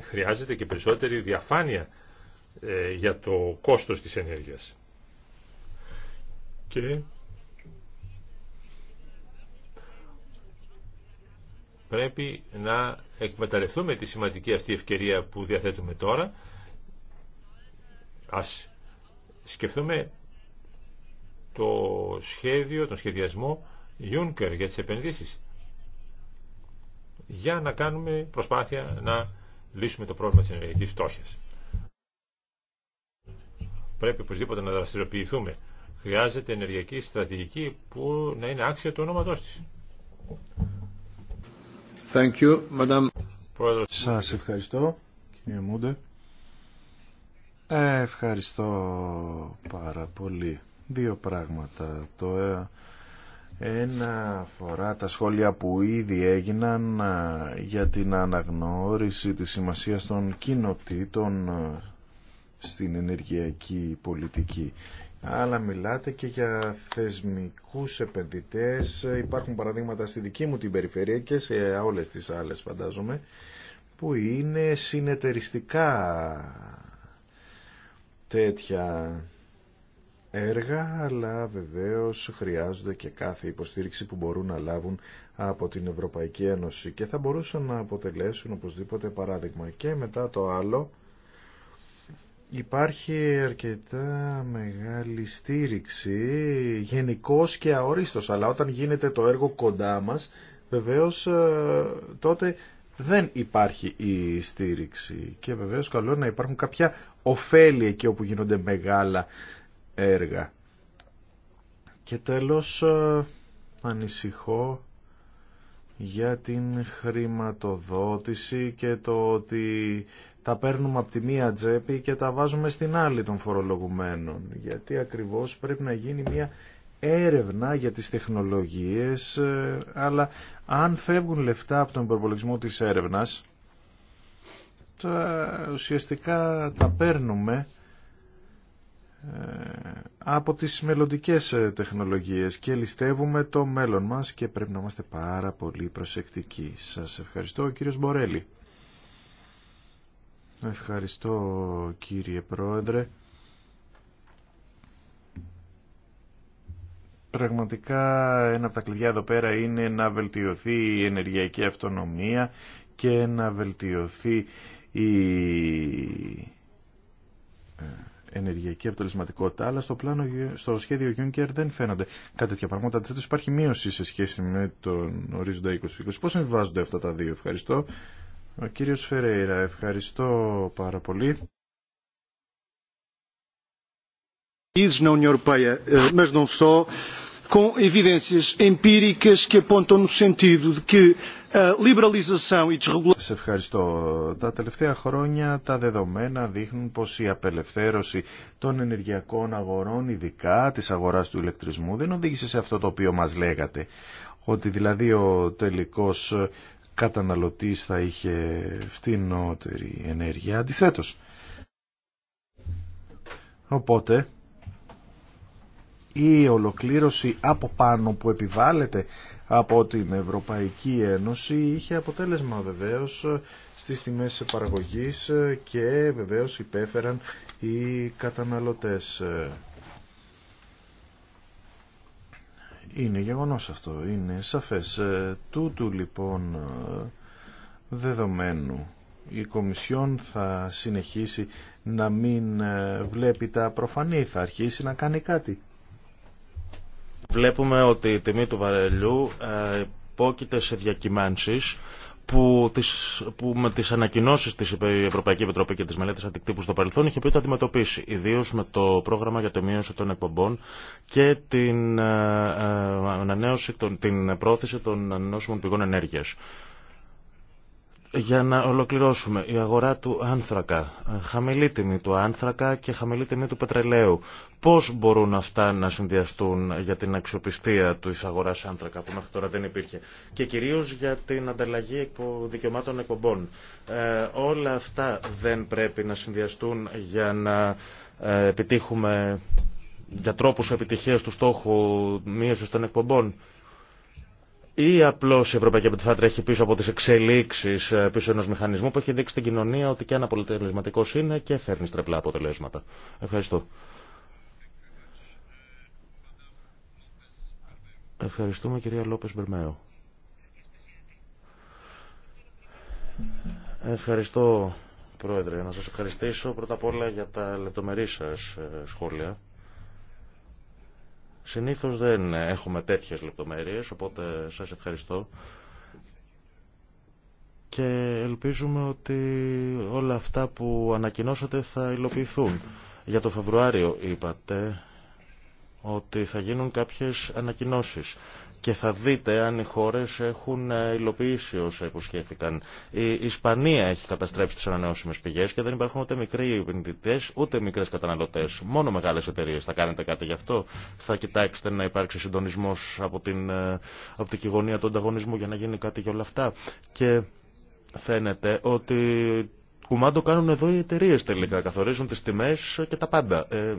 Χρειάζεται και περισσότερη διαφάνεια ε, για το κόστος της ενέργειας. Και πρέπει να εκμεταλλευτούμε τη σημαντική αυτή ευκαιρία που διαθέτουμε τώρα. Ας σκεφτούμε το σχέδιο, τον σχεδιασμό Juncker για τις επενδύσεις για να κάνουμε προσπάθεια να λύσουμε το πρόβλημα της ενεργειακής φτώχειας. Πρέπει οπωσδήποτε να δραστηριοποιηθούμε. Χρειάζεται ενεργειακή στρατηγική που να είναι άξια του ονόματός της. Thank you, Σας ευχαριστώ, κύριε Μούντε. Ευχαριστώ πάρα πολύ. Δύο πράγματα. Το ένα αφορά τα σχόλια που ήδη έγιναν ε, για την αναγνώριση της σημασίας των κοινοτήτων ε, στην ενεργειακή πολιτική αλλά μιλάτε και για θεσμικούς επενδυτές. Υπάρχουν παραδείγματα στη δική μου την περιφέρεια και σε όλες τις άλλες φαντάζομαι, που είναι συνεταιριστικά τέτοια έργα, αλλά βεβαίως χρειάζονται και κάθε υποστήριξη που μπορούν να λάβουν από την Ευρωπαϊκή Ένωση και θα μπορούσαν να αποτελέσουν οπωσδήποτε παράδειγμα. Και μετά το άλλο, Υπάρχει αρκετά μεγάλη στήριξη γενικώ και αορίστος, αλλά όταν γίνεται το έργο κοντά μας, βεβαίως ε, τότε δεν υπάρχει η στήριξη και βεβαίως καλό είναι να υπάρχουν κάποια ωφέλη εκεί όπου γίνονται μεγάλα έργα. Και τέλος ε, ανησυχώ για την χρηματοδότηση και το ότι τα παίρνουμε από τη μία τσέπη και τα βάζουμε στην άλλη των φορολογουμένων. Γιατί ακριβώς πρέπει να γίνει μια έρευνα για τις τεχνολογίες, ε, αλλά αν φεύγουν λεφτά από τον προπολογισμό της έρευνας, τα, ουσιαστικά τα παίρνουμε ε, από τις μελλοντικέ ε, τεχνολογίες και ληστεύουμε το μέλλον μας και πρέπει να είμαστε πάρα πολύ προσεκτικοί. Σας ευχαριστώ, κύριος Μπορέλη. Ευχαριστώ κύριε Πρόεδρε. Πραγματικά ένα από τα κλειδιά εδώ πέρα είναι να βελτιωθεί η ενεργειακή αυτονομία και να βελτιωθεί η ε, ενεργειακή αυτολισματικότητα, αλλά στο, πλάνο, στο σχέδιο Juncker δεν φαίνονται κάτι τέτοια πράγματα. Αντιθέτω, υπάρχει μείωση σε σχέση με τον ορίζοντα 2020. Πώς συμβάζονται αυτά τα δύο, ευχαριστώ. Ο κύριος Φερέιρα, ευχαριστώ πάρα πολύ. com ευχαριστώ. Τα τελευταία χρόνια τα δεδομένα δείχνουν πως η απελευθέρωση των ενεργειακών αγορών, ειδικά της αγοράς του ηλεκτρισμού, δεν οδήγησε σε αυτό το οποίο μας λέγατε. Ότι δηλαδή ο τελικός καταναλωτής θα είχε φτηνότερη ενέργεια, αντιθέτως. Οπότε, η ολοκλήρωση από πάνω που επιβάλλεται από την Ευρωπαϊκή Ένωση είχε αποτέλεσμα βεβαίως στις τιμές παραγωγής και βεβαίως υπέφεραν οι καταναλωτές. Είναι γεγονός αυτό, είναι σαφές. Ε, τούτου λοιπόν ε, δεδομένου η Κομισιόν θα συνεχίσει να μην ε, βλέπει τα προφανή, θα αρχίσει να κάνει κάτι. Βλέπουμε ότι η τιμή του βαρελιού υπόκειται σε διακυμάνσεις που, που με τις ανακοινώσει της Ευρωπαϊκή Επιτροπή και τη μελέτη αντικτύπου στο παρελθόν είχε πει ότι θα αντιμετωπίσει, ιδίως με το πρόγραμμα για τη μείωση των εκπομπών και την, ε, ε, ανανέωση, τον, την πρόθεση των ανανεώσιμων πηγών ενέργειας. Για να ολοκληρώσουμε, η αγορά του άνθρακα, χαμηλή τιμή του άνθρακα και χαμηλή τιμή του πετρελαίου. Πώς μπορούν αυτά να συνδυαστούν για την αξιοπιστία του αγοράς άνθρακα που μέχρι τώρα δεν υπήρχε και κυρίως για την ανταλλαγή δικαιωμάτων εκπομπών. Ε, όλα αυτά δεν πρέπει να συνδυαστούν για να ε, επιτύχουμε για τρόπους επιτυχίας του στόχου μείωσης των εκπομπών ή απλώ η Ευρωπαϊκή Επιτροπή θα τρέχει πίσω από τι εξελίξει ε, πίσω ενό μηχανισμού που έχει δείξει στην κοινωνία ότι και αποτελεσματικό είναι και φέρνει στρεπλά αποτελέσματα. Ευχαριστώ. Ευχαριστούμε κυρία Λόπες Μπερμαίο. Ευχαριστώ πρόεδρε. Να σας ευχαριστήσω πρώτα απ' όλα για τα λεπτομερή σας ε, σχόλια. Συνήθως δεν έχουμε τέτοιες λεπτομέρειες, οπότε σας ευχαριστώ. Και ελπίζουμε ότι όλα αυτά που ανακοινώσατε θα υλοποιηθούν. Για το Φεβρουάριο είπατε ότι θα γίνουν κάποιες ανακοινώσεις και θα δείτε αν οι χώρες έχουν ε, υλοποιήσει όσα υποσχέθηκαν. Η Ισπανία έχει καταστρέψει τις ανανεώσιμες πηγές και δεν υπάρχουν ούτε μικροί επενδυτές ούτε μικρές καταναλωτές. Μόνο μεγάλες εταιρείες θα κάνετε κάτι γι' αυτό. Θα κοιτάξετε να υπάρξει συντονισμός από την ε, οπτική γωνία του ανταγωνισμού για να γίνει κάτι για όλα αυτά. Και φαίνεται ότι κουμάντο κάνουν εδώ οι εταιρείε τελικά. Καθορίζουν τις τιμές και τα πάντα. Ε,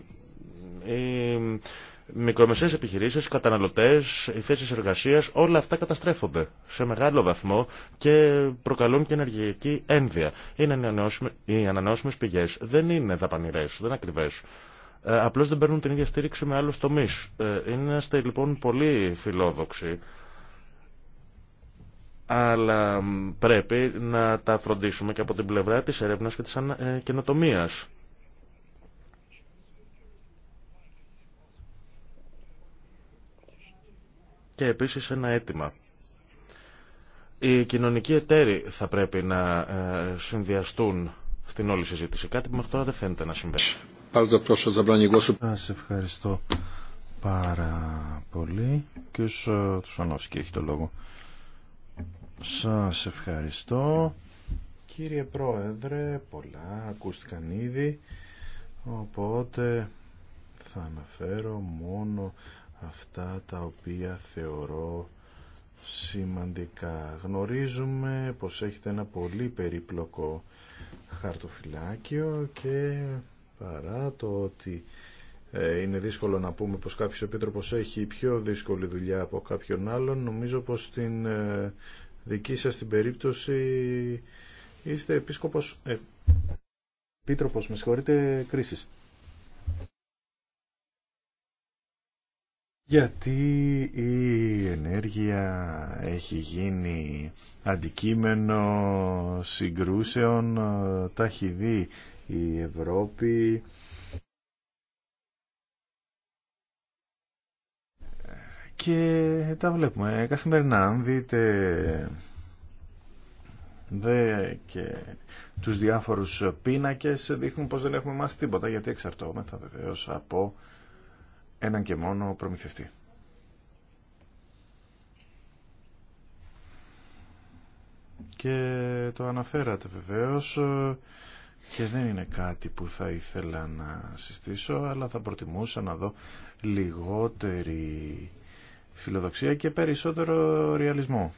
Μικρομεσαίες επιχειρήσεις, καταναλωτές, οι θέσεις εργασίας, όλα αυτά καταστρέφονται σε μεγάλο βαθμό και προκαλούν και ενεργειακή ένδυα. Είναι οι ανανεώσιμες πηγές, δεν είναι δαπανηρές, δεν ακριβές. Ε, απλώς δεν παίρνουν την ίδια στήριξη με άλλους τομείς. Ε, είμαστε λοιπόν πολύ φιλόδοξοι αλλά πρέπει να τα φροντίσουμε και από την πλευρά της έρευνας και της ε, καινοτομίας. και επίσης ένα αίτημα. Οι κοινωνικοί εταίροι θα πρέπει να ε, συνδυαστούν στην όλη συζήτηση. Κάτι που μέχρι τώρα δεν φαίνεται να συμβαίνει. Σας ευχαριστώ πάρα πολύ. Και ε, ο έχει το λόγο. Σας ευχαριστώ. Κύριε Πρόεδρε, πολλά ακούστηκαν ήδη, οπότε θα αναφέρω μόνο αυτά τα οποία θεωρώ σημαντικά. Γνωρίζουμε πως έχετε ένα πολύ περίπλοκο χαρτοφυλάκιο και παρά το ότι ε, είναι δύσκολο να πούμε πως κάποιος επίτροπος έχει πιο δύσκολη δουλειά από κάποιον άλλον, νομίζω πως στην ε, δική σας την περίπτωση είστε επίσκοπος, ε, επίτροπος, με κρίσης. Γιατί η ενέργεια έχει γίνει αντικείμενο συγκρούσεων, ε, τα έχει δει η Ευρώπη. Και τα βλέπουμε καθημερινά. Αν δείτε δε και τους διάφορους πίνακες δείχνουν πως δεν έχουμε μάθει τίποτα γιατί εξαρτώμεθα βεβαίως από έναν και μόνο προμηθευτή. Και το αναφέρατε βεβαίως ε, και δεν είναι κάτι που θα ήθελα να συστήσω, αλλά θα προτιμούσα να δω λιγότερη φιλοδοξία και περισσότερο ρεαλισμό.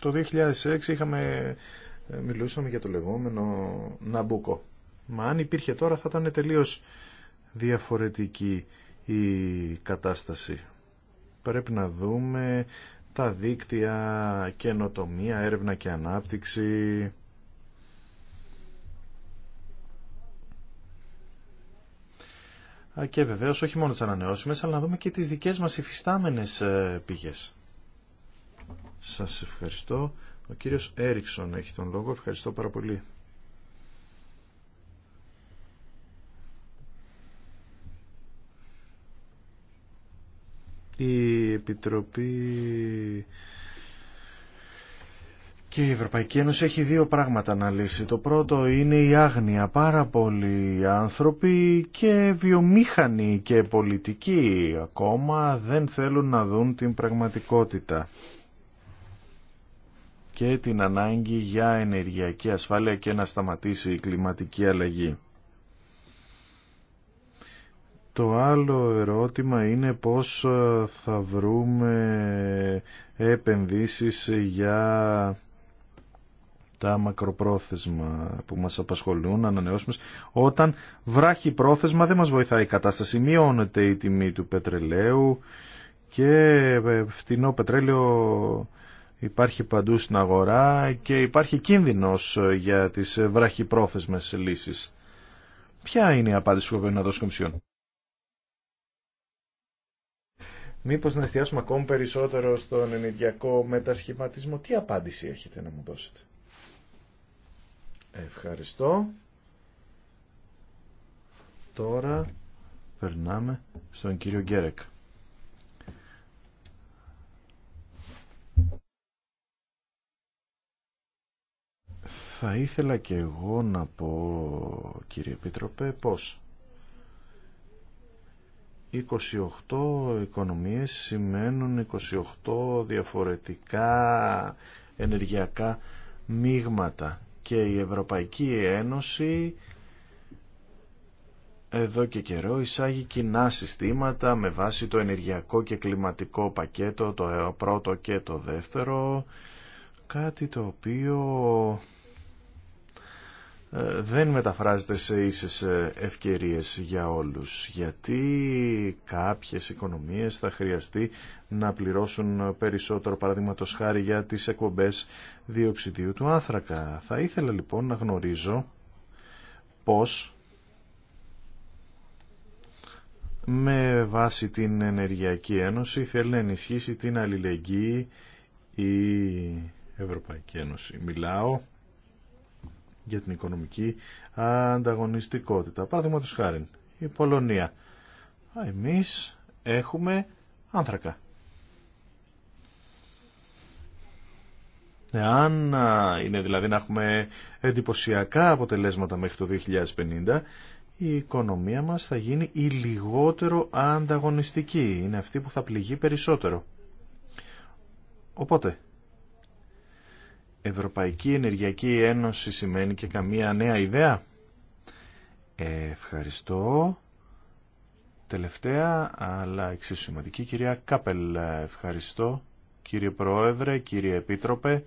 Το 2006 είχαμε, ε, μιλούσαμε για το λεγόμενο Ναμπούκο. Μα αν υπήρχε τώρα θα ήταν τελείως διαφορετική η κατάσταση. Πρέπει να δούμε τα δίκτυα καινοτομία, έρευνα και ανάπτυξη. Και βεβαίως όχι μόνο τις ανανεώσιμες, αλλά να δούμε και τις δικές μας υφιστάμενες ε, πηγές. Σας ευχαριστώ. Ο κύριος Έριξον έχει τον λόγο. Ευχαριστώ πάρα πολύ. η Επιτροπή και η Ευρωπαϊκή Ένωση έχει δύο πράγματα να λύσει. Το πρώτο είναι η άγνοια. Πάρα πολλοί άνθρωποι και βιομήχανοι και πολιτικοί ακόμα δεν θέλουν να δουν την πραγματικότητα και την ανάγκη για ενεργειακή ασφάλεια και να σταματήσει η κλιματική αλλαγή. Το άλλο ερώτημα είναι πώς ε, θα βρούμε επενδύσεις για τα μακροπρόθεσμα που μας απασχολούν, ανανεώσιμες, όταν βράχει πρόθεσμα δεν μας βοηθάει η κατάσταση. Μειώνεται η τιμή του πετρελαίου και ε, φτηνό πετρέλαιο υπάρχει παντού στην αγορά και υπάρχει κίνδυνος ε, για τις βράχυπρόθεσμες λύσεις. Ποια είναι η απάντηση που πρέπει να δώσουμε Μήπως να εστιάσουμε ακόμη περισσότερο στον ενεργειακό μετασχηματισμό. Τι απάντηση έχετε να μου δώσετε. Ευχαριστώ. Τώρα περνάμε στον κύριο Γκέρεκ. Θα ήθελα και εγώ να πω, κύριε Επίτροπε, πώς 28 οικονομίες σημαίνουν 28 διαφορετικά ενεργειακά μείγματα και η Ευρωπαϊκή Ένωση εδώ και καιρό εισάγει κοινά συστήματα με βάση το ενεργειακό και κλιματικό πακέτο, το πρώτο και το δεύτερο, κάτι το οποίο ε, δεν μεταφράζεται σε ίσες ε, ευκαιρίες για όλους, γιατί κάποιες οικονομίες θα χρειαστεί να πληρώσουν περισσότερο, παραδείγματος χάρη για τις εκπομπές διοξιδίου του άνθρακα. Θα ήθελα λοιπόν να γνωρίζω πώς με βάση την Ενεργειακή Ένωση θέλει να ενισχύσει την αλληλεγγύη η Ευρωπαϊκή Ένωση. Μιλάω για την οικονομική ανταγωνιστικότητα. Παραδείγματος χάρη, η Πολωνία. Εμείς έχουμε άνθρακα. Εάν είναι δηλαδή να έχουμε εντυπωσιακά αποτελέσματα μέχρι το 2050, η οικονομία μας θα γίνει η λιγότερο ανταγωνιστική. Είναι αυτή που θα πληγεί περισσότερο. Οπότε, Ευρωπαϊκή Ενεργειακή Ένωση σημαίνει και καμία νέα ιδέα. Ε, ευχαριστώ. Τελευταία, αλλά εξίσου σημαντική, κυρία Κάπελ. Ευχαριστώ, κύριε Πρόεδρε, κύριε Επίτροπε.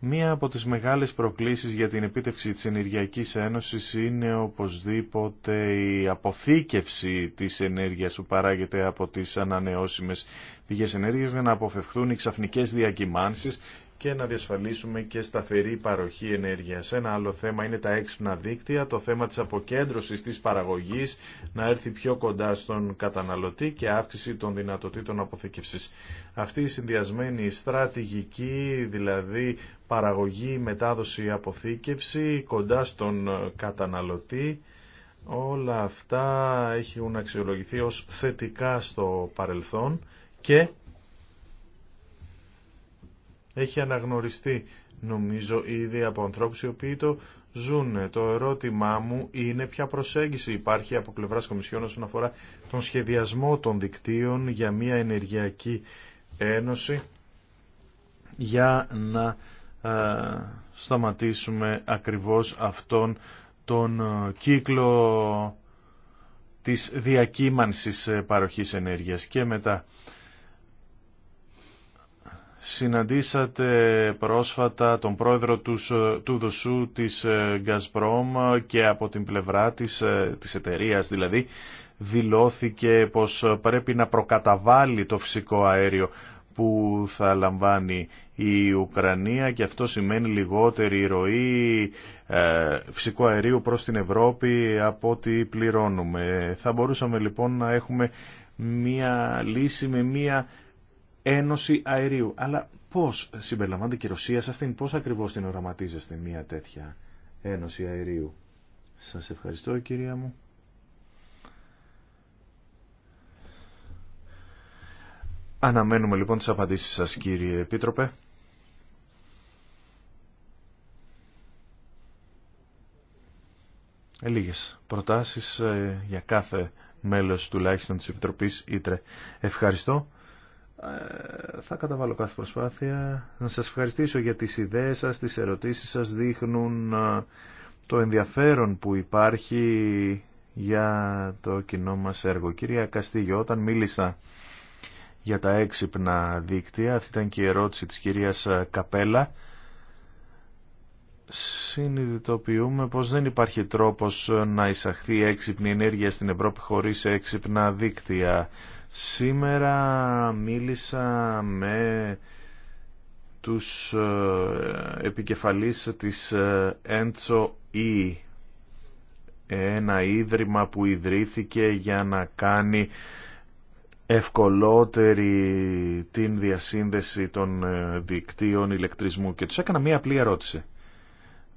Μία από τις μεγάλες προκλήσεις για την επίτευξη της Ενεργειακής Ένωσης είναι οπωσδήποτε η αποθήκευση της ενέργειας που παράγεται από τις ανανεώσιμες πηγές ενέργειας για να αποφευχθούν οι ξαφνικές διακυμάνσεις και να διασφαλίσουμε και σταθερή παροχή ενέργειας. Ένα άλλο θέμα είναι τα έξυπνα δίκτυα, το θέμα της αποκέντρωσης της παραγωγής να έρθει πιο κοντά στον καταναλωτή και αύξηση των δυνατοτήτων αποθήκευσης. Αυτή η συνδυασμένη στρατηγική, δηλαδή παραγωγή, μετάδοση, αποθήκευση κοντά στον καταναλωτή, όλα αυτά έχουν αξιολογηθεί ως θετικά στο παρελθόν και έχει αναγνωριστεί νομίζω ήδη από ανθρώπους οι οποίοι το ζουν. Το ερώτημά μου είναι ποια προσέγγιση υπάρχει από πλευράς Κομισιόν όσον αφορά τον σχεδιασμό των δικτύων για μια ενεργειακή ένωση για να σταματήσουμε ακριβώς αυτόν τον κύκλο της διακύμανσης ε, παροχής ενέργειας και μετά συναντήσατε πρόσφατα τον πρόεδρο ε, του, του δοσού της ε, Gazprom και από την πλευρά της, ε, της εταιρείας δηλαδή δηλώθηκε πως πρέπει να προκαταβάλει το φυσικό αέριο που θα λαμβάνει η Ουκρανία και αυτό σημαίνει λιγότερη ροή φυσικού αερίου προς την Ευρώπη από ό,τι πληρώνουμε. Θα μπορούσαμε λοιπόν να έχουμε μία λύση με μία Ένωση Αερίου. Αλλά πώς συμπεριλαμβάνεται και η Ρωσία σε αυτήν, πώς ακριβώς την οραματίζεστε μια τέτοια Ένωση Αερίου. Σας ευχαριστώ κυρία μου. Αναμένουμε λοιπόν τις απαντήσεις σας κύριε Επίτροπε. Ελίγες προτάσεις ε, για κάθε μέλος τουλάχιστον της Επιτροπής ιτρε. Ευχαριστώ. Ε, θα καταβάλω κάθε προσπάθεια. Να σας ευχαριστήσω για τις ιδέες σας, τις ερωτήσεις σας δείχνουν ε, το ενδιαφέρον που υπάρχει για το κοινό μας έργο. Κυρία Καστίγιο, όταν μίλησα για τα έξυπνα δίκτυα, αυτή ήταν και η ερώτηση της κυρίας ε, Καπέλα, συνειδητοποιούμε πως δεν υπάρχει τρόπος να εισαχθεί έξυπνη ενέργεια στην Ευρώπη χωρίς έξυπνα δίκτυα. Σήμερα μίλησα με τους ε, επικεφαλής της Έντσο ε, Ι, e. ένα ίδρυμα που ιδρύθηκε για να κάνει ευκολότερη την διασύνδεση των ε, δικτύων ηλεκτρισμού και τους έκανα μία απλή ερώτηση.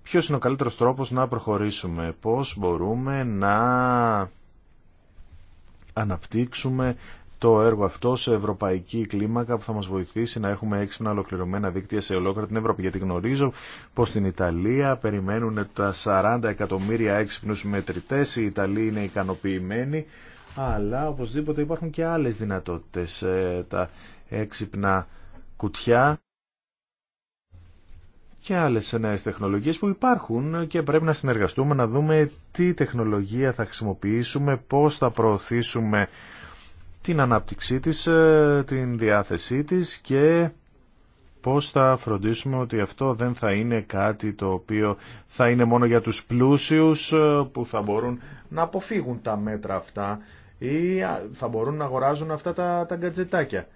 Ποιος είναι ο καλύτερος τρόπος να προχωρήσουμε, πώς μπορούμε να αναπτύξουμε το έργο αυτό σε ευρωπαϊκή κλίμακα που θα μα βοηθήσει να έχουμε έξυπνα ολοκληρωμένα δίκτυα σε ολόκληρη την Ευρώπη. Γιατί γνωρίζω πω στην Ιταλία περιμένουν τα 40 εκατομμύρια έξυπνου μετρητέ. οι Ιταλοί είναι ικανοποιημένοι, αλλά οπωσδήποτε υπάρχουν και άλλες δυνατότητες, ε, τα έξυπνα κουτιά και άλλες νέες τεχνολογίες που υπάρχουν και πρέπει να συνεργαστούμε να δούμε τι τεχνολογία θα χρησιμοποιήσουμε, πώ θα προωθήσουμε την ανάπτυξή της, ε, την διάθεσή της και πώς θα φροντίσουμε ότι αυτό δεν θα είναι κάτι το οποίο θα είναι μόνο για τους πλούσιους ε, που θα μπορούν να αποφύγουν τα μέτρα αυτά ή θα μπορούν να αγοράζουν αυτά τα, τα γκατζετάκια.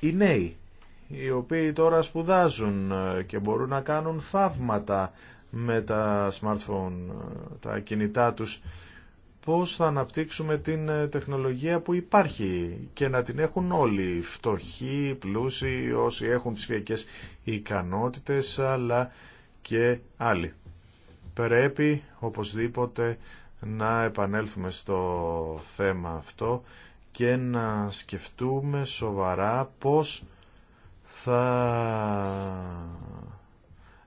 Οι νέοι, οι οποίοι τώρα σπουδάζουν ε, και μπορούν να κάνουν θαύματα με τα smartphone, τα κινητά τους πώς θα αναπτύξουμε την ε, τεχνολογία που υπάρχει και να την έχουν όλοι, φτωχοί, πλούσιοι, όσοι έχουν ψηφιακές ικανότητες, αλλά και άλλοι. Πρέπει οπωσδήποτε να επανέλθουμε στο θέμα αυτό και να σκεφτούμε σοβαρά πώς θα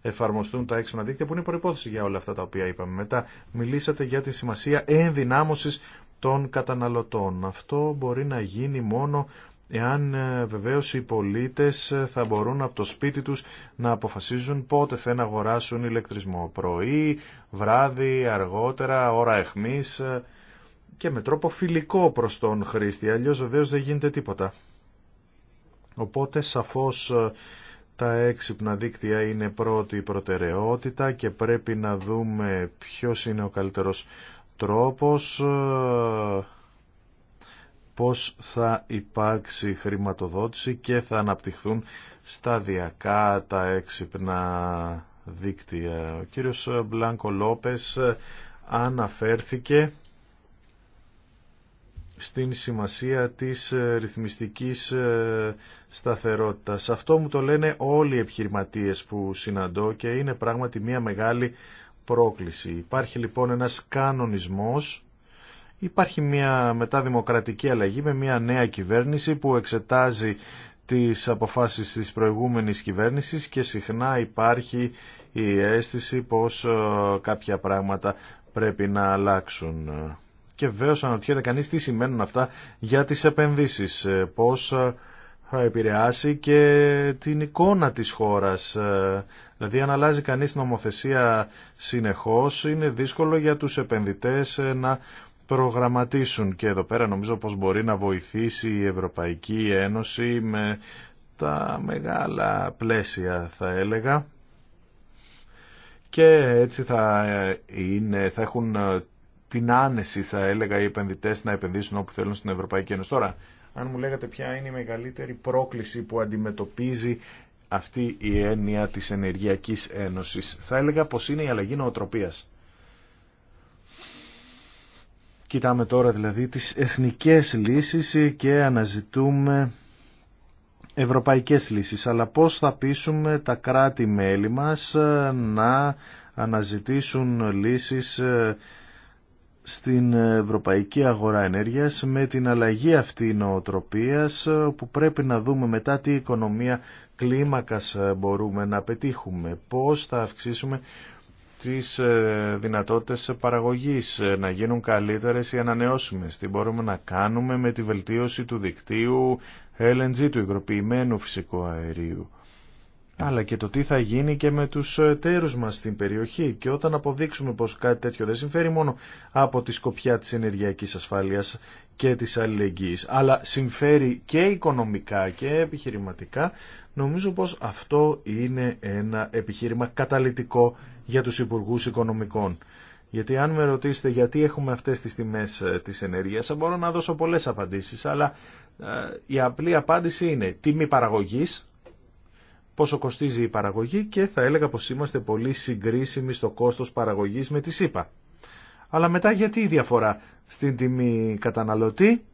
εφαρμοστούν τα έξυπνα δίκτυα που είναι προϋπόθεση για όλα αυτά τα οποία είπαμε. Μετά μιλήσατε για τη σημασία ενδυνάμωσης των καταναλωτών. Αυτό μπορεί να γίνει μόνο εάν ε, βεβαίω οι πολίτες ε, θα μπορούν από το σπίτι τους να αποφασίζουν πότε θα αγοράσουν ηλεκτρισμό. Πρωί, βράδυ, αργότερα, ώρα εχμής ε, και με τρόπο φιλικό προς τον χρήστη. Αλλιώς βεβαίως δεν γίνεται τίποτα. Οπότε σαφώς τα έξυπνα δίκτυα είναι πρώτη προτεραιότητα και πρέπει να δούμε ποιος είναι ο καλύτερος τρόπος, ε, πώς θα υπάρξει χρηματοδότηση και θα αναπτυχθούν σταδιακά τα έξυπνα δίκτυα. Ο κύριος Μπλάνκο Λόπες ε, αναφέρθηκε στην σημασία της ε, ρυθμιστικής ε, σταθερότητας. Αυτό μου το λένε όλοι οι επιχειρηματίες που συναντώ και είναι πράγματι μια μεγάλη πρόκληση. Υπάρχει λοιπόν ένας κανονισμός, υπάρχει μια μεταδημοκρατική αλλαγή με μια νέα κυβέρνηση που εξετάζει τις αποφάσεις της προηγούμενης κυβέρνησης και συχνά υπάρχει η αίσθηση πως ε, κάποια πράγματα πρέπει να αλλάξουν. Και βέβαια αναρωτιέται κανείς τι σημαίνουν αυτά για τις επενδύσεις, ε, πώς ε, θα επηρεάσει και την εικόνα της χώρας. Ε, δηλαδή αν αλλάζει κανείς νομοθεσία συνεχώς είναι δύσκολο για τους επενδυτές να προγραμματίσουν και εδώ πέρα νομίζω πως μπορεί να βοηθήσει η Ευρωπαϊκή Ένωση με τα μεγάλα πλαίσια θα έλεγα και έτσι θα, είναι, θα έχουν την άνεση θα έλεγα οι επενδυτές να επενδύσουν όπου θέλουν στην Ευρωπαϊκή Ένωση. Τώρα, αν μου λέγατε ποια είναι η μεγαλύτερη πρόκληση που αντιμετωπίζει αυτή η έννοια της Ενεργειακής Ένωση. θα έλεγα πως είναι η αλλαγή νοοτροπίας. Κοιτάμε τώρα δηλαδή τις εθνικές λύσεις και αναζητούμε ευρωπαϊκές λύσεις, αλλά πώς θα πείσουμε τα κράτη-μέλη μας να αναζητήσουν λύσεις ε, στην ευρωπαϊκή αγορά ενέργειας με την αλλαγή αυτή νοοτροπίας που πρέπει να δούμε μετά τι οικονομία κλίμακας μπορούμε να πετύχουμε, πώς θα αυξήσουμε τις ε, δυνατότητες παραγωγής, ε, να γίνουν καλύτερες οι ανανεώσιμες, τι μπορούμε να κάνουμε με τη βελτίωση του δικτύου LNG, του υγροποιημένου φυσικού αερίου αλλά και το τι θα γίνει και με τους εταίρους μας στην περιοχή και όταν αποδείξουμε πως κάτι τέτοιο δεν συμφέρει μόνο από τη σκοπιά της ενεργειακής ασφάλειας και της αλληλεγγύης αλλά συμφέρει και οικονομικά και επιχειρηματικά νομίζω πως αυτό είναι ένα επιχείρημα καταλητικό για τους Υπουργούς Οικονομικών. Γιατί αν με ρωτήσετε γιατί έχουμε αυτές τις τιμές ε, της ενέργειας, μπορώ να δώσω πολλές απαντήσεις, αλλά ε, η απλή απάντηση είναι τιμή παραγωγής, πόσο κοστίζει η παραγωγή και θα έλεγα πως είμαστε πολύ συγκρίσιμοι στο κόστος παραγωγής με τη ΣΥΠΑ. Αλλά μετά γιατί η διαφορά στην τιμή καταναλωτή.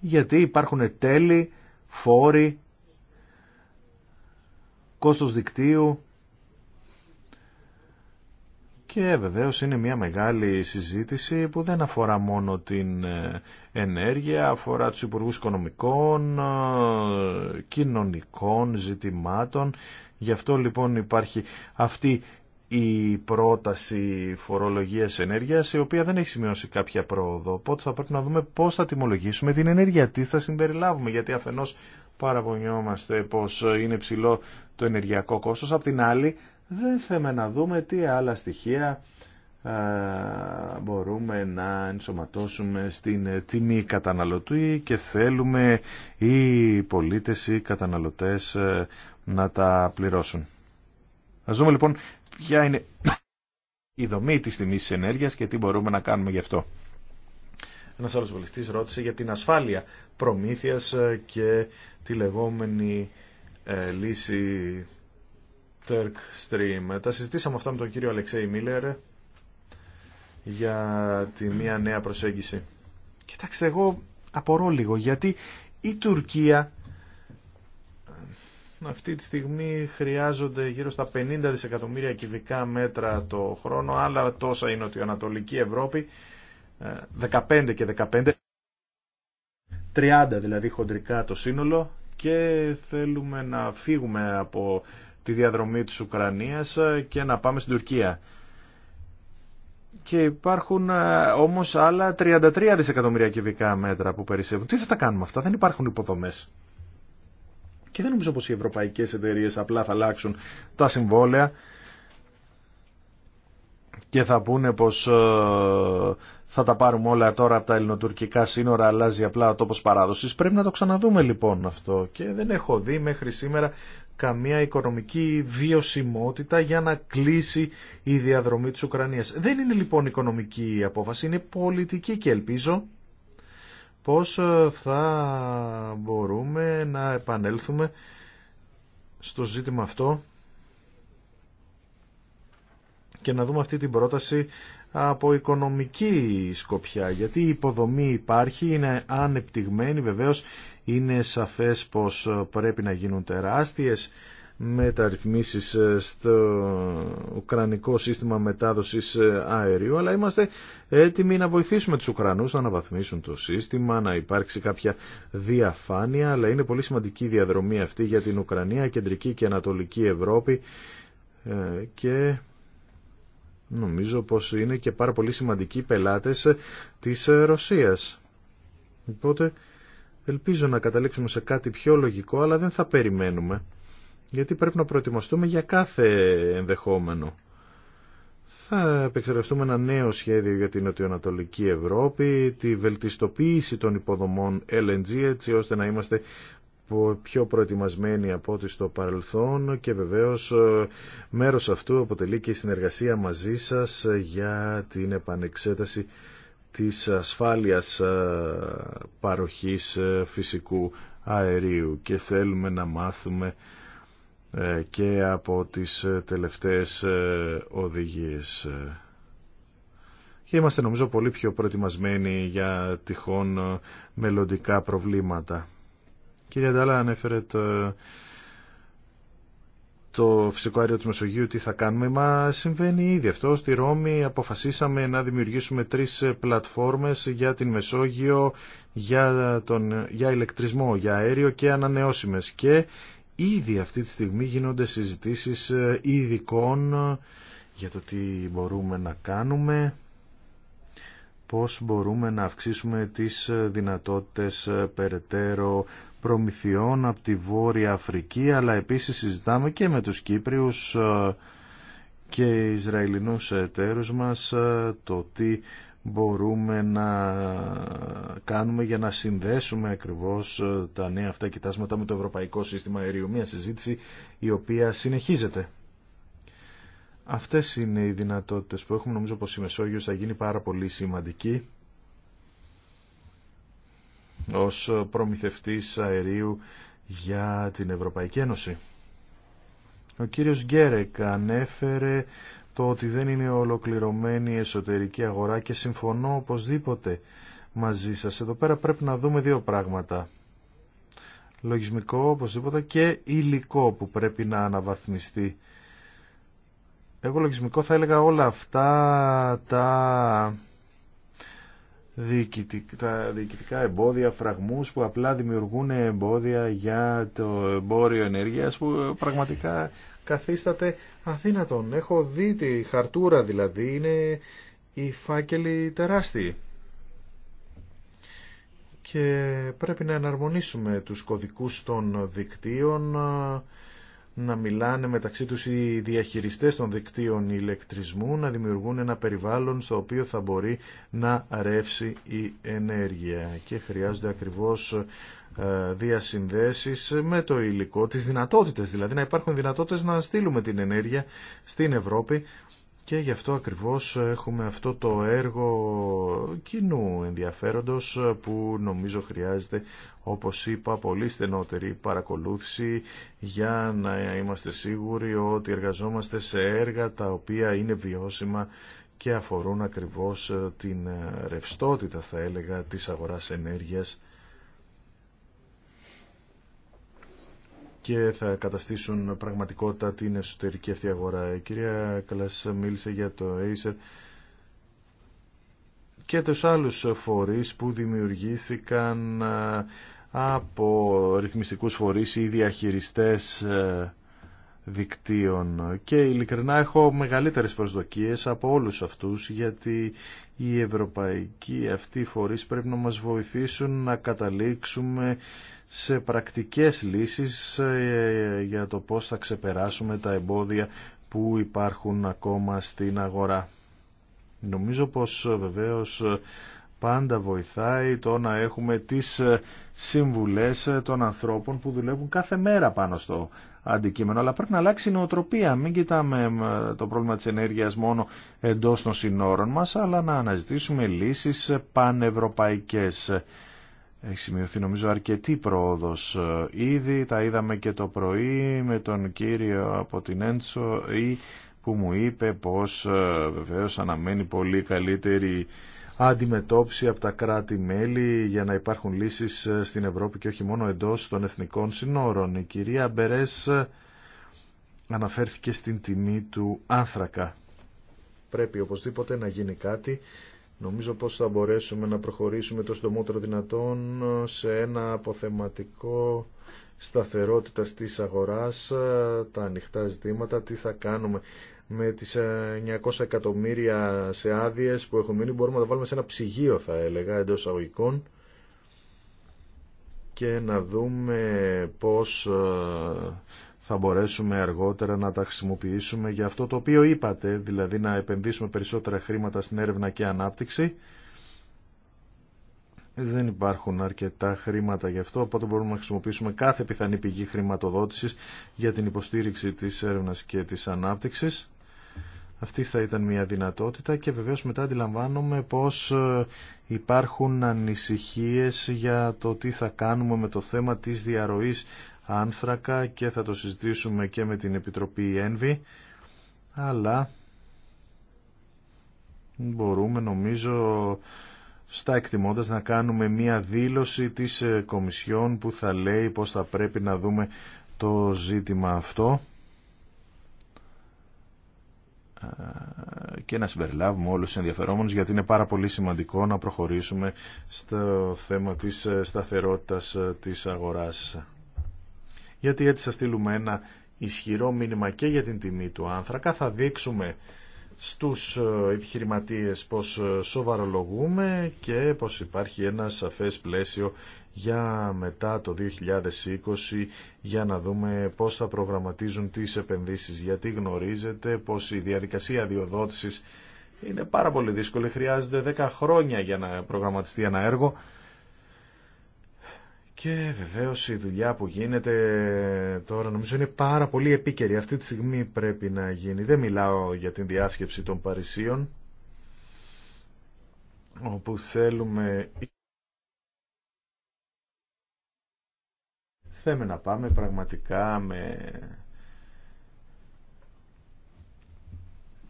Γιατί υπάρχουν τέλη, φόροι, κόστος δικτύου, και βεβαίως είναι μια μεγάλη συζήτηση που δεν αφορά μόνο την ε, ενέργεια, αφορά τους υπουργού οικονομικών, ε, κοινωνικών ζητημάτων. Γι' αυτό λοιπόν υπάρχει αυτή η πρόταση φορολογίας ενέργειας, η οποία δεν έχει σημειώσει κάποια πρόοδο. Οπότε θα πρέπει να δούμε πώς θα τιμολογήσουμε την ενέργεια, τι θα συμπεριλάβουμε, γιατί αφενός παραπονιόμαστε πως είναι ψηλό το ενεργειακό κόστος, απ' την άλλη δεν θέλουμε να δούμε τι άλλα στοιχεία ε, μπορούμε να ενσωματώσουμε στην ε, τιμή καταναλωτή και θέλουμε οι πολίτες, οι καταναλωτές ε, να τα πληρώσουν. Ας δούμε λοιπόν ποια είναι η δομή της τιμής ενέργειας και τι μπορούμε να κάνουμε γι' αυτό. Ένας άλλος βολιστής ρώτησε για την ασφάλεια προμήθειας και τη λεγόμενη λύση Turk Stream. Τα συζητήσαμε αυτά με τον κύριο Αλεξέη Μίλερ για τη μία νέα προσέγγιση. Κοιτάξτε, εγώ απορώ λίγο, γιατί η Τουρκία αυτή τη στιγμή χρειάζονται γύρω στα 50 δισεκατομμύρια κυβικά μέτρα το χρόνο, αλλά τόσα είναι ότι η Ανατολική Ευρώπη 15 ε, και 15, 30 δηλαδή χοντρικά το σύνολο και θέλουμε να φύγουμε από τη διαδρομή της Ουκρανίας ε, και να πάμε στην Τουρκία. Και υπάρχουν ε, όμως άλλα 33 δισεκατομμύρια κυβικά μέτρα που περισσεύουν. Τι θα τα κάνουμε αυτά, δεν υπάρχουν υποδομές. Και δεν νομίζω πως οι ευρωπαϊκές εταιρείες απλά θα αλλάξουν τα συμβόλαια και θα πούνε πως ε, θα τα πάρουμε όλα τώρα από τα ελληνοτουρκικά σύνορα αλλάζει απλά ο τόπος παράδοσης. Πρέπει να το ξαναδούμε λοιπόν αυτό και δεν έχω δει μέχρι σήμερα καμία οικονομική βιωσιμότητα για να κλείσει η διαδρομή της Ουκρανίας. Δεν είναι λοιπόν οικονομική η απόφαση, είναι πολιτική και ελπίζω πως ε, θα μπορούμε να επανέλθουμε στο ζήτημα αυτό και να δούμε αυτή την πρόταση από οικονομική σκοπιά γιατί η υποδομή υπάρχει, είναι ανεπτυγμένη βεβαίως είναι σαφές πως πρέπει να γίνουν τεράστιες μεταρρυθμίσεις στο ουκρανικό σύστημα μετάδοσης αερίου, αλλά είμαστε έτοιμοι να βοηθήσουμε τους Ουκρανούς να αναβαθμίσουν το σύστημα, να υπάρξει κάποια διαφάνεια, αλλά είναι πολύ σημαντική η διαδρομή αυτή για την Ουκρανία, κεντρική και ανατολική Ευρώπη ε, και νομίζω πως είναι και πάρα πολύ σημαντικοί πελάτες της Ρωσίας. Οπότε Ελπίζω να καταλήξουμε σε κάτι πιο λογικό, αλλά δεν θα περιμένουμε, γιατί πρέπει να προετοιμαστούμε για κάθε ενδεχόμενο. Θα επεξεργαστούμε ένα νέο σχέδιο για την νοτιοανατολική Ευρώπη, τη βελτιστοποίηση των υποδομών LNG, έτσι ώστε να είμαστε πιο προετοιμασμένοι από ό,τι στο παρελθόν και βεβαίως ε, μέρος αυτού αποτελεί και η συνεργασία μαζί σας για την επανεξέταση της ασφάλειας ε, παροχής ε, φυσικού αερίου και θέλουμε να μάθουμε ε, και από τις τελευταίες οδηγίες. Και είμαστε νομίζω πολύ πιο προετοιμασμένοι για τυχόν μελλοντικά προβλήματα. Κύριε Ντάλα ανέφερε το το φυσικό αέριο της Μεσογείου τι θα κάνουμε, μα συμβαίνει ήδη αυτό. Στη Ρώμη αποφασίσαμε να δημιουργήσουμε τρεις πλατφόρμες για την Μεσόγειο, για, τον, για ηλεκτρισμό, για αέριο και ανανεώσιμες. Και ήδη αυτή τη στιγμή γίνονται συζητήσεις ε, ειδικών για το τι μπορούμε να κάνουμε, πώς μπορούμε να αυξήσουμε τις δυνατότητες ε, περαιτέρω προμηθειών από τη Βόρεια Αφρική, αλλά επίσης συζητάμε και με τους Κύπριους ε, και Ισραηλινούς εταίρους μας ε, το τι μπορούμε να κάνουμε για να συνδέσουμε ακριβώς ε, τα νέα αυτά κοιτάσματα με το Ευρωπαϊκό Σύστημα Αερίου. Μια συζήτηση η οποία συνεχίζεται. Αυτές είναι οι δυνατότητες που έχουμε. Νομίζω πως η Μεσόγειος θα γίνει πάρα πολύ σημαντική ως προμηθευτής αερίου για την Ευρωπαϊκή Ένωση. Ο κύριος Γκέρεκ ανέφερε το ότι δεν είναι ολοκληρωμένη η εσωτερική αγορά και συμφωνώ οπωσδήποτε μαζί σας. Εδώ πέρα πρέπει να δούμε δύο πράγματα. Λογισμικό οπωσδήποτε και υλικό που πρέπει να αναβαθμιστεί. Εγώ λογισμικό θα έλεγα όλα αυτά τα τα διοικητικά εμπόδια, φραγμούς που απλά δημιουργούν εμπόδια για το εμπόριο ενέργειας που πραγματικά καθίσταται αδύνατον. Έχω δει τη χαρτούρα δηλαδή, είναι οι φάκελοι τεράστιοι. Και πρέπει να εναρμονίσουμε τους κωδικούς των δικτύων να μιλάνε μεταξύ τους οι διαχειριστές των δικτύων ηλεκτρισμού, να δημιουργούν ένα περιβάλλον στο οποίο θα μπορεί να ρεύσει η ενέργεια. Και χρειάζονται ακριβώς ε, διασυνδέσεις με το υλικό, τις δυνατότητες δηλαδή, να υπάρχουν δυνατότητες να στείλουμε την ενέργεια στην Ευρώπη και γι' αυτό ακριβώς έχουμε αυτό το έργο κοινού ενδιαφέροντος που νομίζω χρειάζεται, όπως είπα, πολύ στενότερη παρακολούθηση για να είμαστε σίγουροι ότι εργαζόμαστε σε έργα τα οποία είναι βιώσιμα και αφορούν ακριβώς την ρευστότητα, θα έλεγα, της αγοράς ενέργειας και θα καταστήσουν πραγματικότητα την εσωτερική αυτή αγορά. Η κυρία Καλάς μίλησε για το Acer και τους άλλους φορείς που δημιουργήθηκαν ε, από ρυθμιστικούς φορείς ή διαχειριστές ε, δικτύων και ειλικρινά έχω μεγαλύτερες προσδοκίες από όλους αυτούς γιατί οι ευρωπαϊκοί αυτοί φορείς πρέπει να μας βοηθήσουν να καταλήξουμε σε πρακτικές λύσεις ε, για το πώς θα ξεπεράσουμε τα εμπόδια που υπάρχουν ακόμα στην αγορά. Νομίζω πως ε, βεβαίως ε, πάντα βοηθάει το να έχουμε τις συμβουλές των ανθρώπων που δουλεύουν κάθε μέρα πάνω στο αντικείμενο. Αλλά πρέπει να αλλάξει η νοοτροπία. Μην κοιτάμε το πρόβλημα της ενέργειας μόνο εντός των συνόρων μας, αλλά να αναζητήσουμε λύσεις πανευρωπαϊκές. Έχει σημειωθεί νομίζω αρκετή πρόοδος ήδη, τα είδαμε και το πρωί με τον κύριο από την Έντσο ή που μου είπε πως ε, βεβαίως αναμένει πολύ καλύτερη αντιμετώπιση από τα κράτη-μέλη για να υπάρχουν λύσεις ε, στην Ευρώπη και όχι μόνο εντός των εθνικών συνόρων. Η κυρία Μπερές ε, αναφέρθηκε στην τιμή του άνθρακα. Πρέπει οπωσδήποτε να γίνει κάτι Νομίζω πως θα μπορέσουμε να προχωρήσουμε το συντομότερο δυνατόν σε ένα αποθεματικό σταθερότητα της αγοράς, τα ανοιχτά ζητήματα, τι θα κάνουμε με τις 900 ε, εκατομμύρια σε άδειε που έχουν μείνει μπορούμε να τα βάλουμε σε ένα ψυγείο θα έλεγα εντός αγωγικών και να δούμε πώς ε, θα μπορέσουμε αργότερα να τα χρησιμοποιήσουμε για αυτό το οποίο είπατε, δηλαδή να επενδύσουμε περισσότερα χρήματα στην έρευνα και ανάπτυξη. Δεν υπάρχουν αρκετά χρήματα γι' αυτό, οπότε μπορούμε να χρησιμοποιήσουμε κάθε πιθανή πηγή χρηματοδότησης για την υποστήριξη της έρευνας και της ανάπτυξης. Αυτή θα ήταν μια δυνατότητα και βεβαίως μετά αντιλαμβάνομαι πως ε, υπάρχουν ανησυχίες για το τι θα κάνουμε με το θέμα της διαρροής άνθρακα και θα το συζητήσουμε και με την Επιτροπή Ένβη, αλλά μπορούμε νομίζω στα εκτιμώντας να κάνουμε μία δήλωση της ε, Κομισιόν που θα λέει πως θα πρέπει να δούμε το ζήτημα αυτό ε, και να συμπεριλάβουμε όλους τους ενδιαφερόμενους γιατί είναι πάρα πολύ σημαντικό να προχωρήσουμε στο θέμα της ε, σταθερότητας της αγοράς γιατί έτσι θα στείλουμε ένα ισχυρό μήνυμα και για την τιμή του άνθρακα. Θα δείξουμε στους ε, επιχειρηματίες πως ε, σοβαρολογούμε και πως υπάρχει ένα σαφές πλαίσιο για μετά το 2020 για να δούμε πως θα προγραμματίζουν τις επενδύσεις γιατί γνωρίζετε πως η διαδικασία διοδότησης είναι πάρα πολύ δύσκολη χρειάζεται 10 χρόνια για να προγραμματιστεί ένα έργο και βεβαίως η δουλειά που γίνεται τώρα νομίζω είναι πάρα πολύ επίκαιρη. Αυτή τη στιγμή πρέπει να γίνει. Δεν μιλάω για την διάσκεψη των Παρισίων, όπου θέλουμε... Θέμε να πάμε πραγματικά με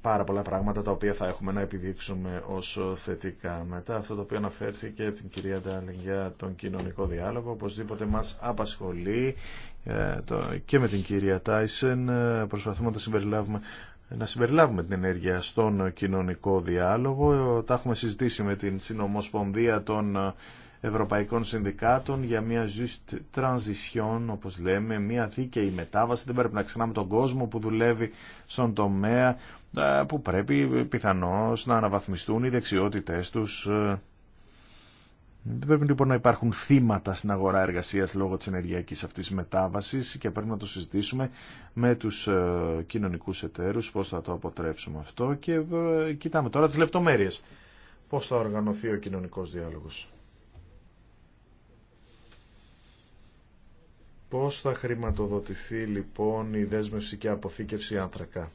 πάρα πολλά πράγματα τα οποία θα έχουμε να επιδείξουμε όσο θετικά. Μετά αυτό το οποίο αναφέρθηκε την κυρία Ντάλιν για τον κοινωνικό διάλογο, οπωσδήποτε μας απασχολεί ε, και με την κυρία Τάισεν ε, προσπαθούμε να συμπεριλάβουμε να συμπεριλάβουμε την ενέργεια στον κοινωνικό διάλογο. Ε, τα έχουμε συζητήσει με την Συνομοσπονδία των Ευρωπαϊκών Συνδικάτων για μια just transition, όπως λέμε, μια δίκαιη μετάβαση. Δεν πρέπει να ξεχνάμε τον κόσμο που δουλεύει στον τομέα, ε, που πρέπει πιθανώς να αναβαθμιστούν οι δεξιότητές τους. Ε, δεν πρέπει λοιπόν να υπάρχουν θύματα στην αγορά εργασίας λόγω της ενεργειακής αυτής μετάβασης και πρέπει να το συζητήσουμε με τους ε, κοινωνικούς εταίρους πώς θα το αποτρέψουμε αυτό και κοιτάμε τώρα τις λεπτομέρειες πώς θα οργανωθεί ο κοινωνικός διάλογος. Πώς θα χρηματοδοτηθεί λοιπόν η δέσμευση και αποθήκευση άνθρακα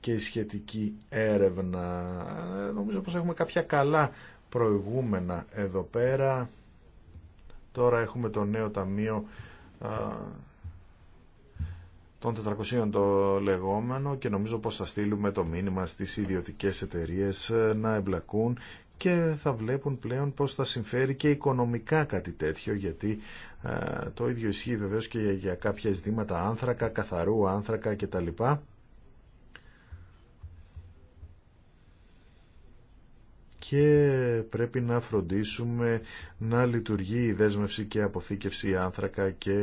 και η σχετική έρευνα. Ε, νομίζω πως έχουμε κάποια καλά προηγούμενα εδώ πέρα. Τώρα έχουμε το νέο ταμείο των 400 το λεγόμενο και νομίζω πως θα στείλουμε το μήνυμα στις ιδιωτικές εταιρείες ε, να εμπλακούν και θα βλέπουν πλέον πως θα συμφέρει και οικονομικά κάτι τέτοιο γιατί ε, το ίδιο ισχύει βεβαίως και για κάποια ζητήματα άνθρακα, καθαρού άνθρακα κτλ. Και πρέπει να φροντίσουμε να λειτουργεί η δέσμευση και αποθήκευση άνθρακα και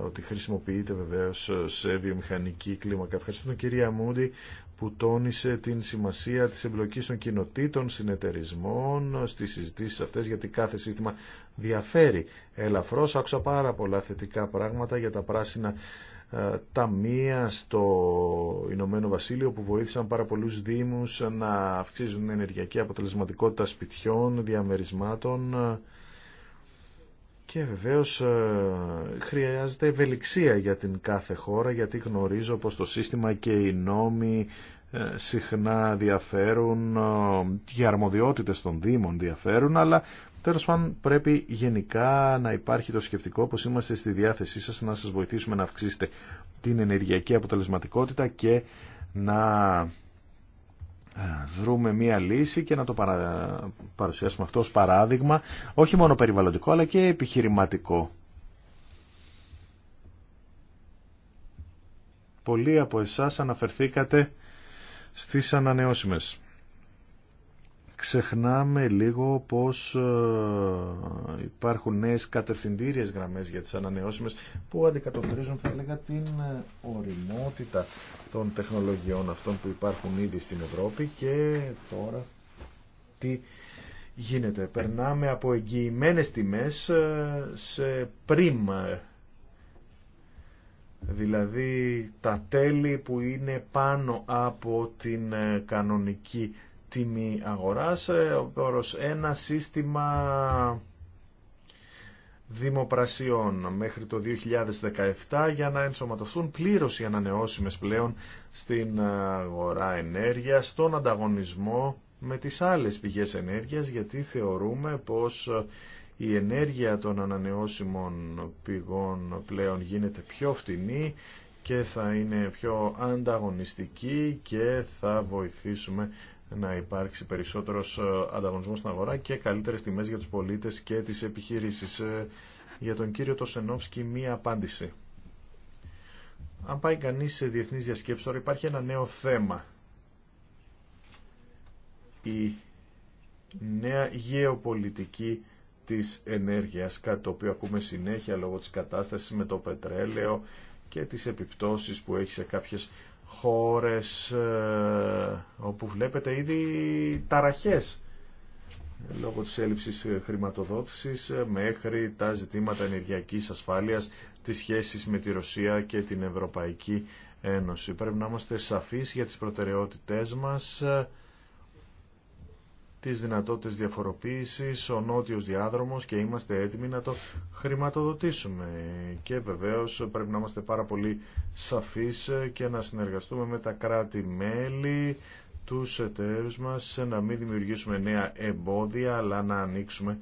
ότι χρησιμοποιείται βεβαίως σε βιομηχανική κλίμακα. Ευχαριστώ τον κυρία Μούντι που τόνισε την σημασία της εμπλοκής των κοινοτήτων, συνεταιρισμών, στις συζητήσεις αυτές, γιατί κάθε σύστημα διαφέρει ελαφρώς. Άκουσα πάρα πολλά θετικά πράγματα για τα πράσινα ε, ταμεία στο Ηνωμένο Βασίλειο που βοήθησαν πάρα πολλούς δήμους να αυξήσουν την ενεργειακή αποτελεσματικότητα σπιτιών, διαμερισμάτων και βεβαίως ε, χρειάζεται ευελιξία για την κάθε χώρα γιατί γνωρίζω πως το σύστημα και οι νόμοι ε, συχνά διαφέρουν, ε, οι αρμοδιότητες των Δήμων διαφέρουν, αλλά τέλος πάντων πρέπει γενικά να υπάρχει το σκεπτικό πως είμαστε στη διάθεσή σας να σας βοηθήσουμε να αυξήσετε την ενεργειακή αποτελεσματικότητα και να βρούμε μία λύση και να το παρουσιάσουμε αυτό ως παράδειγμα, όχι μόνο περιβαλλοντικό αλλά και επιχειρηματικό. Πολλοί από εσάς αναφερθήκατε στις ανανεώσιμες ξεχνάμε λίγο πως ε, υπάρχουν νέες κατευθυντήριες γραμμές για τις ανανεώσιμες που αντικατοπτρίζουν θα έλεγα την ε, οριμότητα των τεχνολογιών αυτών που υπάρχουν ήδη στην Ευρώπη και τώρα τι γίνεται. Περνάμε από εγγυημένε τιμές ε, σε πριμ δηλαδή τα τέλη που είναι πάνω από την κανονική τιμή αγοράς, ε, προ ένα σύστημα δημοπρασιών μέχρι το 2017 για να ενσωματωθούν πλήρως οι ανανεώσιμες πλέον στην αγορά ενέργειας, στον ανταγωνισμό με τις άλλες πηγές ενέργειας γιατί θεωρούμε πως η ενέργεια των ανανεώσιμων πηγών πλέον γίνεται πιο φτηνή και θα είναι πιο ανταγωνιστική και θα βοηθήσουμε να υπάρξει περισσότερος ε, ανταγωνισμός στην αγορά και καλύτερες τιμές για τους πολίτες και τις επιχειρήσεις. Ε, για τον κύριο Τοσενόφσκι μία απάντηση. Αν πάει κανείς σε διεθνείς διασκέψεις τώρα υπάρχει ένα νέο θέμα. Η νέα γεωπολιτική της ενέργειας, κάτι το οποίο ακούμε συνέχεια λόγω της κατάστασης με το πετρέλαιο και τις επιπτώσεις που έχει σε κάποιες χώρες ε, όπου βλέπετε ήδη ταραχές λόγω της έλλειψης χρηματοδότησης ε, μέχρι τα ζητήματα ενεργειακής ασφάλειας, της σχέσης με τη Ρωσία και την Ευρωπαϊκή Ένωση. Πρέπει να είμαστε σαφείς για τις προτεραιότητές μας ε, τις δυνατότητες διαφοροποίησης, ο νότιος διάδρομος και είμαστε έτοιμοι να το χρηματοδοτήσουμε. Και βεβαίως πρέπει να είμαστε πάρα πολύ σαφείς και να συνεργαστούμε με τα κράτη-μέλη, τους εταίρους μας, να μην δημιουργήσουμε νέα εμπόδια, αλλά να ανοίξουμε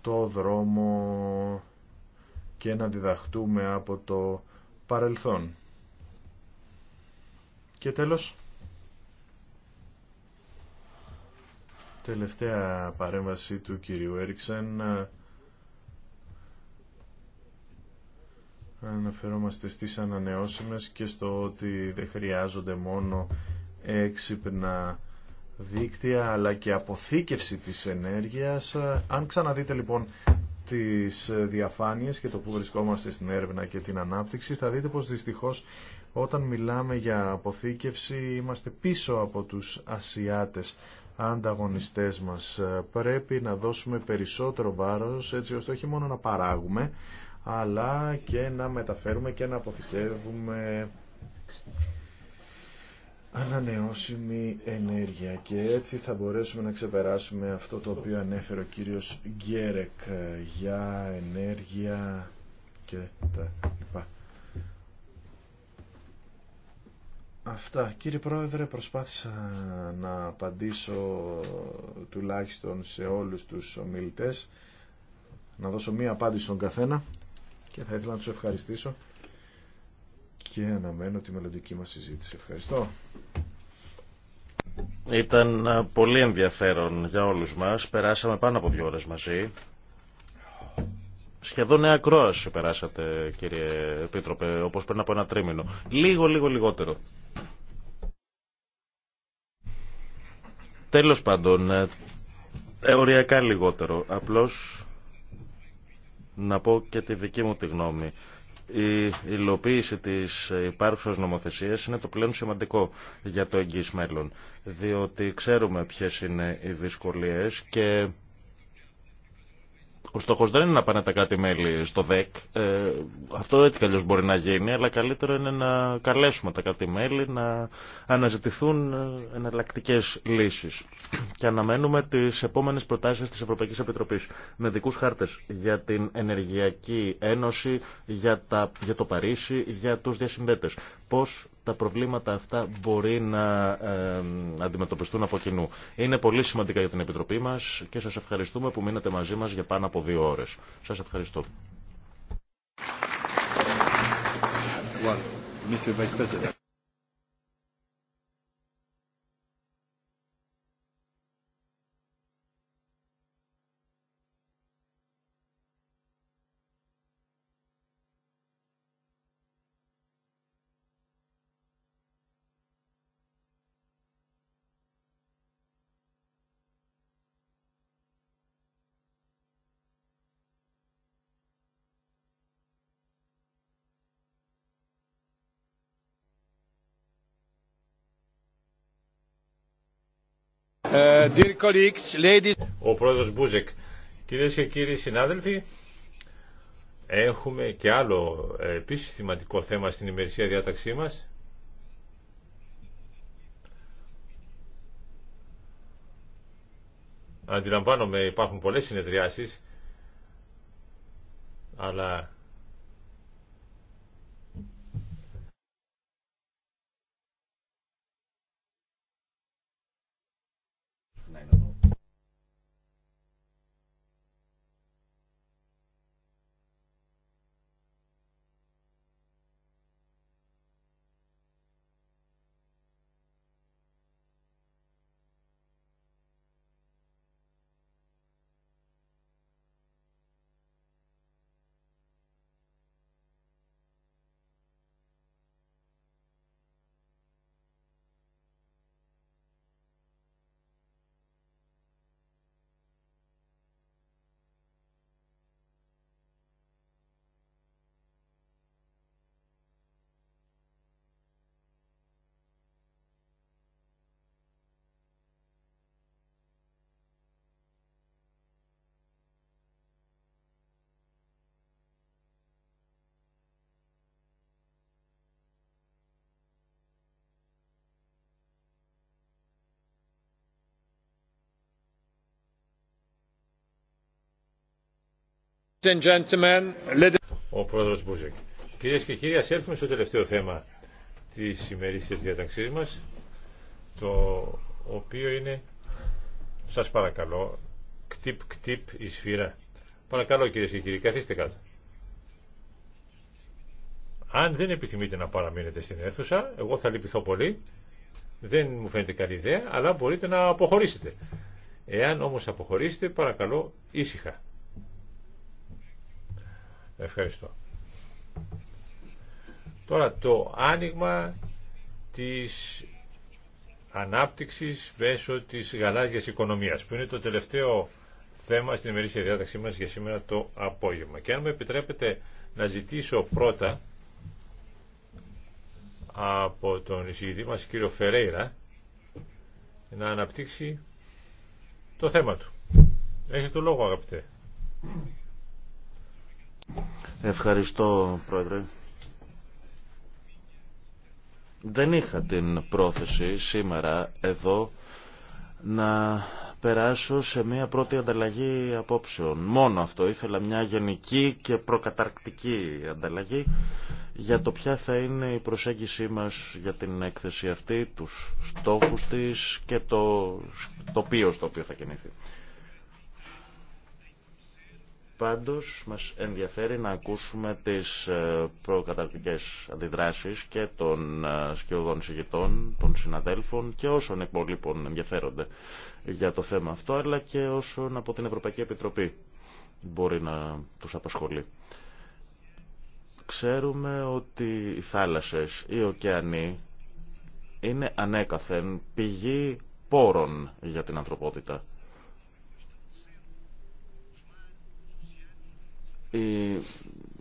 το δρόμο και να διδαχτούμε από το παρελθόν. Και τέλος, τελευταία παρέμβαση του κυρίου Έριξεν αναφερόμαστε στις ανανεώσιμες και στο ότι δεν χρειάζονται μόνο έξυπνα δίκτυα αλλά και αποθήκευση της ενέργειας. Αν ξαναδείτε λοιπόν τις διαφάνειες και το που βρισκόμαστε στην έρευνα και την ανάπτυξη θα δείτε πως δυστυχώς όταν μιλάμε για αποθήκευση είμαστε πίσω από τους Ασιάτες ανταγωνιστές μας. Πρέπει να δώσουμε περισσότερο βάρος έτσι ώστε όχι μόνο να παράγουμε αλλά και να μεταφέρουμε και να αποθηκεύουμε ανανεώσιμη ενέργεια και έτσι θα μπορέσουμε να ξεπεράσουμε αυτό το οποίο ανέφερε ο κύριος Γκέρεκ για ενέργεια και τα λοιπά. Αυτά. Κύριε Πρόεδρε, προσπάθησα να απαντήσω τουλάχιστον σε όλους τους ομιλητές, να δώσω μία απάντηση στον καθένα και θα ήθελα να τους ευχαριστήσω και αναμένω τη μελλοντική μας συζήτηση. Ευχαριστώ. Ήταν ε, πολύ ενδιαφέρον για όλους μας. Περάσαμε πάνω από δύο ώρες μαζί. Σχεδόν νέα περάσατε κύριε Επίτροπε, όπως πριν από ένα τρίμηνο. Λίγο, λίγο λιγότερο. Τέλος πάντων, οριακά ε, λιγότερο. Απλώς να πω και τη δική μου τη γνώμη. Η υλοποίηση της υπάρχουσας νομοθεσίας είναι το πλέον σημαντικό για το εγγύς μέλλον, διότι ξέρουμε ποιες είναι οι δυσκολίες και ο στόχο δεν είναι να πάνε τα κράτη-μέλη στο ΔΕΚ. Ε, αυτό έτσι κι μπορεί να γίνει, αλλά καλύτερο είναι να καλέσουμε τα κράτη-μέλη να αναζητηθούν ε, εναλλακτικέ λύσει. Και αναμένουμε τι επόμενε προτάσει τη Ευρωπαϊκή Επιτροπή με δικού χάρτε για την Ενεργειακή Ένωση, για, τα, για το Παρίσι, για του διασυνδέτε. Πώ τα προβλήματα αυτά μπορεί να ε, αντιμετωπιστούν από κοινού. Είναι πολύ σημαντικά για την Επιτροπή μας και σας ευχαριστούμε που μείνατε μαζί μας για πάνω από δύο ώρες. Σας ευχαριστώ. Ο πρόεδρος Μπούζεκ. Κυρίες και κύριοι συνάδελφοι, έχουμε και άλλο ε, επίση σημαντικό θέμα στην ημερησία διάταξή μα. Αντιλαμβάνομαι υπάρχουν πολλές συνεδριάσεις, αλλά Ο πρόεδρος Μπούζεκ. Κυρίες και κύριοι, α έρθουμε στο τελευταίο θέμα της ημερήσια διάταξή μας, το οποίο είναι, σας παρακαλώ, κτυπ κτυπ η σφύρα. Παρακαλώ κύριε και κύριοι, καθίστε κάτω. Αν δεν επιθυμείτε να παραμείνετε στην αίθουσα, εγώ θα λυπηθώ πολύ, δεν μου φαίνεται καλή ιδέα, αλλά μπορείτε να αποχωρήσετε. Εάν όμως αποχωρήσετε, παρακαλώ ήσυχα. Ευχαριστώ. Τώρα το άνοιγμα της ανάπτυξης μέσω της γαλάζιας οικονομίας που είναι το τελευταίο θέμα στην ημερήσια διάταξή μας για σήμερα το απόγευμα. Και αν με επιτρέπετε να ζητήσω πρώτα από τον εισηγητή μας κύριο Φερέιρα να αναπτύξει το θέμα του. Έχετε το λόγο αγαπητέ. Ευχαριστώ, Πρόεδρε. Δεν είχα την πρόθεση σήμερα εδώ να περάσω σε μια πρώτη ανταλλαγή απόψεων. Μόνο αυτό. Ήθελα μια γενική και προκαταρκτική ανταλλαγή για το ποια θα είναι η προσέγγιση μας για την έκθεση αυτή, τους στόχους της και το τοπίο στο οποίο θα κινηθεί. Πάντως μας ενδιαφέρει να ακούσουμε τις ε, προκαταρκτικές αντιδράσεις και των ε, σκιωδών συγητών, των συναδέλφων και όσων εκπολείπων ενδιαφέρονται για το θέμα αυτό, αλλά και όσων από την Ευρωπαϊκή Επιτροπή μπορεί να τους απασχολεί. Ξέρουμε ότι οι θάλασσες, οι ωκεανοί είναι ανέκαθεν πηγή πόρων για την ανθρωπότητα η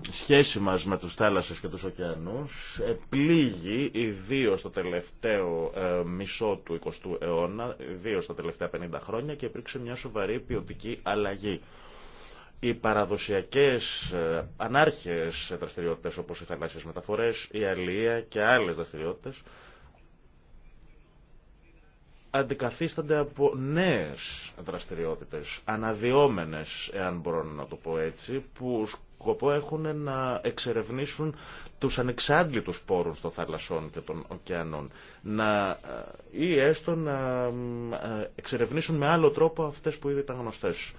σχέση μας με τους θάλασσες και τους ωκεανούς πλήγει ιδίω στο τελευταίο ε, μισό του 20ου αιώνα, ιδίω τα τελευταία 50 χρόνια και υπήρξε μια σοβαρή ποιοτική αλλαγή. Οι παραδοσιακές ε, ανάρχες δραστηριότητες όπως οι θαλάσσιες μεταφορές, η αλληλεία και άλλες δραστηριότητες αντικαθίστανται από νέες δραστηριότητες, αναδυόμενες, εάν μπορώ να το πω έτσι, που σκοπό έχουν να εξερευνήσουν τους ανεξάντλητους πόρους των θαλασσών και των ωκεανών να, ε, ή έστω να ε, εξερευνήσουν με άλλο τρόπο αυτές που ήδη ήταν γνωστές.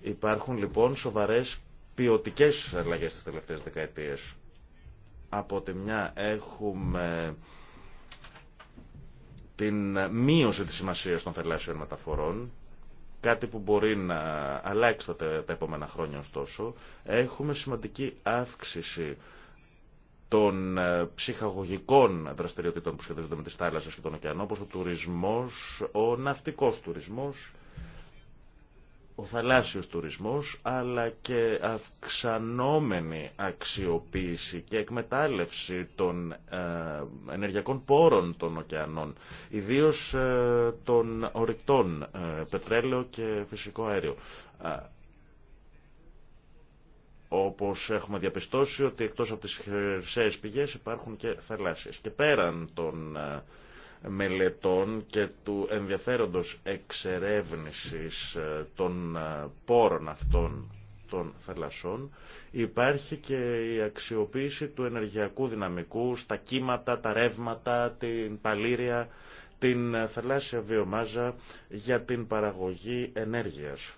Υπάρχουν λοιπόν σοβαρές ποιοτικέ αλλαγές τις τελευταίες δεκαετίες. Από τη μια έχουμε την μείωση της σημασίας των θελάσσιων μεταφορών, κάτι που μπορεί να αλλάξει τα, επόμενα χρόνια ωστόσο, έχουμε σημαντική αύξηση των ε, ψυχαγωγικών δραστηριοτήτων που σχετίζονται με τις θάλασσες και τον ωκεανό, όπως ο τουρισμός, ο ναυτικός τουρισμός, ο θαλάσσιος τουρισμός αλλά και αυξανόμενη αξιοποίηση και εκμετάλλευση των ε, ενεργειακών πόρων των ωκεανών, ιδίως ε, των ορυκτών, ε, πετρέλαιο και φυσικό αέριο. Όπως έχουμε διαπιστώσει ότι εκτός από τις χρυσές πηγές υπάρχουν και θαλάσσιες. Και πέραν των μελετών και του ενδιαφέροντος εξερεύνησης ε, των ε, πόρων αυτών των θαλασσών υπάρχει και η αξιοποίηση του ενεργειακού δυναμικού στα κύματα, τα ρεύματα, την παλήρια, την ε, θαλάσσια βιομάζα για την παραγωγή ενέργειας.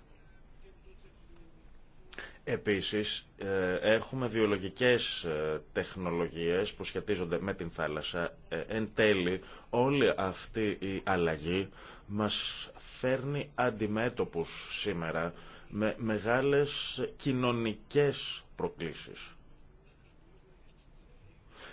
Επίσης, ε, έχουμε βιολογικές ε, τεχνολογίες που σχετίζονται με την θάλασσα. Ε, εν τέλει, όλη αυτή η αλλαγή μας φέρνει αντιμέτωπους σήμερα με μεγάλες κοινωνικές προκλήσεις.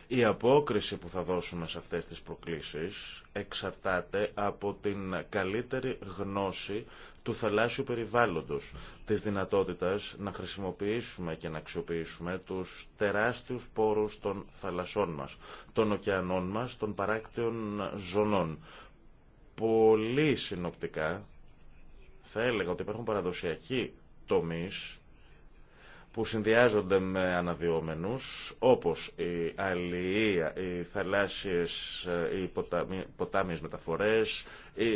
Η απόκριση που θα δώσουμε σε αυτές τις προκλήσεις εξαρτάται από την καλύτερη γνώση του θαλάσσιου περιβάλλοντος, της δυνατότητας να χρησιμοποιήσουμε και να αξιοποιήσουμε τους τεράστιους πόρους των θαλασσών μας, των ωκεανών μας, των παράκτιων ζωνών. Πολύ συνοπτικά θα έλεγα ότι υπάρχουν παραδοσιακοί τομείς που συνδυάζονται με αναδυόμενους, όπως η αλληλεία, οι θαλάσσιες, ε, οι ποτάμιες μεταφορές,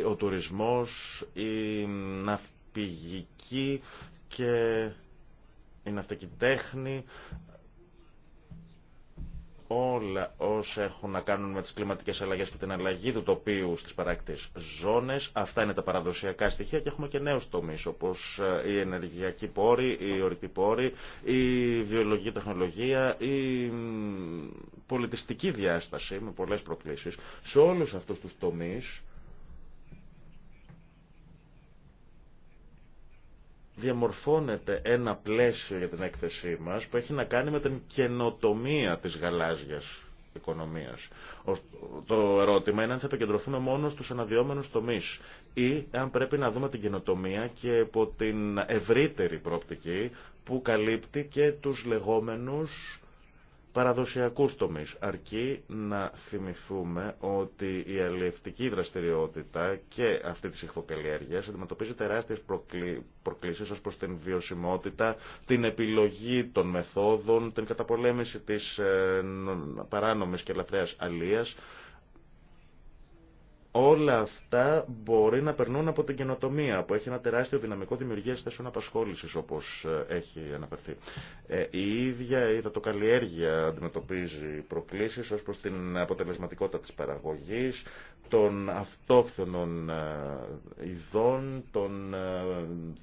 ο τουρισμός, η ναυπηγική και η ναυτική τέχνη, όλα όσα έχουν να κάνουν με τις κλιματικές αλλαγές και την αλλαγή του τοπίου στις παράκτης ζώνες. Αυτά είναι τα παραδοσιακά στοιχεία και έχουμε και νέους τομείς όπως η ε, ενεργειακή πόρη, η ορυκτή πόρη, η βιολογική τεχνολογία, η πολιτιστική διάσταση με πολλές προκλήσεις. Σε όλους αυτούς τους τομείς διαμορφώνεται ένα πλαίσιο για την έκθεσή μας που έχει να κάνει με την καινοτομία της γαλάζιας οικονομίας. Το ερώτημα είναι αν θα επικεντρωθούμε μόνο στους αναδυόμενους τομείς ή αν πρέπει να δούμε την καινοτομία και από την ευρύτερη πρόπτικη που καλύπτει και τους λεγόμενους παραδοσιακούς τομείς. Αρκεί να θυμηθούμε ότι η αλληλευτική δραστηριότητα και αυτή της ηχθοκαλλιέργειας αντιμετωπίζει τεράστιες προκλήσεις ως προς την βιωσιμότητα, την επιλογή των μεθόδων, την καταπολέμηση της ε, παράνομης και λαθρέας αλίας, Όλα αυτά μπορεί να περνούν από την καινοτομία που έχει ένα τεράστιο δυναμικό δημιουργία θέσεων απασχόληση όπω ε, έχει αναφερθεί. Ε, η ίδια η δατοκαλλιέργεια αντιμετωπίζει προκλήσει ω προ την αποτελεσματικότητα τη παραγωγή, των αυτόχθονων ε, ειδών, των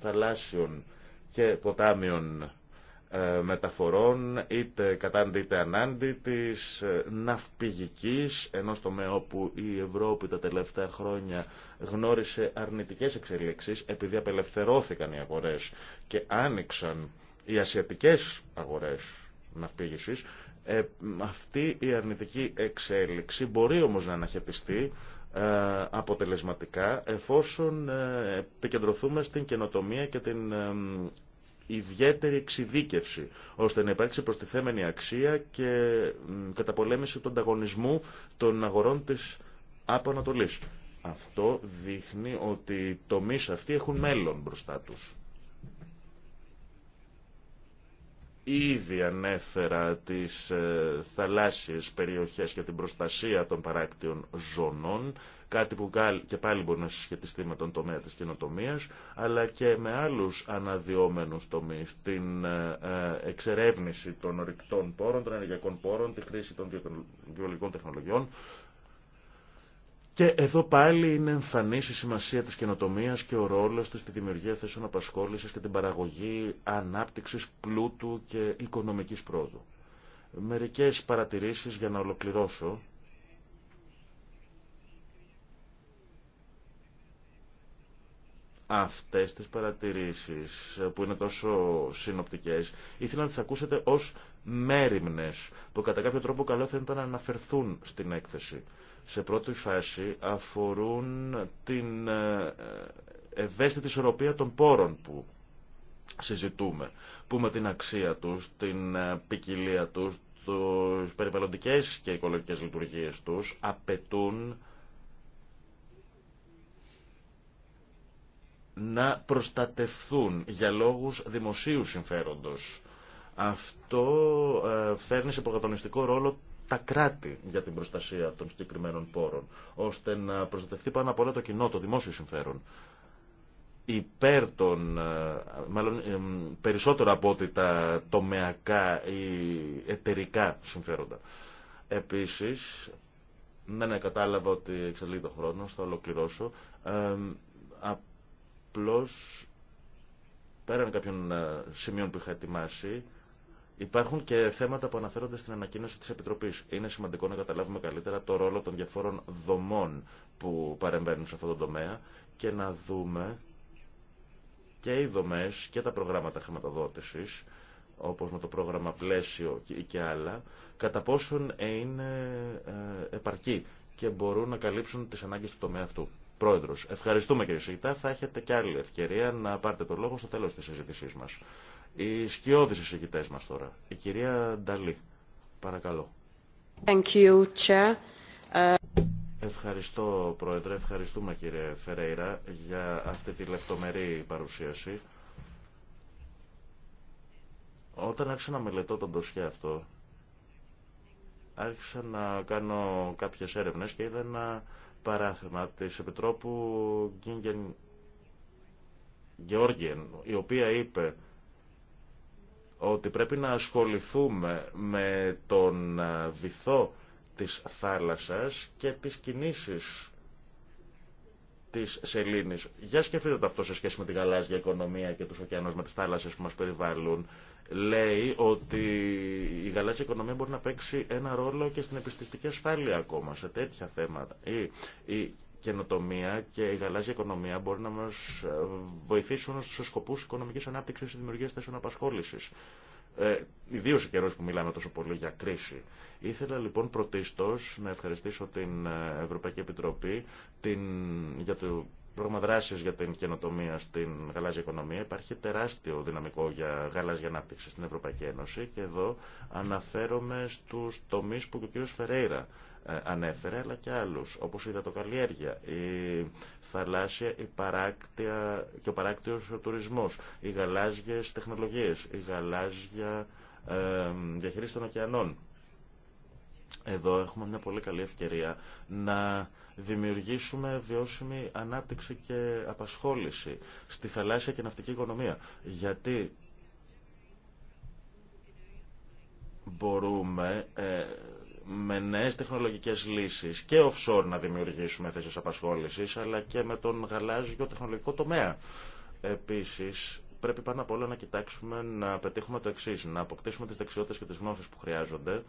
θαλάσσιων και ποτάμιων ε, μεταφορών είτε κατάντη είτε ανάντη της ε, ναυπηγικής ενό τομέα όπου η Ευρώπη τα τελευταία χρόνια γνώρισε αρνητικές εξελίξεις επειδή απελευθερώθηκαν οι αγορές και άνοιξαν οι ασιατικές αγορές ναυπήγησης ε, αυτή η αρνητική εξέλιξη μπορεί όμως να αναχαιτιστεί αποτελεσματικά εφόσον επικεντρωθούμε στην καινοτομία και την ιδιαίτερη εξειδίκευση, ώστε να υπάρξει προστιθέμενη αξία και καταπολέμηση του ανταγωνισμού των αγορών της από Αυτό δείχνει ότι οι τομείς αυτοί έχουν μέλλον μπροστά τους. Ήδη ανέφερα τις ε, θαλάσσιες περιοχές και την προστασία των παράκτιων ζωνών Κάτι που και πάλι μπορεί να συσχετιστεί με τον τομέα της καινοτομίας, αλλά και με άλλους αναδυόμενους τομείς, την ε, ε, εξερεύνηση των ορυκτών πόρων, των ενεργειακών πόρων, τη χρήση των βιολογικών τεχνολογιών, και εδώ πάλι είναι εμφανή η σημασία της καινοτομία και ο ρόλος της στη δημιουργία θέσεων απασχόλησης και την παραγωγή ανάπτυξης πλούτου και οικονομικής πρόοδου. Μερικές παρατηρήσεις για να ολοκληρώσω αυτές τις παρατηρήσεις που είναι τόσο συνοπτικές ήθελα να τις ακούσετε ως μέρημνες που κατά κάποιο τρόπο καλό θα ήταν να αναφερθούν στην έκθεση. Σε πρώτη φάση αφορούν την ε, ευαίσθητη ισορροπία των πόρων που συζητούμε, που με την αξία τους, την ε, ποικιλία τους, τις περιβαλλοντικές και οικολογικές λειτουργίες τους απαιτούν να προστατευθούν για λόγους δημοσίου συμφέροντος. Αυτό ε, φέρνει σε προκατονιστικό ρόλο τα κράτη για την προστασία των συγκεκριμένων πόρων, ώστε να προστατευτεί πάνω από όλα το κοινό, το δημόσιο συμφέρον. Υπέρ των, ε, μάλλον ε, περισσότερο από ό,τι τα τομεακά ή εταιρικά συμφέροντα. Επίσης, ναι, ναι κατάλαβα ότι εξελίγει το χρόνο, θα ολοκληρώσω. Απλώς, πέραν κάποιων ε, σημείων που είχα ετοιμάσει, Υπάρχουν και θέματα που αναφέρονται στην ανακοίνωση της Επιτροπής. Είναι σημαντικό να καταλάβουμε καλύτερα το ρόλο των διαφόρων δομών που παρεμβαίνουν σε αυτό το τομέα και να δούμε και οι δομές και τα προγράμματα χρηματοδότησης, όπως με το πρόγραμμα πλαίσιο και άλλα, κατά πόσον είναι ε, επαρκή και μπορούν να καλύψουν τις ανάγκες του τομέα αυτού. Πρόεδρος, ευχαριστούμε κύριε Σιγητά. Θα έχετε και άλλη ευκαιρία να πάρετε το λόγο στο τέλος της συζήτησής μας. Οι σκιώδεις εισηγητές μας τώρα. Η κυρία Νταλή. Παρακαλώ. Thank you, Chair. Ευχαριστώ Πρόεδρε, ευχαριστούμε κύριε Φερέιρα για αυτή τη λεπτομερή παρουσίαση. Όταν άρχισα να μελετώ τον τοσχέ αυτό, άρχισα να κάνω κάποιες έρευνες και είδα να παράθεμα της Επιτρόπου Γκίνγκεν Γεώργιεν, η οποία είπε ότι πρέπει να ασχοληθούμε με τον βυθό της θάλασσας και τις κινήσεις της σελήνης. Για σκεφτείτε το αυτό σε σχέση με τη γαλάζια οικονομία και τους ωκεανούς με τις θάλασσες που μας περιβάλλουν λέει ότι η γαλάζια οικονομία μπορεί να παίξει ένα ρόλο και στην επιστηστική ασφάλεια ακόμα σε τέτοια θέματα. Η, η καινοτομία και η γαλάζια οικονομία μπορεί να μας ε, βοηθήσουν στους σκοπούς οικονομικής ανάπτυξης και δημιουργίας θέσεων απασχόλησης. Ε, Ιδίω σε καιρό που μιλάμε τόσο πολύ για κρίση. Ήθελα λοιπόν πρωτίστως να ευχαριστήσω την ε, Ευρωπαϊκή Επιτροπή για το πρόγραμμα δράση για την καινοτομία στην γαλάζια οικονομία. Υπάρχει τεράστιο δυναμικό για γαλάζια ανάπτυξη στην Ευρωπαϊκή Ένωση και εδώ αναφέρομαι στου τομεί που και ο κ. Φερέιρα ε, ανέφερε, αλλά και άλλου, όπω η δατοκαλλιέργεια, η θαλάσσια η παράκτια, και ο παράκτιο τουρισμό, οι γαλάζιε τεχνολογίε, η γαλάζια ε, διαχείριση των ωκεανών εδώ έχουμε μια πολύ καλή ευκαιρία να δημιουργήσουμε βιώσιμη ανάπτυξη και απασχόληση στη θαλάσσια και ναυτική οικονομία. Γιατί μπορούμε ε, με νέες τεχνολογικές λύσεις και offshore να δημιουργήσουμε θέσεις απασχόλησης, αλλά και με τον γαλάζιο τεχνολογικό τομέα. Επίσης, πρέπει πάνω απ' όλα να κοιτάξουμε να πετύχουμε το εξής, να αποκτήσουμε τις δεξιότητες και τις γνώσεις που χρειάζονται,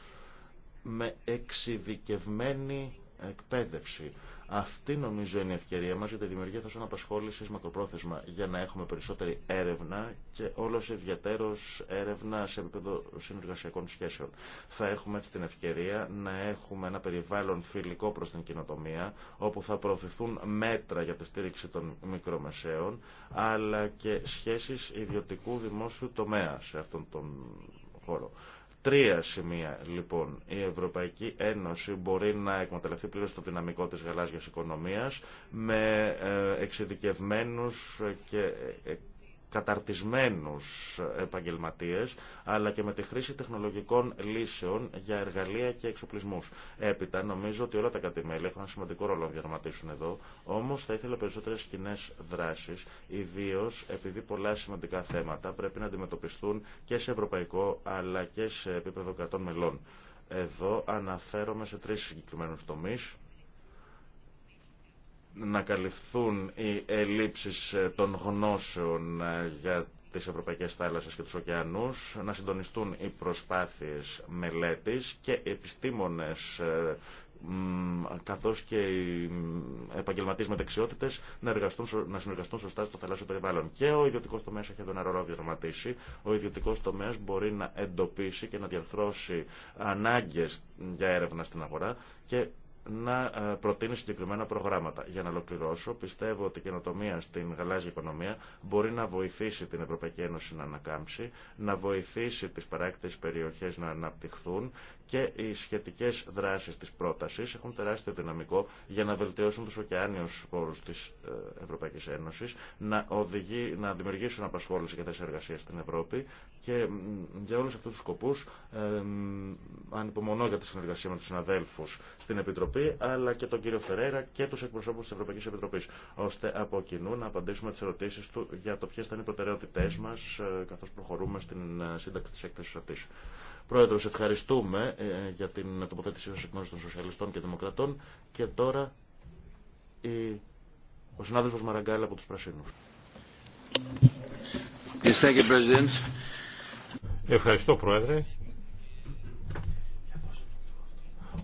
με εξειδικευμένη εκπαίδευση. Αυτή νομίζω είναι η ευκαιρία μας για τη δημιουργία θέσεων απασχόλησης μακροπρόθεσμα για να έχουμε περισσότερη έρευνα και όλος ιδιαίτερος έρευνα σε επίπεδο συνεργασιακών σχέσεων. Θα έχουμε έτσι την ευκαιρία να έχουμε ένα περιβάλλον φιλικό προς την κοινοτομία όπου θα προωθηθούν μέτρα για τη στήριξη των μικρομεσαίων αλλά και σχέσεις ιδιωτικού δημόσιου τομέα σε αυτόν τον χώρο. Τρία σημεία λοιπόν. Η Ευρωπαϊκή Ένωση μπορεί να εκμεταλλευτεί πλήρω το δυναμικό της γαλάζιας οικονομίας με ε, εξειδικευμένου και καταρτισμένους επαγγελματίες, αλλά και με τη χρήση τεχνολογικών λύσεων για εργαλεία και εξοπλισμούς. Έπειτα, νομίζω ότι όλα τα κατημέλη έχουν ένα σημαντικό ρόλο να διαρματίσουν εδώ, όμως θα ήθελα περισσότερες κοινέ δράσεις, ιδίως επειδή πολλά σημαντικά θέματα πρέπει να αντιμετωπιστούν και σε ευρωπαϊκό αλλά και σε επίπεδο κρατών μελών. Εδώ αναφέρομαι σε τρεις συγκεκριμένους τομείς, να καλυφθούν οι ελλείψεις ε, των γνώσεων ε, για τις ευρωπαϊκές θάλασσες και τους ωκεανούς, να συντονιστούν οι προσπάθειες μελέτης και επιστήμονες ε, καθώς και οι επαγγελματίες με δεξιότητες να, εργαστούν, να συνεργαστούν σωστά στο θαλάσσιο περιβάλλον. Και ο ιδιωτικός τομέας έχει τον ρόλο διαδραματίσει. Ο ιδιωτικός τομέας μπορεί να εντοπίσει και να διαρθρώσει ανάγκες για έρευνα στην αγορά και να ε, προτείνει συγκεκριμένα προγράμματα. Για να ολοκληρώσω, πιστεύω ότι η καινοτομία στην γαλάζια οικονομία μπορεί να βοηθήσει την Ευρωπαϊκή Ένωση να ανακάμψει, να βοηθήσει τι παράκτητε περιοχέ να αναπτυχθούν και οι σχετικές δράσεις της πρότασης έχουν τεράστιο δυναμικό για να βελτιώσουν τους ωκεάνιους πόρους της ε, Ευρωπαϊκής Ένωσης, να, να δημιουργήσουν απασχόληση και θέσεις εργασίας στην Ευρώπη και για όλους αυτούς τους σκοπούς ε, ανυπομονώ για τη συνεργασία με τους συναδέλφους στην Επιτροπή αλλά και τον κύριο Φερέρα και τους εκπροσώπους της Ευρωπαϊκής Επιτροπής ώστε από κοινού να απαντήσουμε τις ερωτήσεις του για το ποιες θα είναι οι προτεραιότητές μας ε, καθώς προχωρούμε στην ε, σύνταξη της έκθεσης Πρόεδρος, ευχαριστούμε ε, για την τοποθέτησή σας εκ μέρους των Σοσιαλιστών και Δημοκρατών και τώρα ο συνάδελφος Μαραγκάλα από τους Πρασίνους. Ευχαριστώ, Πρόεδρε.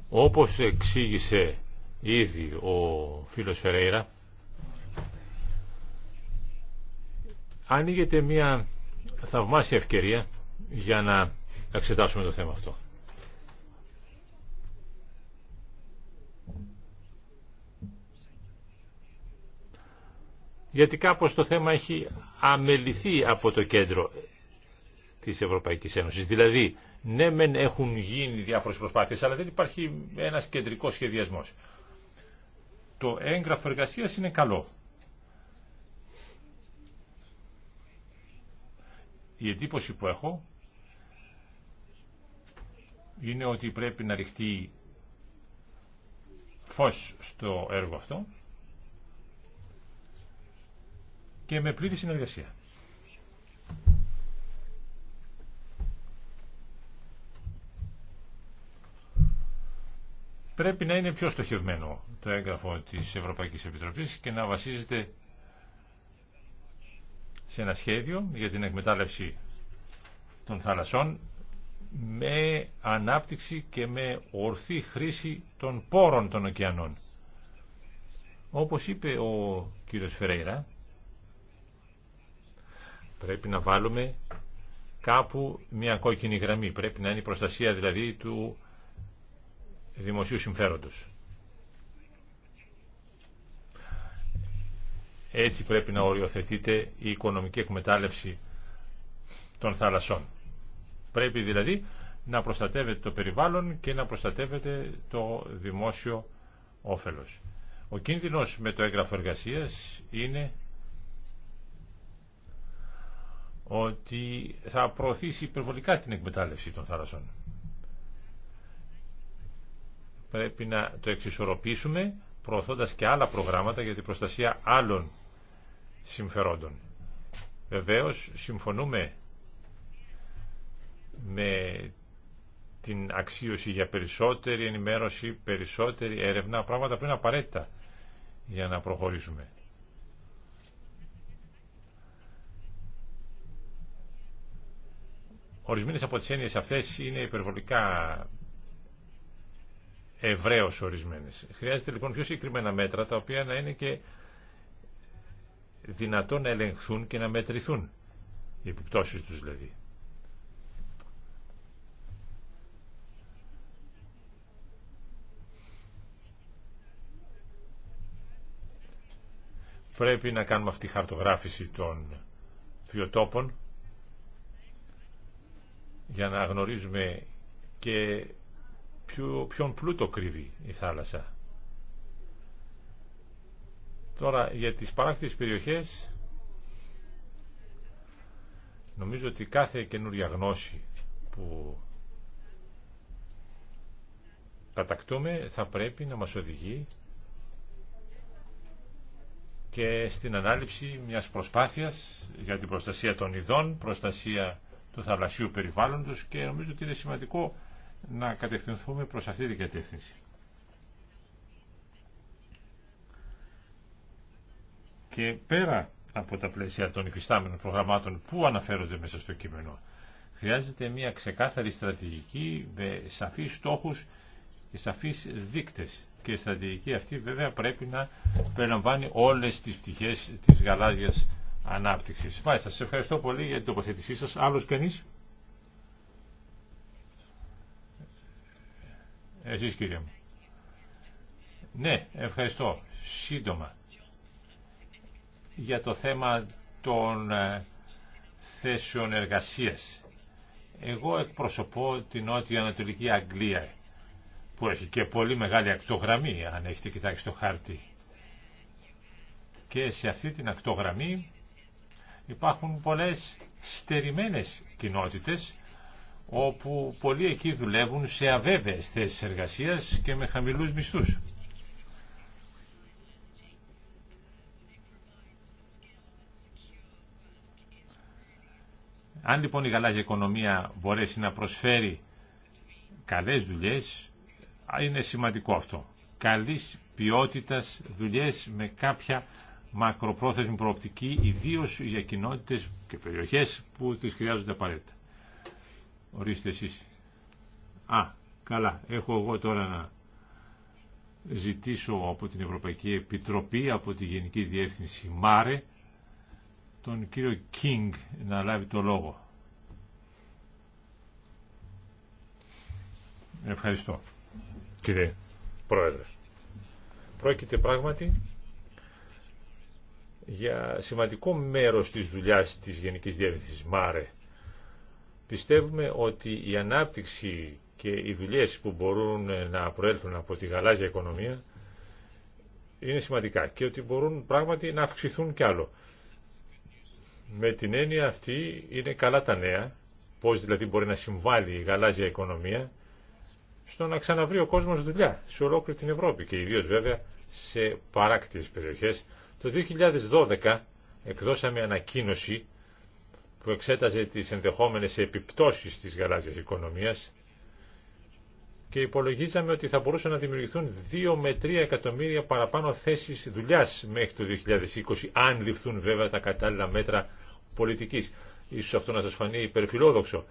Όπως εξήγησε ήδη ο φίλος Φερέιρα, ανοίγεται μια θαυμάσια ευκαιρία για να εξετάσουμε το θέμα αυτό. Γιατί κάπως το θέμα έχει αμεληθεί από το κέντρο της Ευρωπαϊκής Ένωσης. Δηλαδή, ναι μεν έχουν γίνει διάφορες προσπάθειες, αλλά δεν υπάρχει ένας κεντρικός σχεδιασμός. Το έγγραφο εργασίας είναι καλό. Η εντύπωση που έχω είναι ότι πρέπει να ρηχτεί φως στο έργο αυτό και με πλήρη συνεργασία. Πρέπει να είναι πιο στοχευμένο το έγγραφο της Ευρωπαϊκής Επιτροπής και να βασίζεται σε ένα σχέδιο για την εκμετάλλευση των θαλασσών με ανάπτυξη και με ορθή χρήση των πόρων των ωκεανών. Όπως είπε ο κύριος Φερέιρα, πρέπει να βάλουμε κάπου μια κόκκινη γραμμή. Πρέπει να είναι η προστασία δηλαδή του δημοσίου συμφέροντος. Έτσι πρέπει να οριοθετείται η οικονομική εκμετάλλευση των θάλασσών. Πρέπει δηλαδή να προστατεύεται το περιβάλλον και να προστατεύεται το δημόσιο όφελος. Ο κίνδυνος με το έγγραφο εργασίας είναι ότι θα προωθήσει υπερβολικά την εκμετάλλευση των θάλασσων. Πρέπει να το εξισορροπήσουμε προωθώντας και άλλα προγράμματα για την προστασία άλλων συμφερόντων. Βεβαίως συμφωνούμε με την αξίωση για περισσότερη ενημέρωση, περισσότερη έρευνα, πράγματα που είναι απαραίτητα για να προχωρήσουμε. Ορισμένες από τις αυτές είναι υπερβολικά ευρέως ορισμένες. Χρειάζεται λοιπόν πιο συγκεκριμένα μέτρα τα οποία να είναι και δυνατόν να ελεγχθούν και να μετρηθούν οι επιπτώσεις τους δηλαδή. Πρέπει να κάνουμε αυτή τη χαρτογράφηση των βιοτόπων για να γνωρίζουμε και ποιον πλούτο κρύβει η θάλασσα. Τώρα για τις παράκτητες περιοχές νομίζω ότι κάθε καινούρια γνώση που κατακτούμε θα πρέπει να μας οδηγεί και στην ανάληψη μιας προσπάθειας για την προστασία των ειδών, προστασία του θαλασσίου περιβάλλοντος και νομίζω ότι είναι σημαντικό να κατευθυνθούμε προς αυτή την κατεύθυνση. Και πέρα από τα πλαίσια των υφιστάμενων προγραμμάτων που αναφέρονται μέσα στο κείμενο, χρειάζεται μια ξεκάθαρη στρατηγική με σαφείς στόχους και σαφείς δείκτες και η στρατηγική αυτή βέβαια πρέπει να περιλαμβάνει όλες τις πτυχές της γαλάζιας ανάπτυξης. Μάλιστα, σας ευχαριστώ πολύ για την τοποθέτησή σας. Άλλος κανείς? Εσείς κύριε μου. Ναι, ευχαριστώ. Σύντομα. Για το θέμα των ε, θέσεων εργασίας. Εγώ εκπροσωπώ την Νότια Ανατολική Αγγλία που έχει και πολύ μεγάλη ακτογραμμή αν έχετε κοιτάξει το χάρτη. Και σε αυτή την ακτογραμμή υπάρχουν πολλές στερημένες κοινότητες όπου πολλοί εκεί δουλεύουν σε αβέβαιες θέσεις εργασίας και με χαμηλούς μισθούς. Αν λοιπόν η γαλάζια οικονομία μπορέσει να προσφέρει καλές δουλειές, είναι σημαντικό αυτό. Καλής ποιότητας δουλειές με κάποια μακροπρόθεσμη προοπτική, ιδίως για κοινότητε και περιοχές που τις χρειάζονται απαραίτητα. Ορίστε εσεί. Α, καλά, έχω εγώ τώρα να ζητήσω από την Ευρωπαϊκή Επιτροπή, από τη Γενική Διεύθυνση ΜΑΡΕ, τον κύριο Κίνγκ να λάβει το λόγο. Ευχαριστώ κύριε Πρόεδρε. Πρόκειται πράγματι για σημαντικό μέρος της δουλειάς της Γενικής Διεύθυνσης ΜΑΡΕ. Πιστεύουμε ότι η ανάπτυξη και οι δουλειές που μπορούν να προέλθουν από τη γαλάζια οικονομία είναι σημαντικά και ότι μπορούν πράγματι να αυξηθούν κι άλλο. Με την έννοια αυτή είναι καλά τα νέα, πώς δηλαδή μπορεί να συμβάλλει η γαλάζια οικονομία στο να ξαναβρει ο κόσμος δουλειά σε ολόκληρη την Ευρώπη και ιδίως βέβαια σε παράκτιες περιοχές. Το 2012 εκδώσαμε ανακοίνωση που εξέταζε τις ενδεχόμενες επιπτώσεις της γαλάζιας οικονομίας και υπολογίζαμε ότι θα μπορούσαν να δημιουργηθούν 2 με 3 εκατομμύρια παραπάνω θέσεις δουλειάς μέχρι το 2020, αν ληφθούν βέβαια τα κατάλληλα μέτρα πολιτικής. Ίσως αυτό να σας φανεί υπερφιλόδοξο,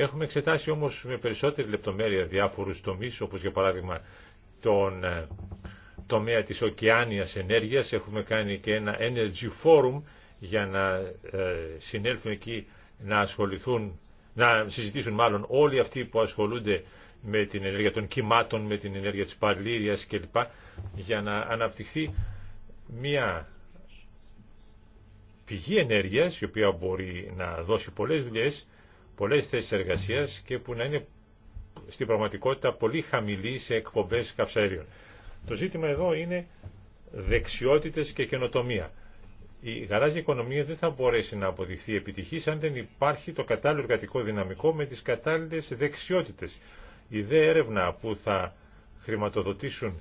Έχουμε εξετάσει όμως με περισσότερη λεπτομέρεια διάφορους τομείς, όπως για παράδειγμα τον ε, τομέα της ωκεάνιας ενέργειας. Έχουμε κάνει και ένα Energy Forum για να ε, συνέλθουν εκεί να ασχοληθούν, να συζητήσουν μάλλον όλοι αυτοί που ασχολούνται με την ενέργεια των κυμάτων, με την ενέργεια της παλήριας κλπ. για να αναπτυχθεί μια πηγή ενέργειας η οποία μπορεί να δώσει πολλές δουλειές πολλές θέσεις εργασίας και που να είναι στην πραγματικότητα πολύ χαμηλή σε εκπομπές καυσαέριων. Το ζήτημα εδώ είναι δεξιότητες και καινοτομία. Η γαλάζια οικονομία δεν θα μπορέσει να αποδειχθεί επιτυχής αν δεν υπάρχει το κατάλληλο εργατικό δυναμικό με τις κατάλληλες δεξιότητες. Η δε έρευνα που θα χρηματοδοτήσουν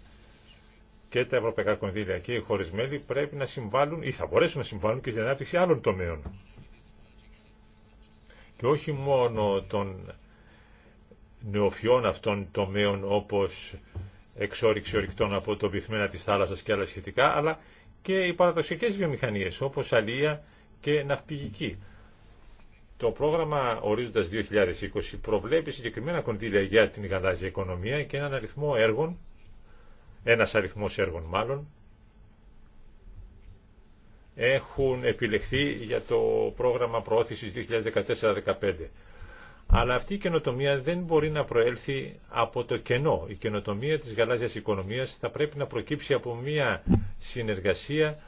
και τα ευρωπαϊκά κονδύλια και οι χώρε μέλη πρέπει να συμβάλλουν ή θα μπορέσουν να συμβάλλουν και στην ανάπτυξη άλλων τομέων και όχι μόνο των νεοφιών αυτών τομέων όπως εξόριξη ορυκτών από το βυθμένα της θάλασσας και άλλα σχετικά, αλλά και οι παραδοσιακές βιομηχανίες όπως αλία και ναυπηγική. Το πρόγραμμα Ορίζοντας 2020 προβλέπει συγκεκριμένα κονδύλια για την γαλάζια οικονομία και έναν αριθμό έργων, ένας αριθμός έργων μάλλον, έχουν επιλεχθεί για το πρόγραμμα προώθησης 2014-2015. Αλλά αυτή η καινοτομία δεν μπορεί να προέλθει από το κενό. Η καινοτομία της γαλάζιας οικονομίας θα πρέπει να προκύψει από μια συνεργασία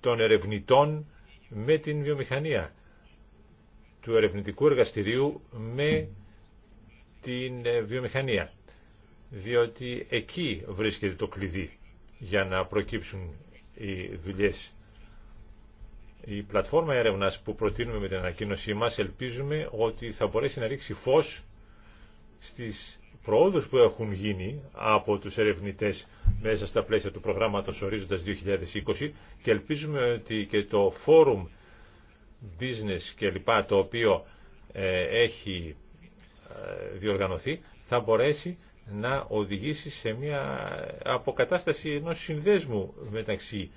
των ερευνητών με την βιομηχανία, του ερευνητικού εργαστηρίου με την ε, βιομηχανία. Διότι εκεί βρίσκεται το κλειδί για να προκύψουν οι δουλειές η πλατφόρμα έρευνας που προτείνουμε με την ανακοίνωσή μας ελπίζουμε ότι θα μπορέσει να ρίξει φως στις προόδους που έχουν γίνει από τους ερευνητές μέσα στα πλαίσια του προγράμματος Ορίζοντας 2020 και ελπίζουμε ότι και το φόρουμ Business και το οποίο ε, έχει ε, διοργανωθεί θα μπορέσει να οδηγήσει σε μια αποκατάσταση ενός συνδέσμου μεταξύ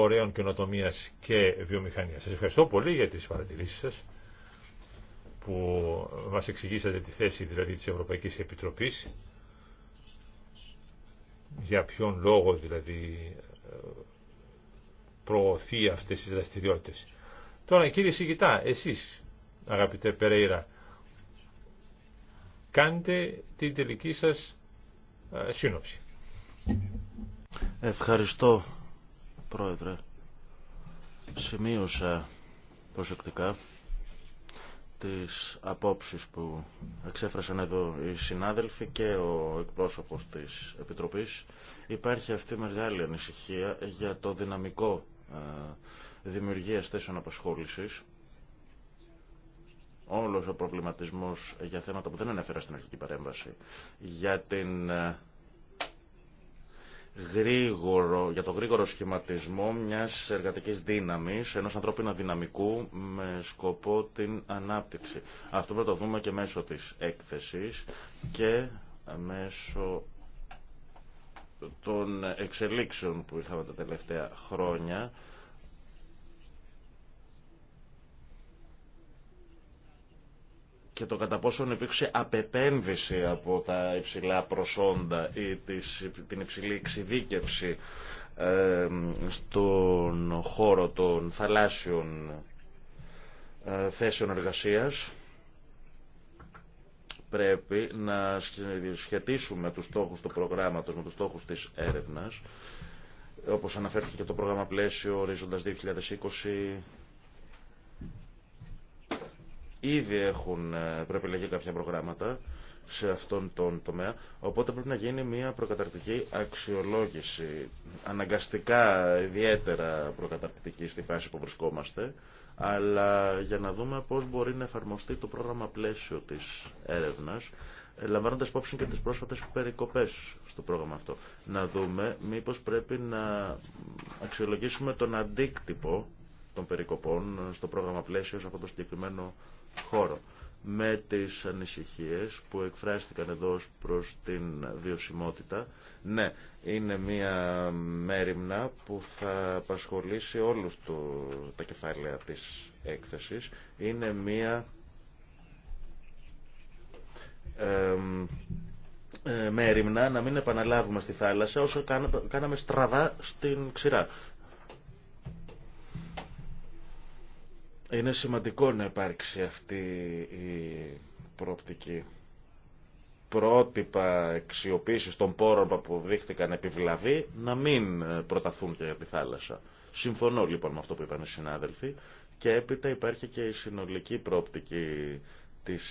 φορέων καινοτομία και βιομηχανίας. Σας ευχαριστώ πολύ για τις παρατηρήσεις σας που μας εξηγήσατε τη θέση δηλαδή της Ευρωπαϊκής Επιτροπής για ποιον λόγο δηλαδή προωθεί αυτές τις δραστηριότητες. Τώρα κύριε Σιγητά, εσείς αγαπητέ Περέιρα, κάντε την τελική σα ε, σύνοψη. Ευχαριστώ Πρόεδρε, σημείωσα προσεκτικά τις απόψεις που εξέφρασαν εδώ οι συνάδελφοι και ο εκπρόσωπος της Επιτροπής. Υπάρχει αυτή μεγάλη ανησυχία για το δυναμικό ε, δημιουργία θέσεων απασχόλησης. Όλος ο προβληματισμός για θέματα που δεν ανέφερα στην αρχική παρέμβαση, για την ε, γρήγορο, για το γρήγορο σχηματισμό μιας εργατικής δύναμης, ενός ανθρώπινα δυναμικού με σκοπό την ανάπτυξη. Αυτό πρέπει να το δούμε και μέσω της έκθεσης και μέσω των εξελίξεων που είχαμε τα τελευταία χρόνια και το κατά πόσον υπήρξε απεπένδυση από τα υψηλά προσόντα ή της, την υψηλή εξειδίκευση ε, στον χώρο των θαλάσσιων ε, θέσεων εργασίας πρέπει να σχετίσουμε τους στόχους του προγράμματος με τους στόχους της έρευνας όπως αναφέρθηκε και το πρόγραμμα πλαίσιο ορίζοντας 2020 Ήδη έχουν ε, προεπιλεγεί κάποια προγράμματα σε αυτόν τον τομέα, οπότε πρέπει να γίνει μια προκαταρκτική αξιολόγηση, αναγκαστικά ιδιαίτερα προκαταρκτική στη φάση που βρισκόμαστε, αλλά για να δούμε πώς μπορεί να εφαρμοστεί το πρόγραμμα πλαίσιο της έρευνας, ε, λαμβάνοντα υπόψη και τις πρόσφατες περικοπές στο πρόγραμμα αυτό. Να δούμε μήπως πρέπει να αξιολογήσουμε τον αντίκτυπο των περικοπών στο πρόγραμμα πλαίσιο σε το συγκεκριμένο χώρο. Με τις ανησυχίες που εκφράστηκαν εδώ προς την βιωσιμότητα, ναι, είναι μια μέρημνα που θα απασχολήσει όλους το, τα κεφάλαια της έκθεσης. Είναι μια ε, να μην επαναλάβουμε στη θάλασσα όσο κάναμε στραβά στην ξηρά. Είναι σημαντικό να υπάρξει αυτή η πρόπτικη πρότυπα αξιοποίηση των πόρων που αποδείχθηκαν επιβλαβή να μην προταθούν και για τη θάλασσα. Συμφωνώ λοιπόν με αυτό που είπαν οι συνάδελφοι και έπειτα υπάρχει και η συνολική πρόπτικη της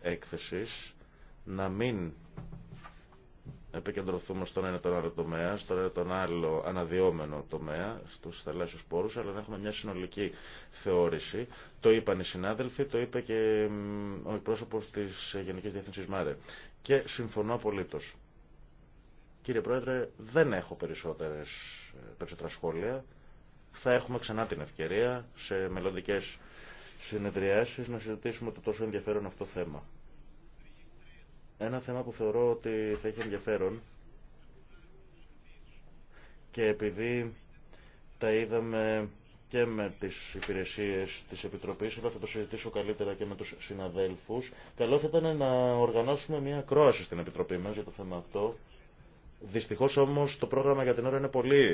έκθεσης να μην επικεντρωθούμε στον ένα τον άλλο τομέα, στον άλλο αναδυόμενο τομέα, στους θαλάσσιους πόρους, αλλά να έχουμε μια συνολική θεώρηση. Το είπαν οι συνάδελφοι, το είπε και ο εκπρόσωπος της Γενικής Διεθνή ΜΑΡΕ. Και συμφωνώ απολύτως. Κύριε Πρόεδρε, δεν έχω περισσότερες, περισσότερα σχόλια. Θα έχουμε ξανά την ευκαιρία σε μελλοντικέ συνεδριάσεις να συζητήσουμε το τόσο ενδιαφέρον αυτό θέμα. Ένα θέμα που θεωρώ ότι θα έχει ενδιαφέρον και επειδή τα είδαμε και με τις υπηρεσίες της Επιτροπής, θα το συζητήσω καλύτερα και με τους συναδέλφους. Καλό θα ήταν να οργανώσουμε μια κρόαση στην Επιτροπή μας για το θέμα αυτό, Δυστυχώ όμω το πρόγραμμα για την ώρα είναι πολύ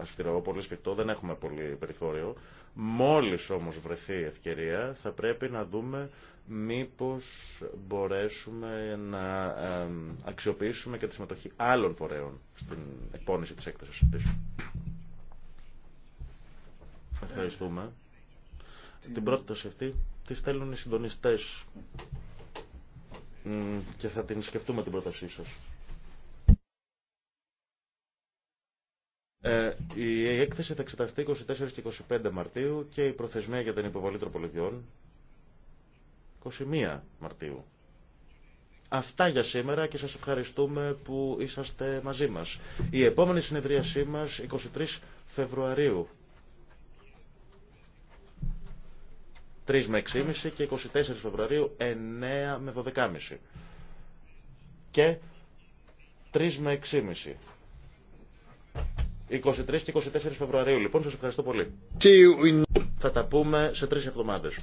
αυστηρό, πολύ σφιχτό, δεν έχουμε πολύ περιθώριο. Μόλι όμω βρεθεί η ευκαιρία θα πρέπει να δούμε μήπω μπορέσουμε να αξιοποιήσουμε και τη συμμετοχή άλλων φορέων στην εκπόνηση τη έκθεση αυτή. Ευχαριστούμε. Την πρόταση αυτή τη στέλνουν οι συντονιστέ και θα την σκεφτούμε την πρότασή σας. Ε, η έκθεση θα εξεταστεί 24 και 25 Μαρτίου και η προθεσμία για την υποβολή τροπολογιών 21 Μαρτίου. Αυτά για σήμερα και σας ευχαριστούμε που είσαστε μαζί μας. Η επόμενη συνεδρίασή μας 23 Φεβρουαρίου. 3 με 6.30 και 24 Φεβρουαρίου 9 με 12.30. Και 3 με 6.30. 23 και 24 Φεβρουαρίου λοιπόν. Σας ευχαριστώ πολύ. Θα τα πούμε σε τρεις εβδομάδες.